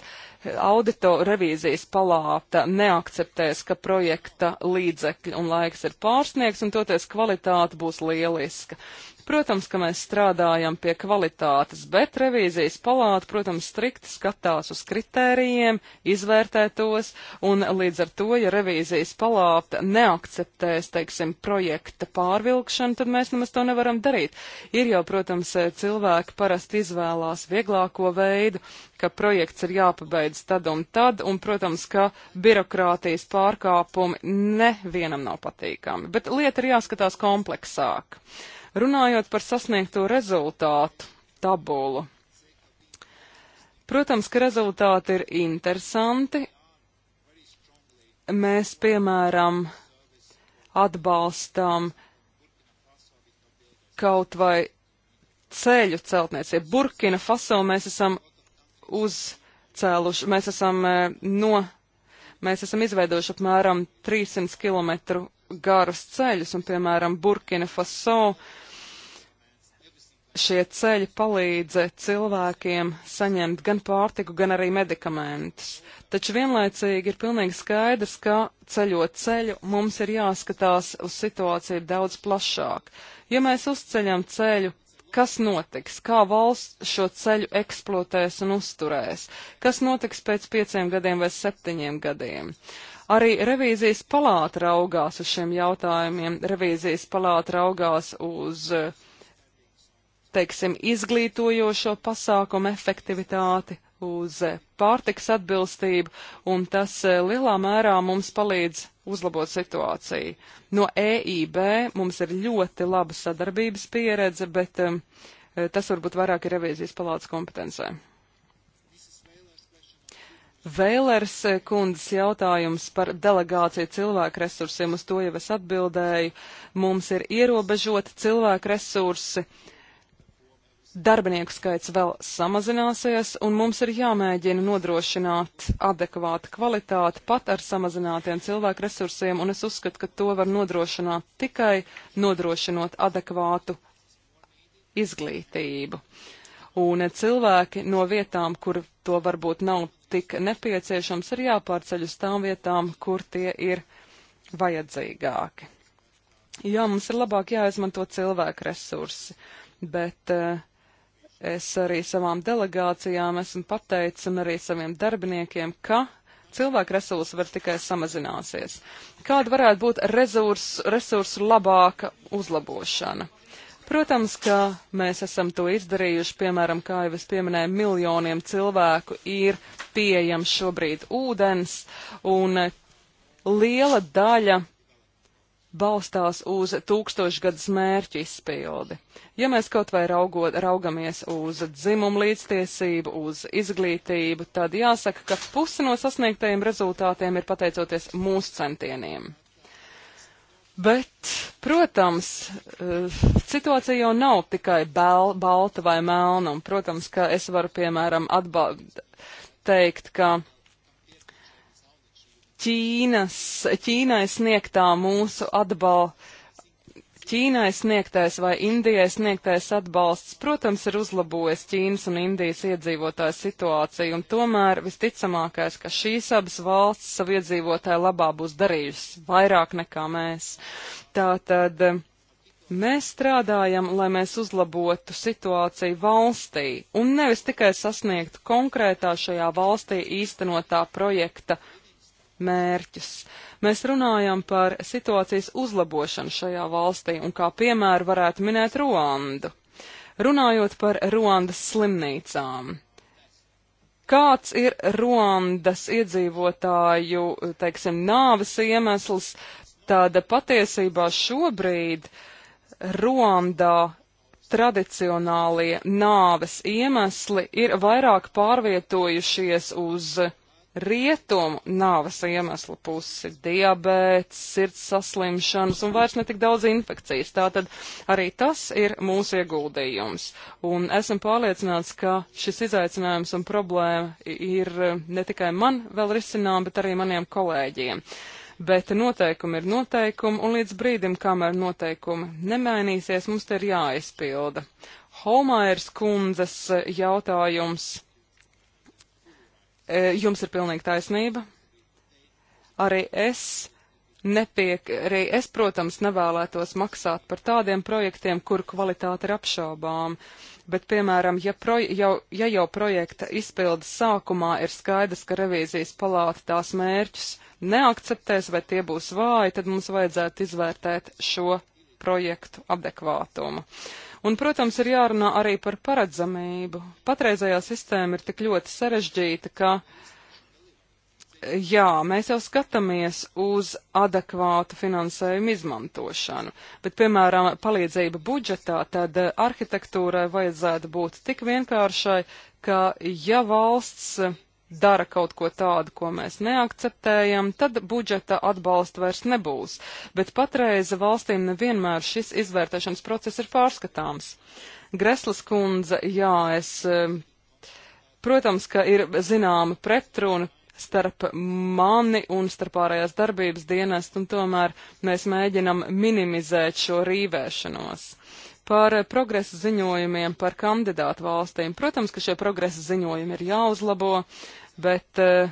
S3: Audito revīzijas palāta neakceptēs, ka projekta līdzekļi un laiks ir pārsniegs, un toties kvalitāte būs lieliska. Protams, ka mēs strādājam pie kvalitātes, bet revīzijas palāta, protams, strikti skatās uz kritērijiem, izvērtē tos, un līdz ar to, ja revīzijas palāta neakceptēs, teiksim, projekta pārvilkšanu, tad mēs nemaz to nevaram darīt. Ir jau, protams, cilvēki parasti izvēlās vieglāko veidu, ka projekts ir jāpabeidz tad un tad, un, protams, ka birokrātijas pārkāpumi nevienam nav patīkami, bet lieta ir jāskatās kompleksāk. Runājot par sasniegto rezultātu tabulu. Protams, ka rezultāti ir interesanti. Mēs, piemēram, atbalstām kaut vai ceļu celtniecību. Burkina Faso mēs esam uzcēluši, mēs esam e, no, mēs esam izveidojuši apmēram 300 km garus ceļus, un, piemēram, Burkina Faso uh, šie ceļi palīdz cilvēkiem saņemt gan pārtiku, gan arī medikamentus. Taču vienlaicīgi ir pilnīgi skaidrs, ka ceļot ceļu mums ir jāskatās uz situāciju daudz plašāk. Ja mēs uzceļam ceļu, kas notiks, kā valsts šo ceļu eksploatēs un uzturēs, kas notiks pēc pieciem gadiem vai septiņiem gadiem. Arī revīzijas palāta raugās uz šiem jautājumiem, revīzijas palāta raugās uz uh, teiksim, izglītojošo pasākumu efektivitāti, uz pārtiks atbilstību, un tas eh, lielā mērā mums palīdz uzlabot situāciju. No EIB mums ir ļoti laba sadarbības pieredze, bet um, eh, tas varbūt vairāk ir revīzijas palātas kompetencē. Vēlers eh, kundzes jautājums par delegāciju cilvēku resursiem, uz to jau es atbildēju. Mums ir ierobežoti cilvēku resursi, uh, darbinieku skaits vēl samazināsies, un mums ir jāmēģina nodrošināt adekvātu kvalitāti pat ar samazinātiem cilvēku resursiem, un es uzskatu, ka to var nodrošināt tikai nodrošinot adekvātu izglītību. Un cilvēki no vietām, kur to varbūt nav tik nepieciešams, ir jāpārceļ uz tām vietām, kur tie ir vajadzīgāki. Jā, mums ir labāk jāizmanto cilvēku resursi, bet uh, Es arī savām delegācijām esmu pateicis un arī saviem darbiniekiem, ka cilvēku resursi var tikai samazināsies. Kāda varētu būt resursu, resursu labāka uzlabošana? Protams, ka mēs esam to izdarījuši, piemēram, kā jau es pieminēju, miljoniem cilvēku ir pieejams šobrīd ūdens, un liela daļa balstās uz tūkstošgadus mērķu izpildi. Ja mēs kaut vai raugot, raugamies uz dzimumu līdztiesību, uz izglītību, tad jāsaka, ka pusi no sasniegtajiem rezultātiem ir pateicoties mūsu centieniem. Bet, protams, eh, situācija jau nav tikai bel, balta vai melna, un, protams, ka es varu, piemēram, atbal teikt, ka Ķīnas, Ķīnai sniegtā mūsu atbalsta. Ķīnai sniegtais vai Indijai sniegtais atbalsts, protams, ir uzlabojis Ķīnas un Indijas iedzīvotāju situāciju, un tomēr visticamākais, ka šīs abas valsts savu iedzīvotāju labā būs darījušas vairāk nekā mēs. Tātad mēs strādājam, lai mēs uzlabotu situāciju valstī, un nevis tikai sasniegtu konkrētā šajā valstī īstenotā projekta mērķus. Mēs runājam par situācijas uzlabošanu šajā valstī, un kā piemēru varētu minēt Ruandu. Runājot par Ruandas slimnīcām. Kāds ir Ruandas iedzīvotāju, teiksim, nāves iemesls, tad patiesībā šobrīd Ruandā tradicionālie nāves iemesli ir vairāk pārvietojušies uz uh, rietumu nāves iemeslu pusi - diabēts, sirds saslimšanas un vairs netik daudz infekcijas. Tātad arī tas ir mūsu ieguldījums. Un esam pārliecināts, ka šis izaicinājums un problēma ir e, ne tikai man vēl risinām, bet arī maniem kolēģiem bet noteikumi ir noteikumi, un līdz brīdim, kamēr noteikumi nemainīsies, mums te ir jāizpilda. Homairs kundzes e, jautājums E, jums ir pilnīgi taisnība. Arī es nepiek, arī es, protams, nevēlētos maksāt par tādiem projektiem, kuru kvalitāte ir apšaubām. Bet, piemēram, ja, proj jau, ja jau projekta izpildes sākumā ir skaidrs, ka revīzijas palāta tās mērķus neakceptēs vai tie būs vāji, tad mums vajadzētu izvērtēt šo projektu adekvātumu. Uh, Un, protams, ir jārunā arī par paredzamību. Patreizējā sistēma ir tik ļoti sarežģīta, ka, jā, mēs jau skatāmies uz adekvātu finansējumu izmantošanu, bet, piemēram, palīdzība budžetā, tad eh, arhitektūrai vajadzētu būt tik vienkāršai, ka, ja valsts dara kaut ko tādu, ko mēs neakceptējam, tad budžeta atbalsta vairs nebūs. Bet patreiz valstīm nevienmēr šis izvērtēšanas process ir pārskatāms. Greslas kundze, jā, es. Eh, protams, ka ir zināma pretruna starp mani un starp ārējās darbības dienestu, un tomēr mēs mēģinam minimizēt šo rīvēšanos. Par eh, progresa ziņojumiem, par kandidātu valstīm. Protams, ka šie progresa ziņojumi ir jāuzlabo, bet uh,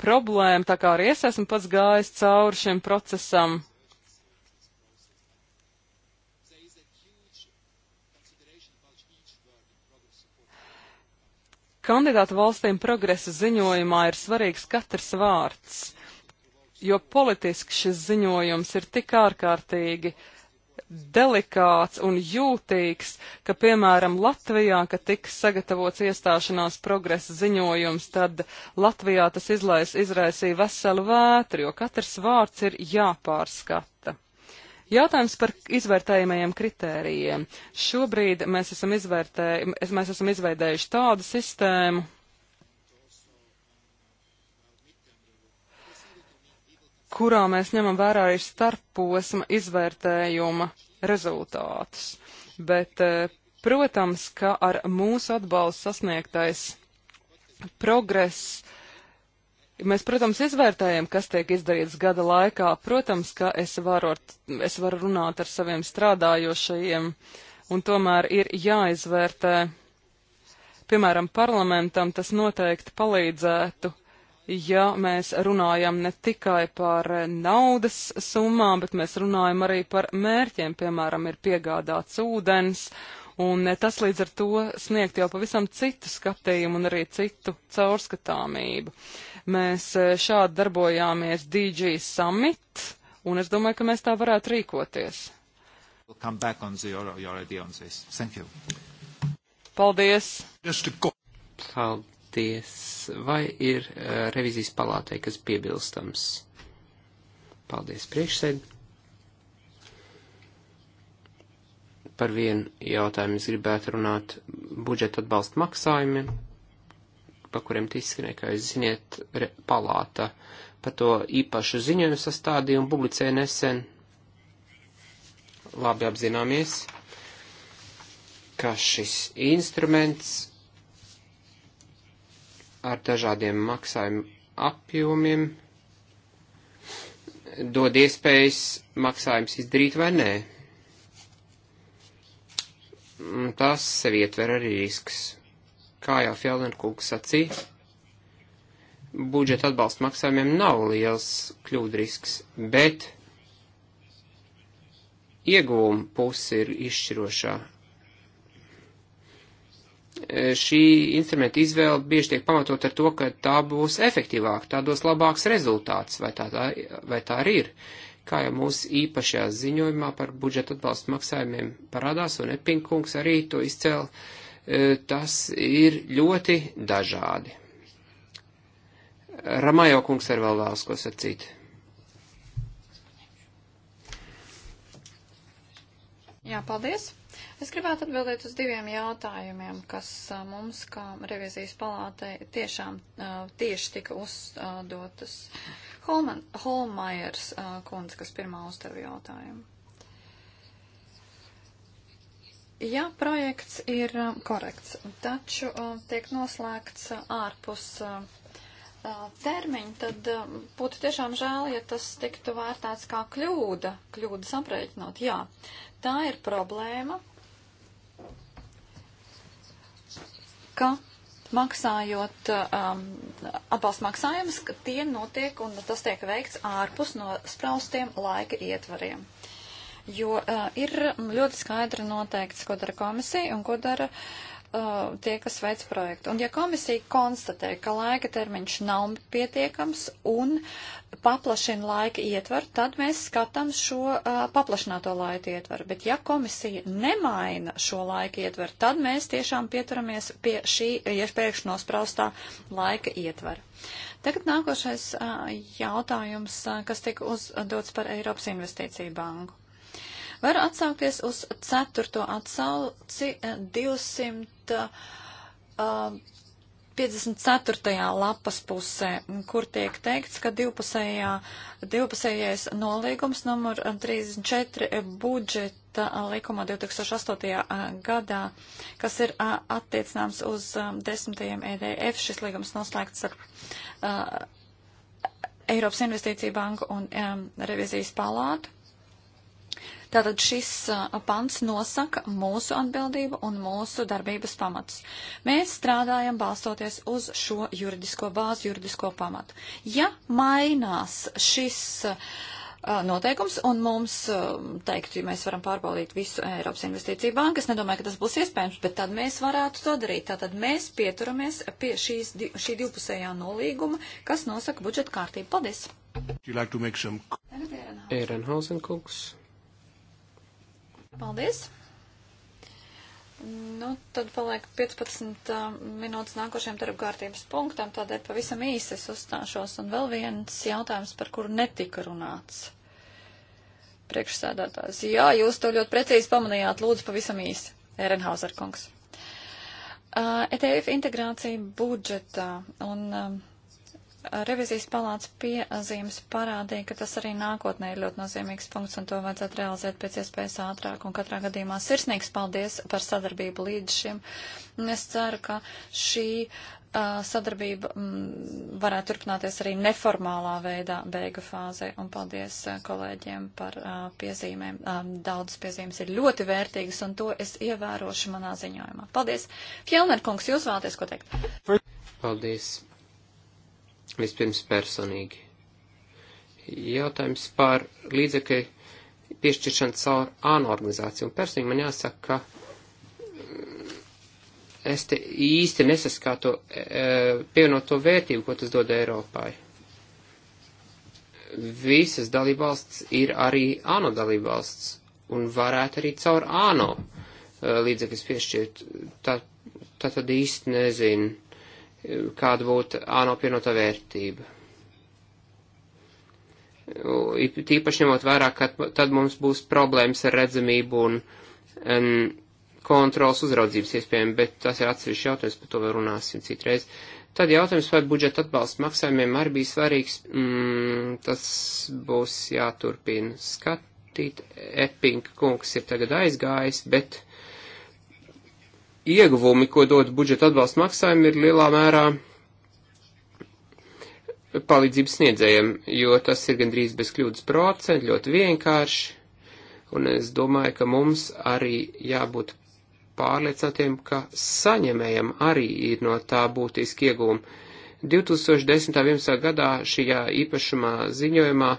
S3: problēma, tā kā arī es esmu pats gājis cauri šim procesam, Kandidātu valstīm progresa ziņojumā ir svarīgs katrs vārds, jo politiski šis ziņojums ir tik ārkārtīgi uh, delikāts un jūtīgs, ka, piemēram, Latvijā, kad tika sagatavots iestāšanās progresa ziņojums, tad Latvijā tas izlais, izraisīja veselu vētru, jo katrs vārds ir jāpārskata. Jautājums par izvērtējumajiem kritērijiem. Šobrīd mēs esam, mēs esam izveidējuši tādu sistēmu, kurā mēs ņemam vērā arī starpposma izvērtējuma rezultātus. Bet, e, protams, ka ar mūsu atbalstu sasniegtais progress Mēs, protams, izvērtējam, kas tiek izdarīts gada laikā. Protams, ka es varu, ar, es varu runāt ar saviem strādājošajiem, un tomēr ir jāizvērtē. Piemēram, parlamentam tas noteikti palīdzētu ja mēs runājam ne tikai par naudas summām, bet mēs runājam arī par mērķiem, piemēram, ir piegādāts ūdens, un tas līdz ar to sniegt jau pavisam citu skatījumu un arī citu caurskatāmību. Mēs e, šādi darbojāmies DG Summit, un es domāju, ka mēs tā varētu
S1: rīkoties. We'll come back on the, your, your idea on this. Thank you. Paldies. Paldies. Paldies. Vai ir uh, revizijas palātei, kas piebilstams? Paldies priekšsēd. Par vienu jautājumu es gribētu runāt budžeta atbalsta maksājumiem, pa kuriem te izskanēja, kā jūs ziniet, re, palāta par to īpašu ziņojumu sastādīja un publicēja nesen. Labi apzināmies, ka šis instruments ar dažādiem maksājumu apjomiem dod iespējas maksājums izdarīt vai nē. Tas sev ietver arī risks. Kā jau Fjellnerkungs sacīja, budžeta atbalsta maksājumiem nav liels kļūdu risks, bet ieguvuma puse ir izšķirošā šī instrumenta izvēle bieži tiek pamatot ar to, ka tā būs efektīvāka, tā dos labāks rezultāts, vai tā, tā, vai tā arī ir. Kā jau mūsu īpašajā ziņojumā par budžeta atbalstu maksājumiem parādās, un Epinkungs arī to izcēla, e, tas ir ļoti dažādi. Ramajo kungs arī vēl vēlas ko sacīt.
S2: Jā, paldies! Es gribētu atbildēt uz diviem jautājumiem, kas mums, kā revizijas palātei, tiešām tieši tika uzdotas. Holman, Holmajers kundze, kas pirmā uzdeva jautājumu. Ja projekts ir korekts, taču tiek noslēgts ārpus termiņa, tad būtu tiešām žēl, ja tas tiktu vērtēts kā kļūda, kļūda saprēķinot. Jā, tā ir problēma, ka maksājot um, atbalsta maksājumus, tie notiek un tas tiek veikts ārpus no spraustiem laika ietvariem. Jo uh, ir ļoti skaidri noteikts, ko dara komisija un ko dara uh, uh, tie, kas veic projektu. Un ja komisija konstatē, ka laika termiņš nav pietiekams un paplašina laika ietvaru, tad mēs skatām šo uh, paplašināto laika ietvaru. Bet ja komisija nemaina šo laika ietvaru, tad mēs tiešām pieturamies pie šī iespēkšu nospraustā laika ietvara. Tagad nākošais uh, jautājums, uh, kas tika uzdots par Eiropas investīciju banku. Var atsaukties uz ceturto atsauci 254. Eh, eh, lapas pusē, kur tiek teikts, ka divpusējā, divpusējais nolīgums numur 34 eh, budžeta likumā 2008. gadā, kas ir attiecināms uz desmitajiem EDF, šis līgums noslēgts ar Eiropas Investīcija banku un um, revizijas palātu. Tātad šis pants nosaka mūsu atbildību un mūsu darbības pamatus. Mēs strādājam balstoties uz šo juridisko bāzi, juridisko pamatu. Ja mainās šis noteikums, un mums teikt, mēs varam pārbaudīt visu Eiropas investīciju banku. Es nedomāju, ka tas būs iespējams, bet tad mēs varētu to darīt. Tātad mēs pieturamies pie šīs, šī divpusējā nolīguma, kas nosaka budžeta kārtību. Paldies!
S1: Ehrenhausen like some... kungs.
S2: Paldies! Nu, tad paliek 15 uh, minūtes nākošajam darbkārtības punktam, tādēļ pavisam īsi es uzstāšos. Un vēl viens jautājums, par kuru netika runāts. Priekšsēdētājs. Jā, jūs to ļoti precīzi pamanījāt. Lūdzu, pavisam īsi. Ehrenhauser kungs. Uh, ETF integrācija budžetā un. Uh, Revizijas palāts piezīmes parādīja, ka tas arī nākotnē ir ļoti nozīmīgs punkts un to vajadzētu realizēt pēc iespējas ātrāk. Un katrā gadījumā sirsnīgs paldies par sadarbību līdz šim. Un es ceru, ka šī uh, sadarbība m, varētu turpināties arī neformālā veidā beigu fāzē. Un paldies uh, kolēģiem par uh, piezīmēm. Daudzas piezīmes ir ļoti vērtīgas un to es ievērošu manā ziņojumā. Paldies! Fjellner kungs, jūs vēlaties ko teikt?
S1: Paldies! Vispirms personīgi. Jautājums par līdzekļu piešķiršanu caur ANO organizāciju. Un personīgi man jāsaka, ka mm, es te īsti nesaskātu e, e, pievienoto vērtību, ko tas dod Eiropai. Visas dalībvalsts ir arī ANO dalībvalsts un varētu arī caur ANO e, līdzekļus piešķirt. Tā, tā tad īsti nezinu kāda būtu āno pienotā vērtība. Tīpaši ņemot vērā, ka tad mums būs problēmas ar redzamību un, un kontrols uzraudzības iespējām, bet tas ir atsevišķi jautājums, par to vēl runāsim citreiz. Tad jautājums par budžeta atbalstu maksājumiem arī bija svarīgs. Mm, tas būs jāturpina skatīt. Epinga kungs ir tagad aizgājis, bet ieguvumi, ko dod budžeta atbalsta maksājumi, ir lielā mērā palīdzības sniedzējiem, jo tas ir gandrīz bez kļūdas procentu, ļoti vienkārši, un es domāju, ka mums arī jābūt pārliecinātiem, ka saņemējiem arī ir no tā būtiski iegūmi. 2010. 11. gadā šajā īpašumā ziņojumā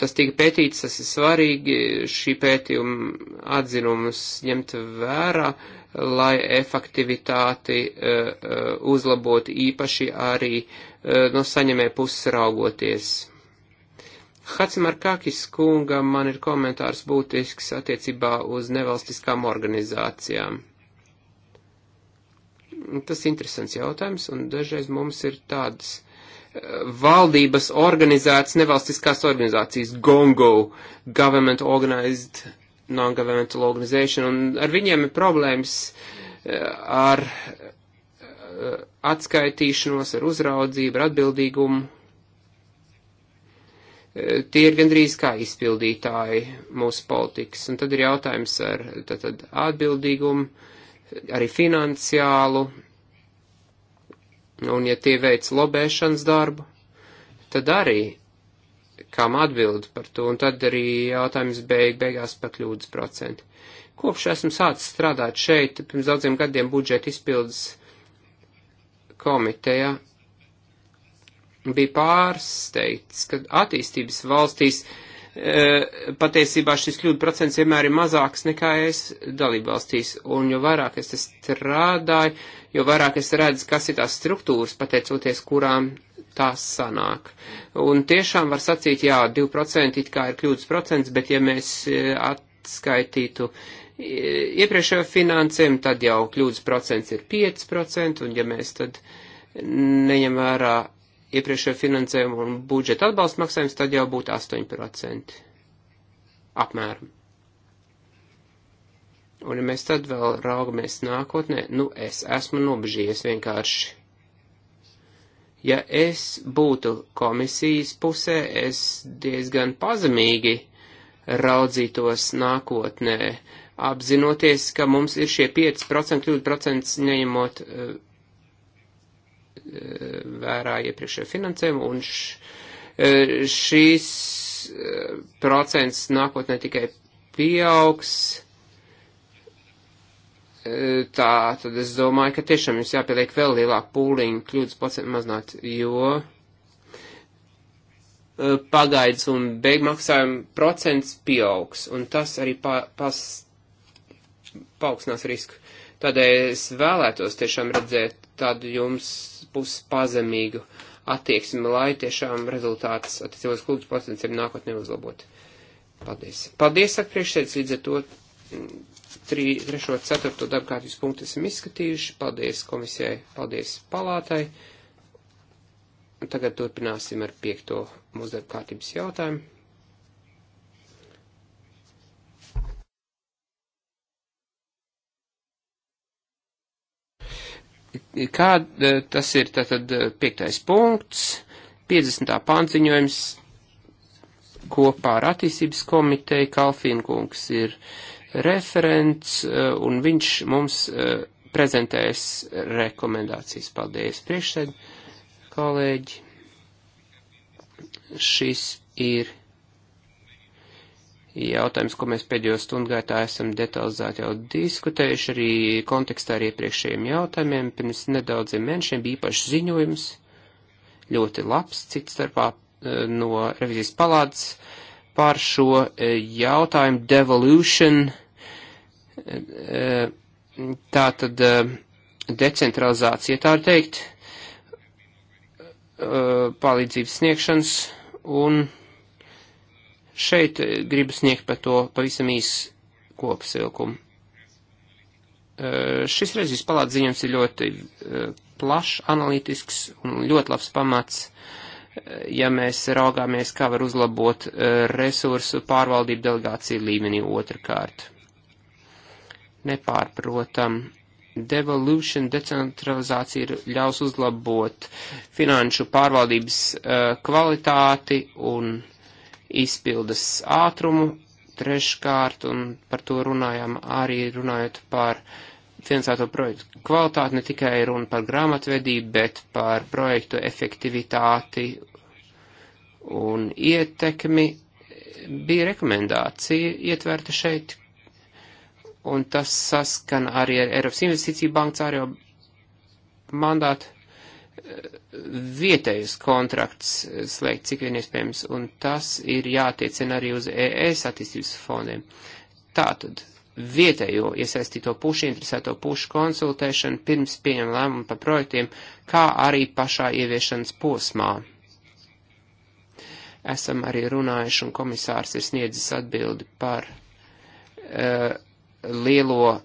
S1: tas tika pētīts, tas ir svarīgi, šī pētījuma atzinumus ņemt vērā. Uh, lai efektivitāti e, e, uzlabotu īpaši arī e, no saņemē puses raugoties. Hacimarkakis kungam man ir komentārs būtisks attiecībā uz nevalstiskām organizācijām. Tas ir interesants jautājums, un dažreiz mums ir tādas valdības organizētas nevalstiskās organizācijas, GONGO, Government Organized non-governmental organization, un ar viņiem ir problēmas eh, ar eh, atskaitīšanos, ar uzraudzību, ar atbildīgumu. Eh, tie ir gandrīz kā izpildītāji mūsu politikas, un tad ir jautājums ar tātad, atbildīgumu, arī finansiālu, un ja tie veic lobēšanas darbu, tad arī kam atbildi par to, un tad arī jautājums beig, beigās par kļūdas procentu. Kopš esmu sācis strādāt šeit, pirms daudziem gadiem budžeta izpildes komiteja, bija pārsteigts, ka attīstības valstīs e, patiesībā šis kļūda procents vienmēr ir mazāks nekā es dalību valstīs, un jo vairāk es strādāju, jo vairāk es redzu, kas ir tās struktūras, pateicoties kurām tā sanāk. Un tiešām var sacīt, jā, 2% it kā ir kļūdas procents, bet ja mēs e, atskaitītu e, iepriekšējo finansēm, tad jau kļūdas procents ir 5%, un ja mēs tad neņem vērā iepriekšējo finansējumu un budžeta atbalsta maksājums, tad jau būtu 8%. Apmēram. Un ja mēs tad vēl raugamies nākotnē, nu es esmu nobežījies vienkārši Ja es būtu komisijas pusē, es diezgan pazemīgi raudzītos nākotnē, apzinoties, ka mums ir šie 5% kļūdu procents neņemot uh, vērā iepriekšējo finansējumu, un š, uh, eh, šīs uh, procents nākotnē tikai pieaugs E, tā tad es domāju, ka tiešām jums jāpieliek vēl lielāku pūliņu kļūdas procentu mazināt, jo e, pagaidas un beigmaksājuma procents pieaugs, un tas arī pa, pas, paaugstinās risku. Tādēļ es vēlētos tiešām redzēt tādu jums puses pazemīgu attieksmi, lai tiešām rezultāts attiecībos klubs procents ir nākotnē uzlabot. Paldies. Paldies, saka priekšsēdus, līdz ar to 3, 3 4 darbkārtības punktu esam izskatījuši. Paldies komisijai, paldies palātai. Un tagad turpināsim ar 5. mūsu darbkārtības jautājumu. Kā eh, tas ir tātad eh, piektais punkts, 50. pānciņojums kopā ar attīstības komiteju Kalfīnkungs ir uh, referents, eh, un viņš mums eh, prezentēs rekomendācijas. Paldies, priekšsēd, kolēģi. Šis ir jautājums, ko mēs pēdējo stundu gaitā esam detalizēti jau diskutējuši, arī kontekstā ar iepriekšējiem jautājumiem. Pirms nedaudziem mēnešiem bija īpašs ziņojums, ļoti labs, cits starpā eh, no revizijas palādes par šo e, jautājumu devolution, e, tā tad e, decentralizācija, tā var teikt, palīdzības sniegšanas, un šeit gribu sniegt par to pavisam īs kopsilkumu. Šis reizes palādziņams ir ļoti plašs, analītisks un ļoti labs pamats uh, ja mēs raugāmies, kā var uzlabot e, resursu pārvaldību delegāciju līmenī otrkārt. Nepārprotam, devolution decentralizācija ir ļaus uzlabot finanšu pārvaldības e, kvalitāti un izpildes ātrumu treškārt, un par to runājām arī runājot par finansēto projektu kvalitāti, ne tikai runa par grāmatvedību, bet par projektu efektivitāti un ietekmi bija rekomendācija ietverta šeit, un tas saskan arī ar Eiropas investīciju bankas ārējo mandātu vietējus kontrakts slēgt cik vien iespējams, un tas ir jātiecina arī uz ES attīstības fondiem. Tātad vietējo iesaistīto pušu, interesēto pušu konsultēšanu pirms pieņem lēmumu par projektiem, kā arī pašā ieviešanas posmā esam arī runājuši, un komisārs ir sniedzis atbildi par uh, lielo uh,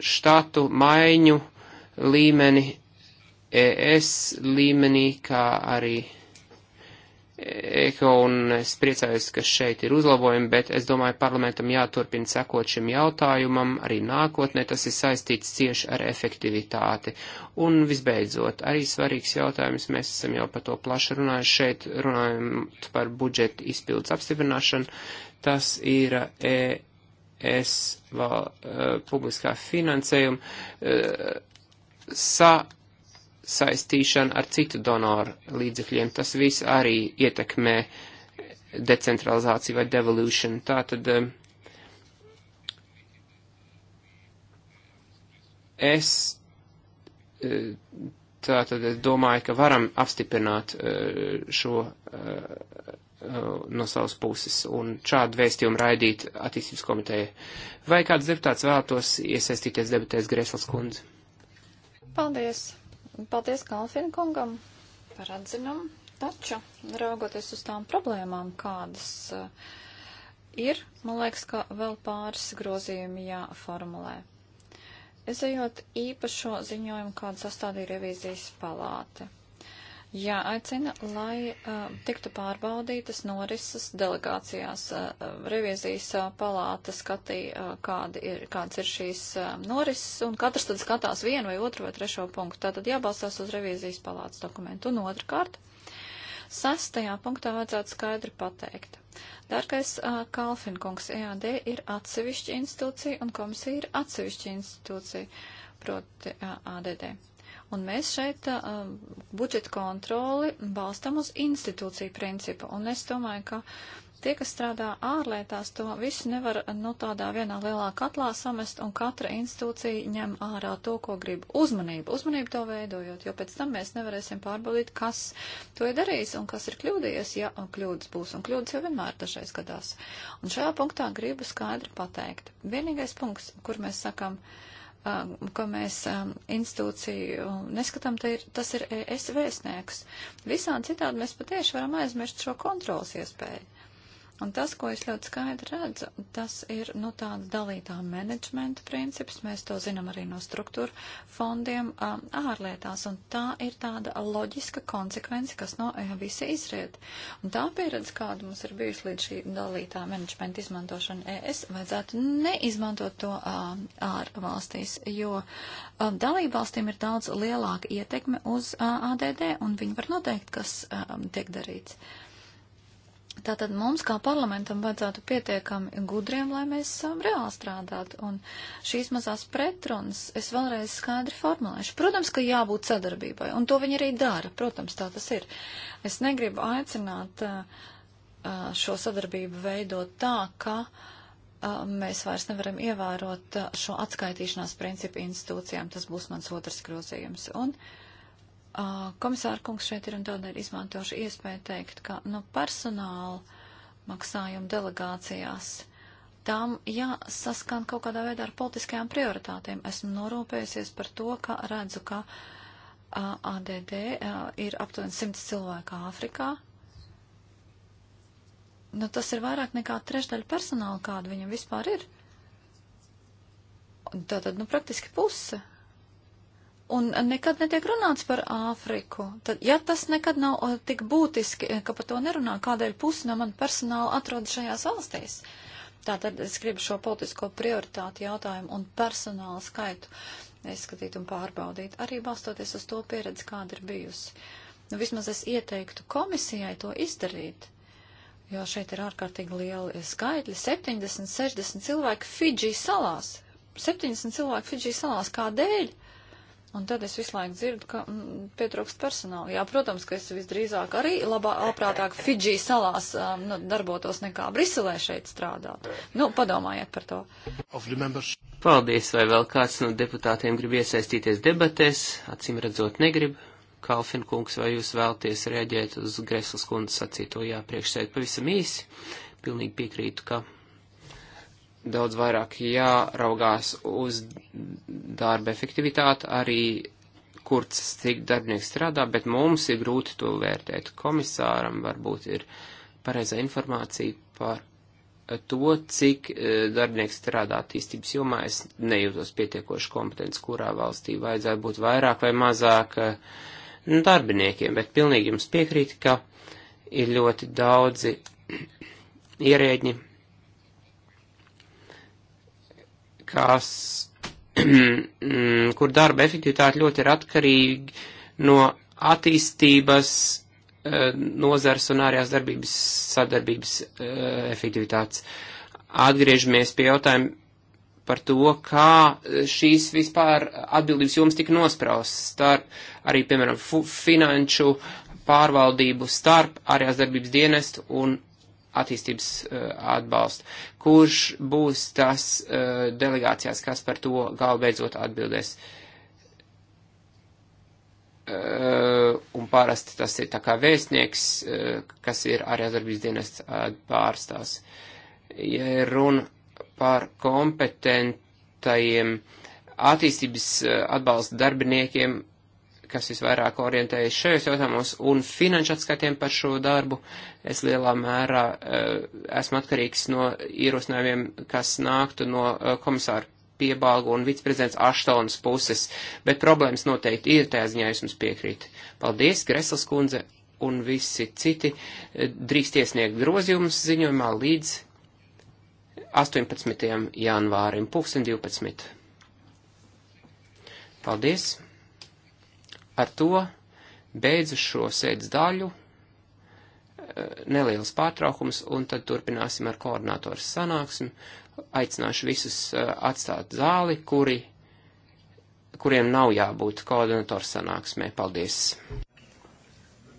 S1: štatu maiņu līmeni, ES līmenī, kā arī uh, Eko, un es priecājos, ka šeit ir uzlabojumi, bet es domāju, parlamentam jāturpina sekot šim jautājumam arī nākotnē, tas ir saistīts cieši ar efektivitāti. Un visbeidzot, arī svarīgs jautājums, mēs esam jau par to plaši runājuši šeit, runājot par budžeta izpildes apstiprināšanu, tas ir e, ES val, e, publiskā finansējuma e, sa saistīšana ar citu donoru līdzekļiem. Tas viss arī ietekmē decentralizāciju vai devolution. Tātad eh, es, eh, tātad es domāju, ka varam apstiprināt eh, šo no savas puses un šādu vēstījumu raidīt attīstības komiteja. Vai kāds deputāts vēlētos iesaistīties debatēs Grēslas kundze?
S2: Paldies! Paldies Kalfina kungam par atzinumu. Taču, raugoties uz tām problēmām, kādas uh, ir, man liekas, ka vēl pāris grozījumi jāformulē. Es ejot īpašo ziņojumu, kādu sastādīja revīzijas palāte jāaicina, lai uh, tiktu pārbaudītas norises delegācijās. Uh, revizijas uh, palāta skatīja, uh, kādi ir, kāds ir šīs uh, norises, un katrs tad skatās vienu vai otru vai trešo punktu. Tātad jābalstās uz revizijas palātas dokumentu. Un otrkārt, sastajā punktā vajadzētu skaidri pateikt. Dārgais uh, Kalfinkungs, EAD ir atsevišķa institūcija un komisija ir atsevišķa institūcija, proti uh, ADD. Un mēs šeit uh, budžeta kontroli balstam uz institūciju principu. Un es domāju, ka tie, kas strādā ārlietās, to visu nevar nu, tādā vienā lielā katlā samest, un katra institūcija ņem ārā to, ko grib. Uzmanību, uzmanību to veidojot, jo pēc tam mēs nevarēsim pārbaudīt, kas to ir darījis un kas ir kļūdījies, ja kļūdas būs, un kļūdas jau vienmēr dažreiz gadās. Un šajā punktā gribu skaidri pateikt. Vienīgais punkts, kur mēs sakam, uh, Um, ko mēs um, institūciju neskatām, ir, tas ir es vēstnieks. Visādi citādi mēs patieši varam aizmirst šo kontrolas iespēju. Un tas, ko es ļoti skaidri redzu, tas ir nu, tāds dalītā menedžmenta princips. Mēs to zinām arī no struktūra fondiem um, ārlietās. Un tā ir tāda loģiska konsekvence, kas no eh, visa izriet. Un tā pieredze, kāda mums ir bijusi līdz šī dalītā menedžmenta izmantošana eh, ES, vajadzētu neizmantot to um, ārvalstīs, jo um, dalībvalstīm ir daudz lielāka ietekme uz uh, ADD, un viņi var noteikt, kas tiek darīts. Tātad mums kā parlamentam vajadzētu pietiekami gudriem, lai mēs um, reāli strādātu. Un šīs mazās pretrunas es vēlreiz skaidri formulēšu. Protams, ka jābūt sadarbībai, un to viņi arī dara. Protams, tā tas ir. Es negribu aicināt uh, šo sadarbību veidot tā, ka uh, mēs vairs nevaram ievērot uh, šo atskaitīšanās principu institūcijām. Tas būs mans otrs grozījums. Un, uh, komisāra kungs šeit ir un tādēļ izmantošu iespēju teikt, ka no nu, personāla maksājuma delegācijās tām jāsaskan kaut kādā veidā ar politiskajām prioritātēm. Esmu norūpējusies par to, ka redzu, ka ADD ir aptuveni 100 cilvēku Āfrikā. Nu, tas ir vairāk nekā trešdaļa personāla, kāda viņam vispār ir. Tātad, nu, praktiski puse un nekad netiek runāts par Āfriku. Tad, ja tas nekad nav tik būtiski, e, ka par to nerunā, kādēļ pusi no man personāla atrodas šajās valstīs, tātad es gribu šo politisko prioritāti jautājumu un personāla skaitu izskatīt un pārbaudīt, arī balstoties uz to pieredzi, kāda ir bijusi. Nu, vismaz es ieteiktu komisijai to izdarīt, jo šeit ir ārkārtīgi lieli skaitļi - 70, 60 cilvēki Fidži salās. 70 cilvēki Fidži salās kādēļ? Un tad es visu laiku dzirdu, ka mm, pietrūkst personāla. Jā, protams, ka es visdrīzāk arī labā, labprātāk Fidžī salās um, nu, darbotos nekā Briselē šeit strādāt. Nu, padomājiet par to.
S1: Paldies, vai vēl kāds no deputātiem grib iesaistīties debatēs? Acīm redzot, negrib. Kalfin kungs, vai jūs vēlties reaģēt uz Greslas kundas sacīto? Jā, priekšsēd pavisam īsi. Pilnīgi piekrītu, ka daudz vairāk jāraugās uz darba efektivitāti, arī kur cik darbinieks strādā, bet mums ir grūti to vērtēt. Komisāram varbūt ir pareizā informācija par to, cik e, darbinieks strādā attīstības jomā. Es nejūtos pietiekoši kompetents, kurā valstī vajadzētu būt vairāk vai mazāk e, darbiniekiem, bet pilnīgi jums piekrīt, ka ir ļoti daudzi ierēģi, kas, kur darba efektivitāte ļoti ir atkarīga no attīstības eh, nozars un ārējās darbības sadarbības eh, efektivitātes. Atgriežamies pie jautājuma par to, kā šīs vispār atbildības jomas tika nospraustas starp arī, piemēram, finanšu pārvaldību starp ārējās darbības dienestu un attīstības eh, atbalstu. Kurš būs tas eh, delegācijās, kas par to galu beidzot atbildēs? Eh, un parasti tas ir tā kā vēstnieks, kas ir arī azarbības dienests pārstāvs. Ja runa par kompetentajiem attīstības atbalsta darbiniekiem, kas visvairāk orientējas šajos jautājumos, un finanšu atskatiem par šo darbu es lielā mērā eh, esmu atkarīgs no ierosinājumiem, kas nāktu no eh, komisāra piebalgu un viceprezidents Aštonas puses, bet problēmas noteikti ir, tā ziņā es jums piekrītu. Paldies, Greslas kundze un visi citi eh, drīkst iesniegt grozījumus ziņojumā līdz 18. janvārim, 2012. Paldies! Ar to beidzu šo sēdes daļu, eh, neliels pārtraukums, un tad turpināsim ar koordinātoru sanāksmi. Aicināšu visus eh, atstāt zāli, kuri, kuriem nav jābūt koordinātoru sanāksmē. Paldies!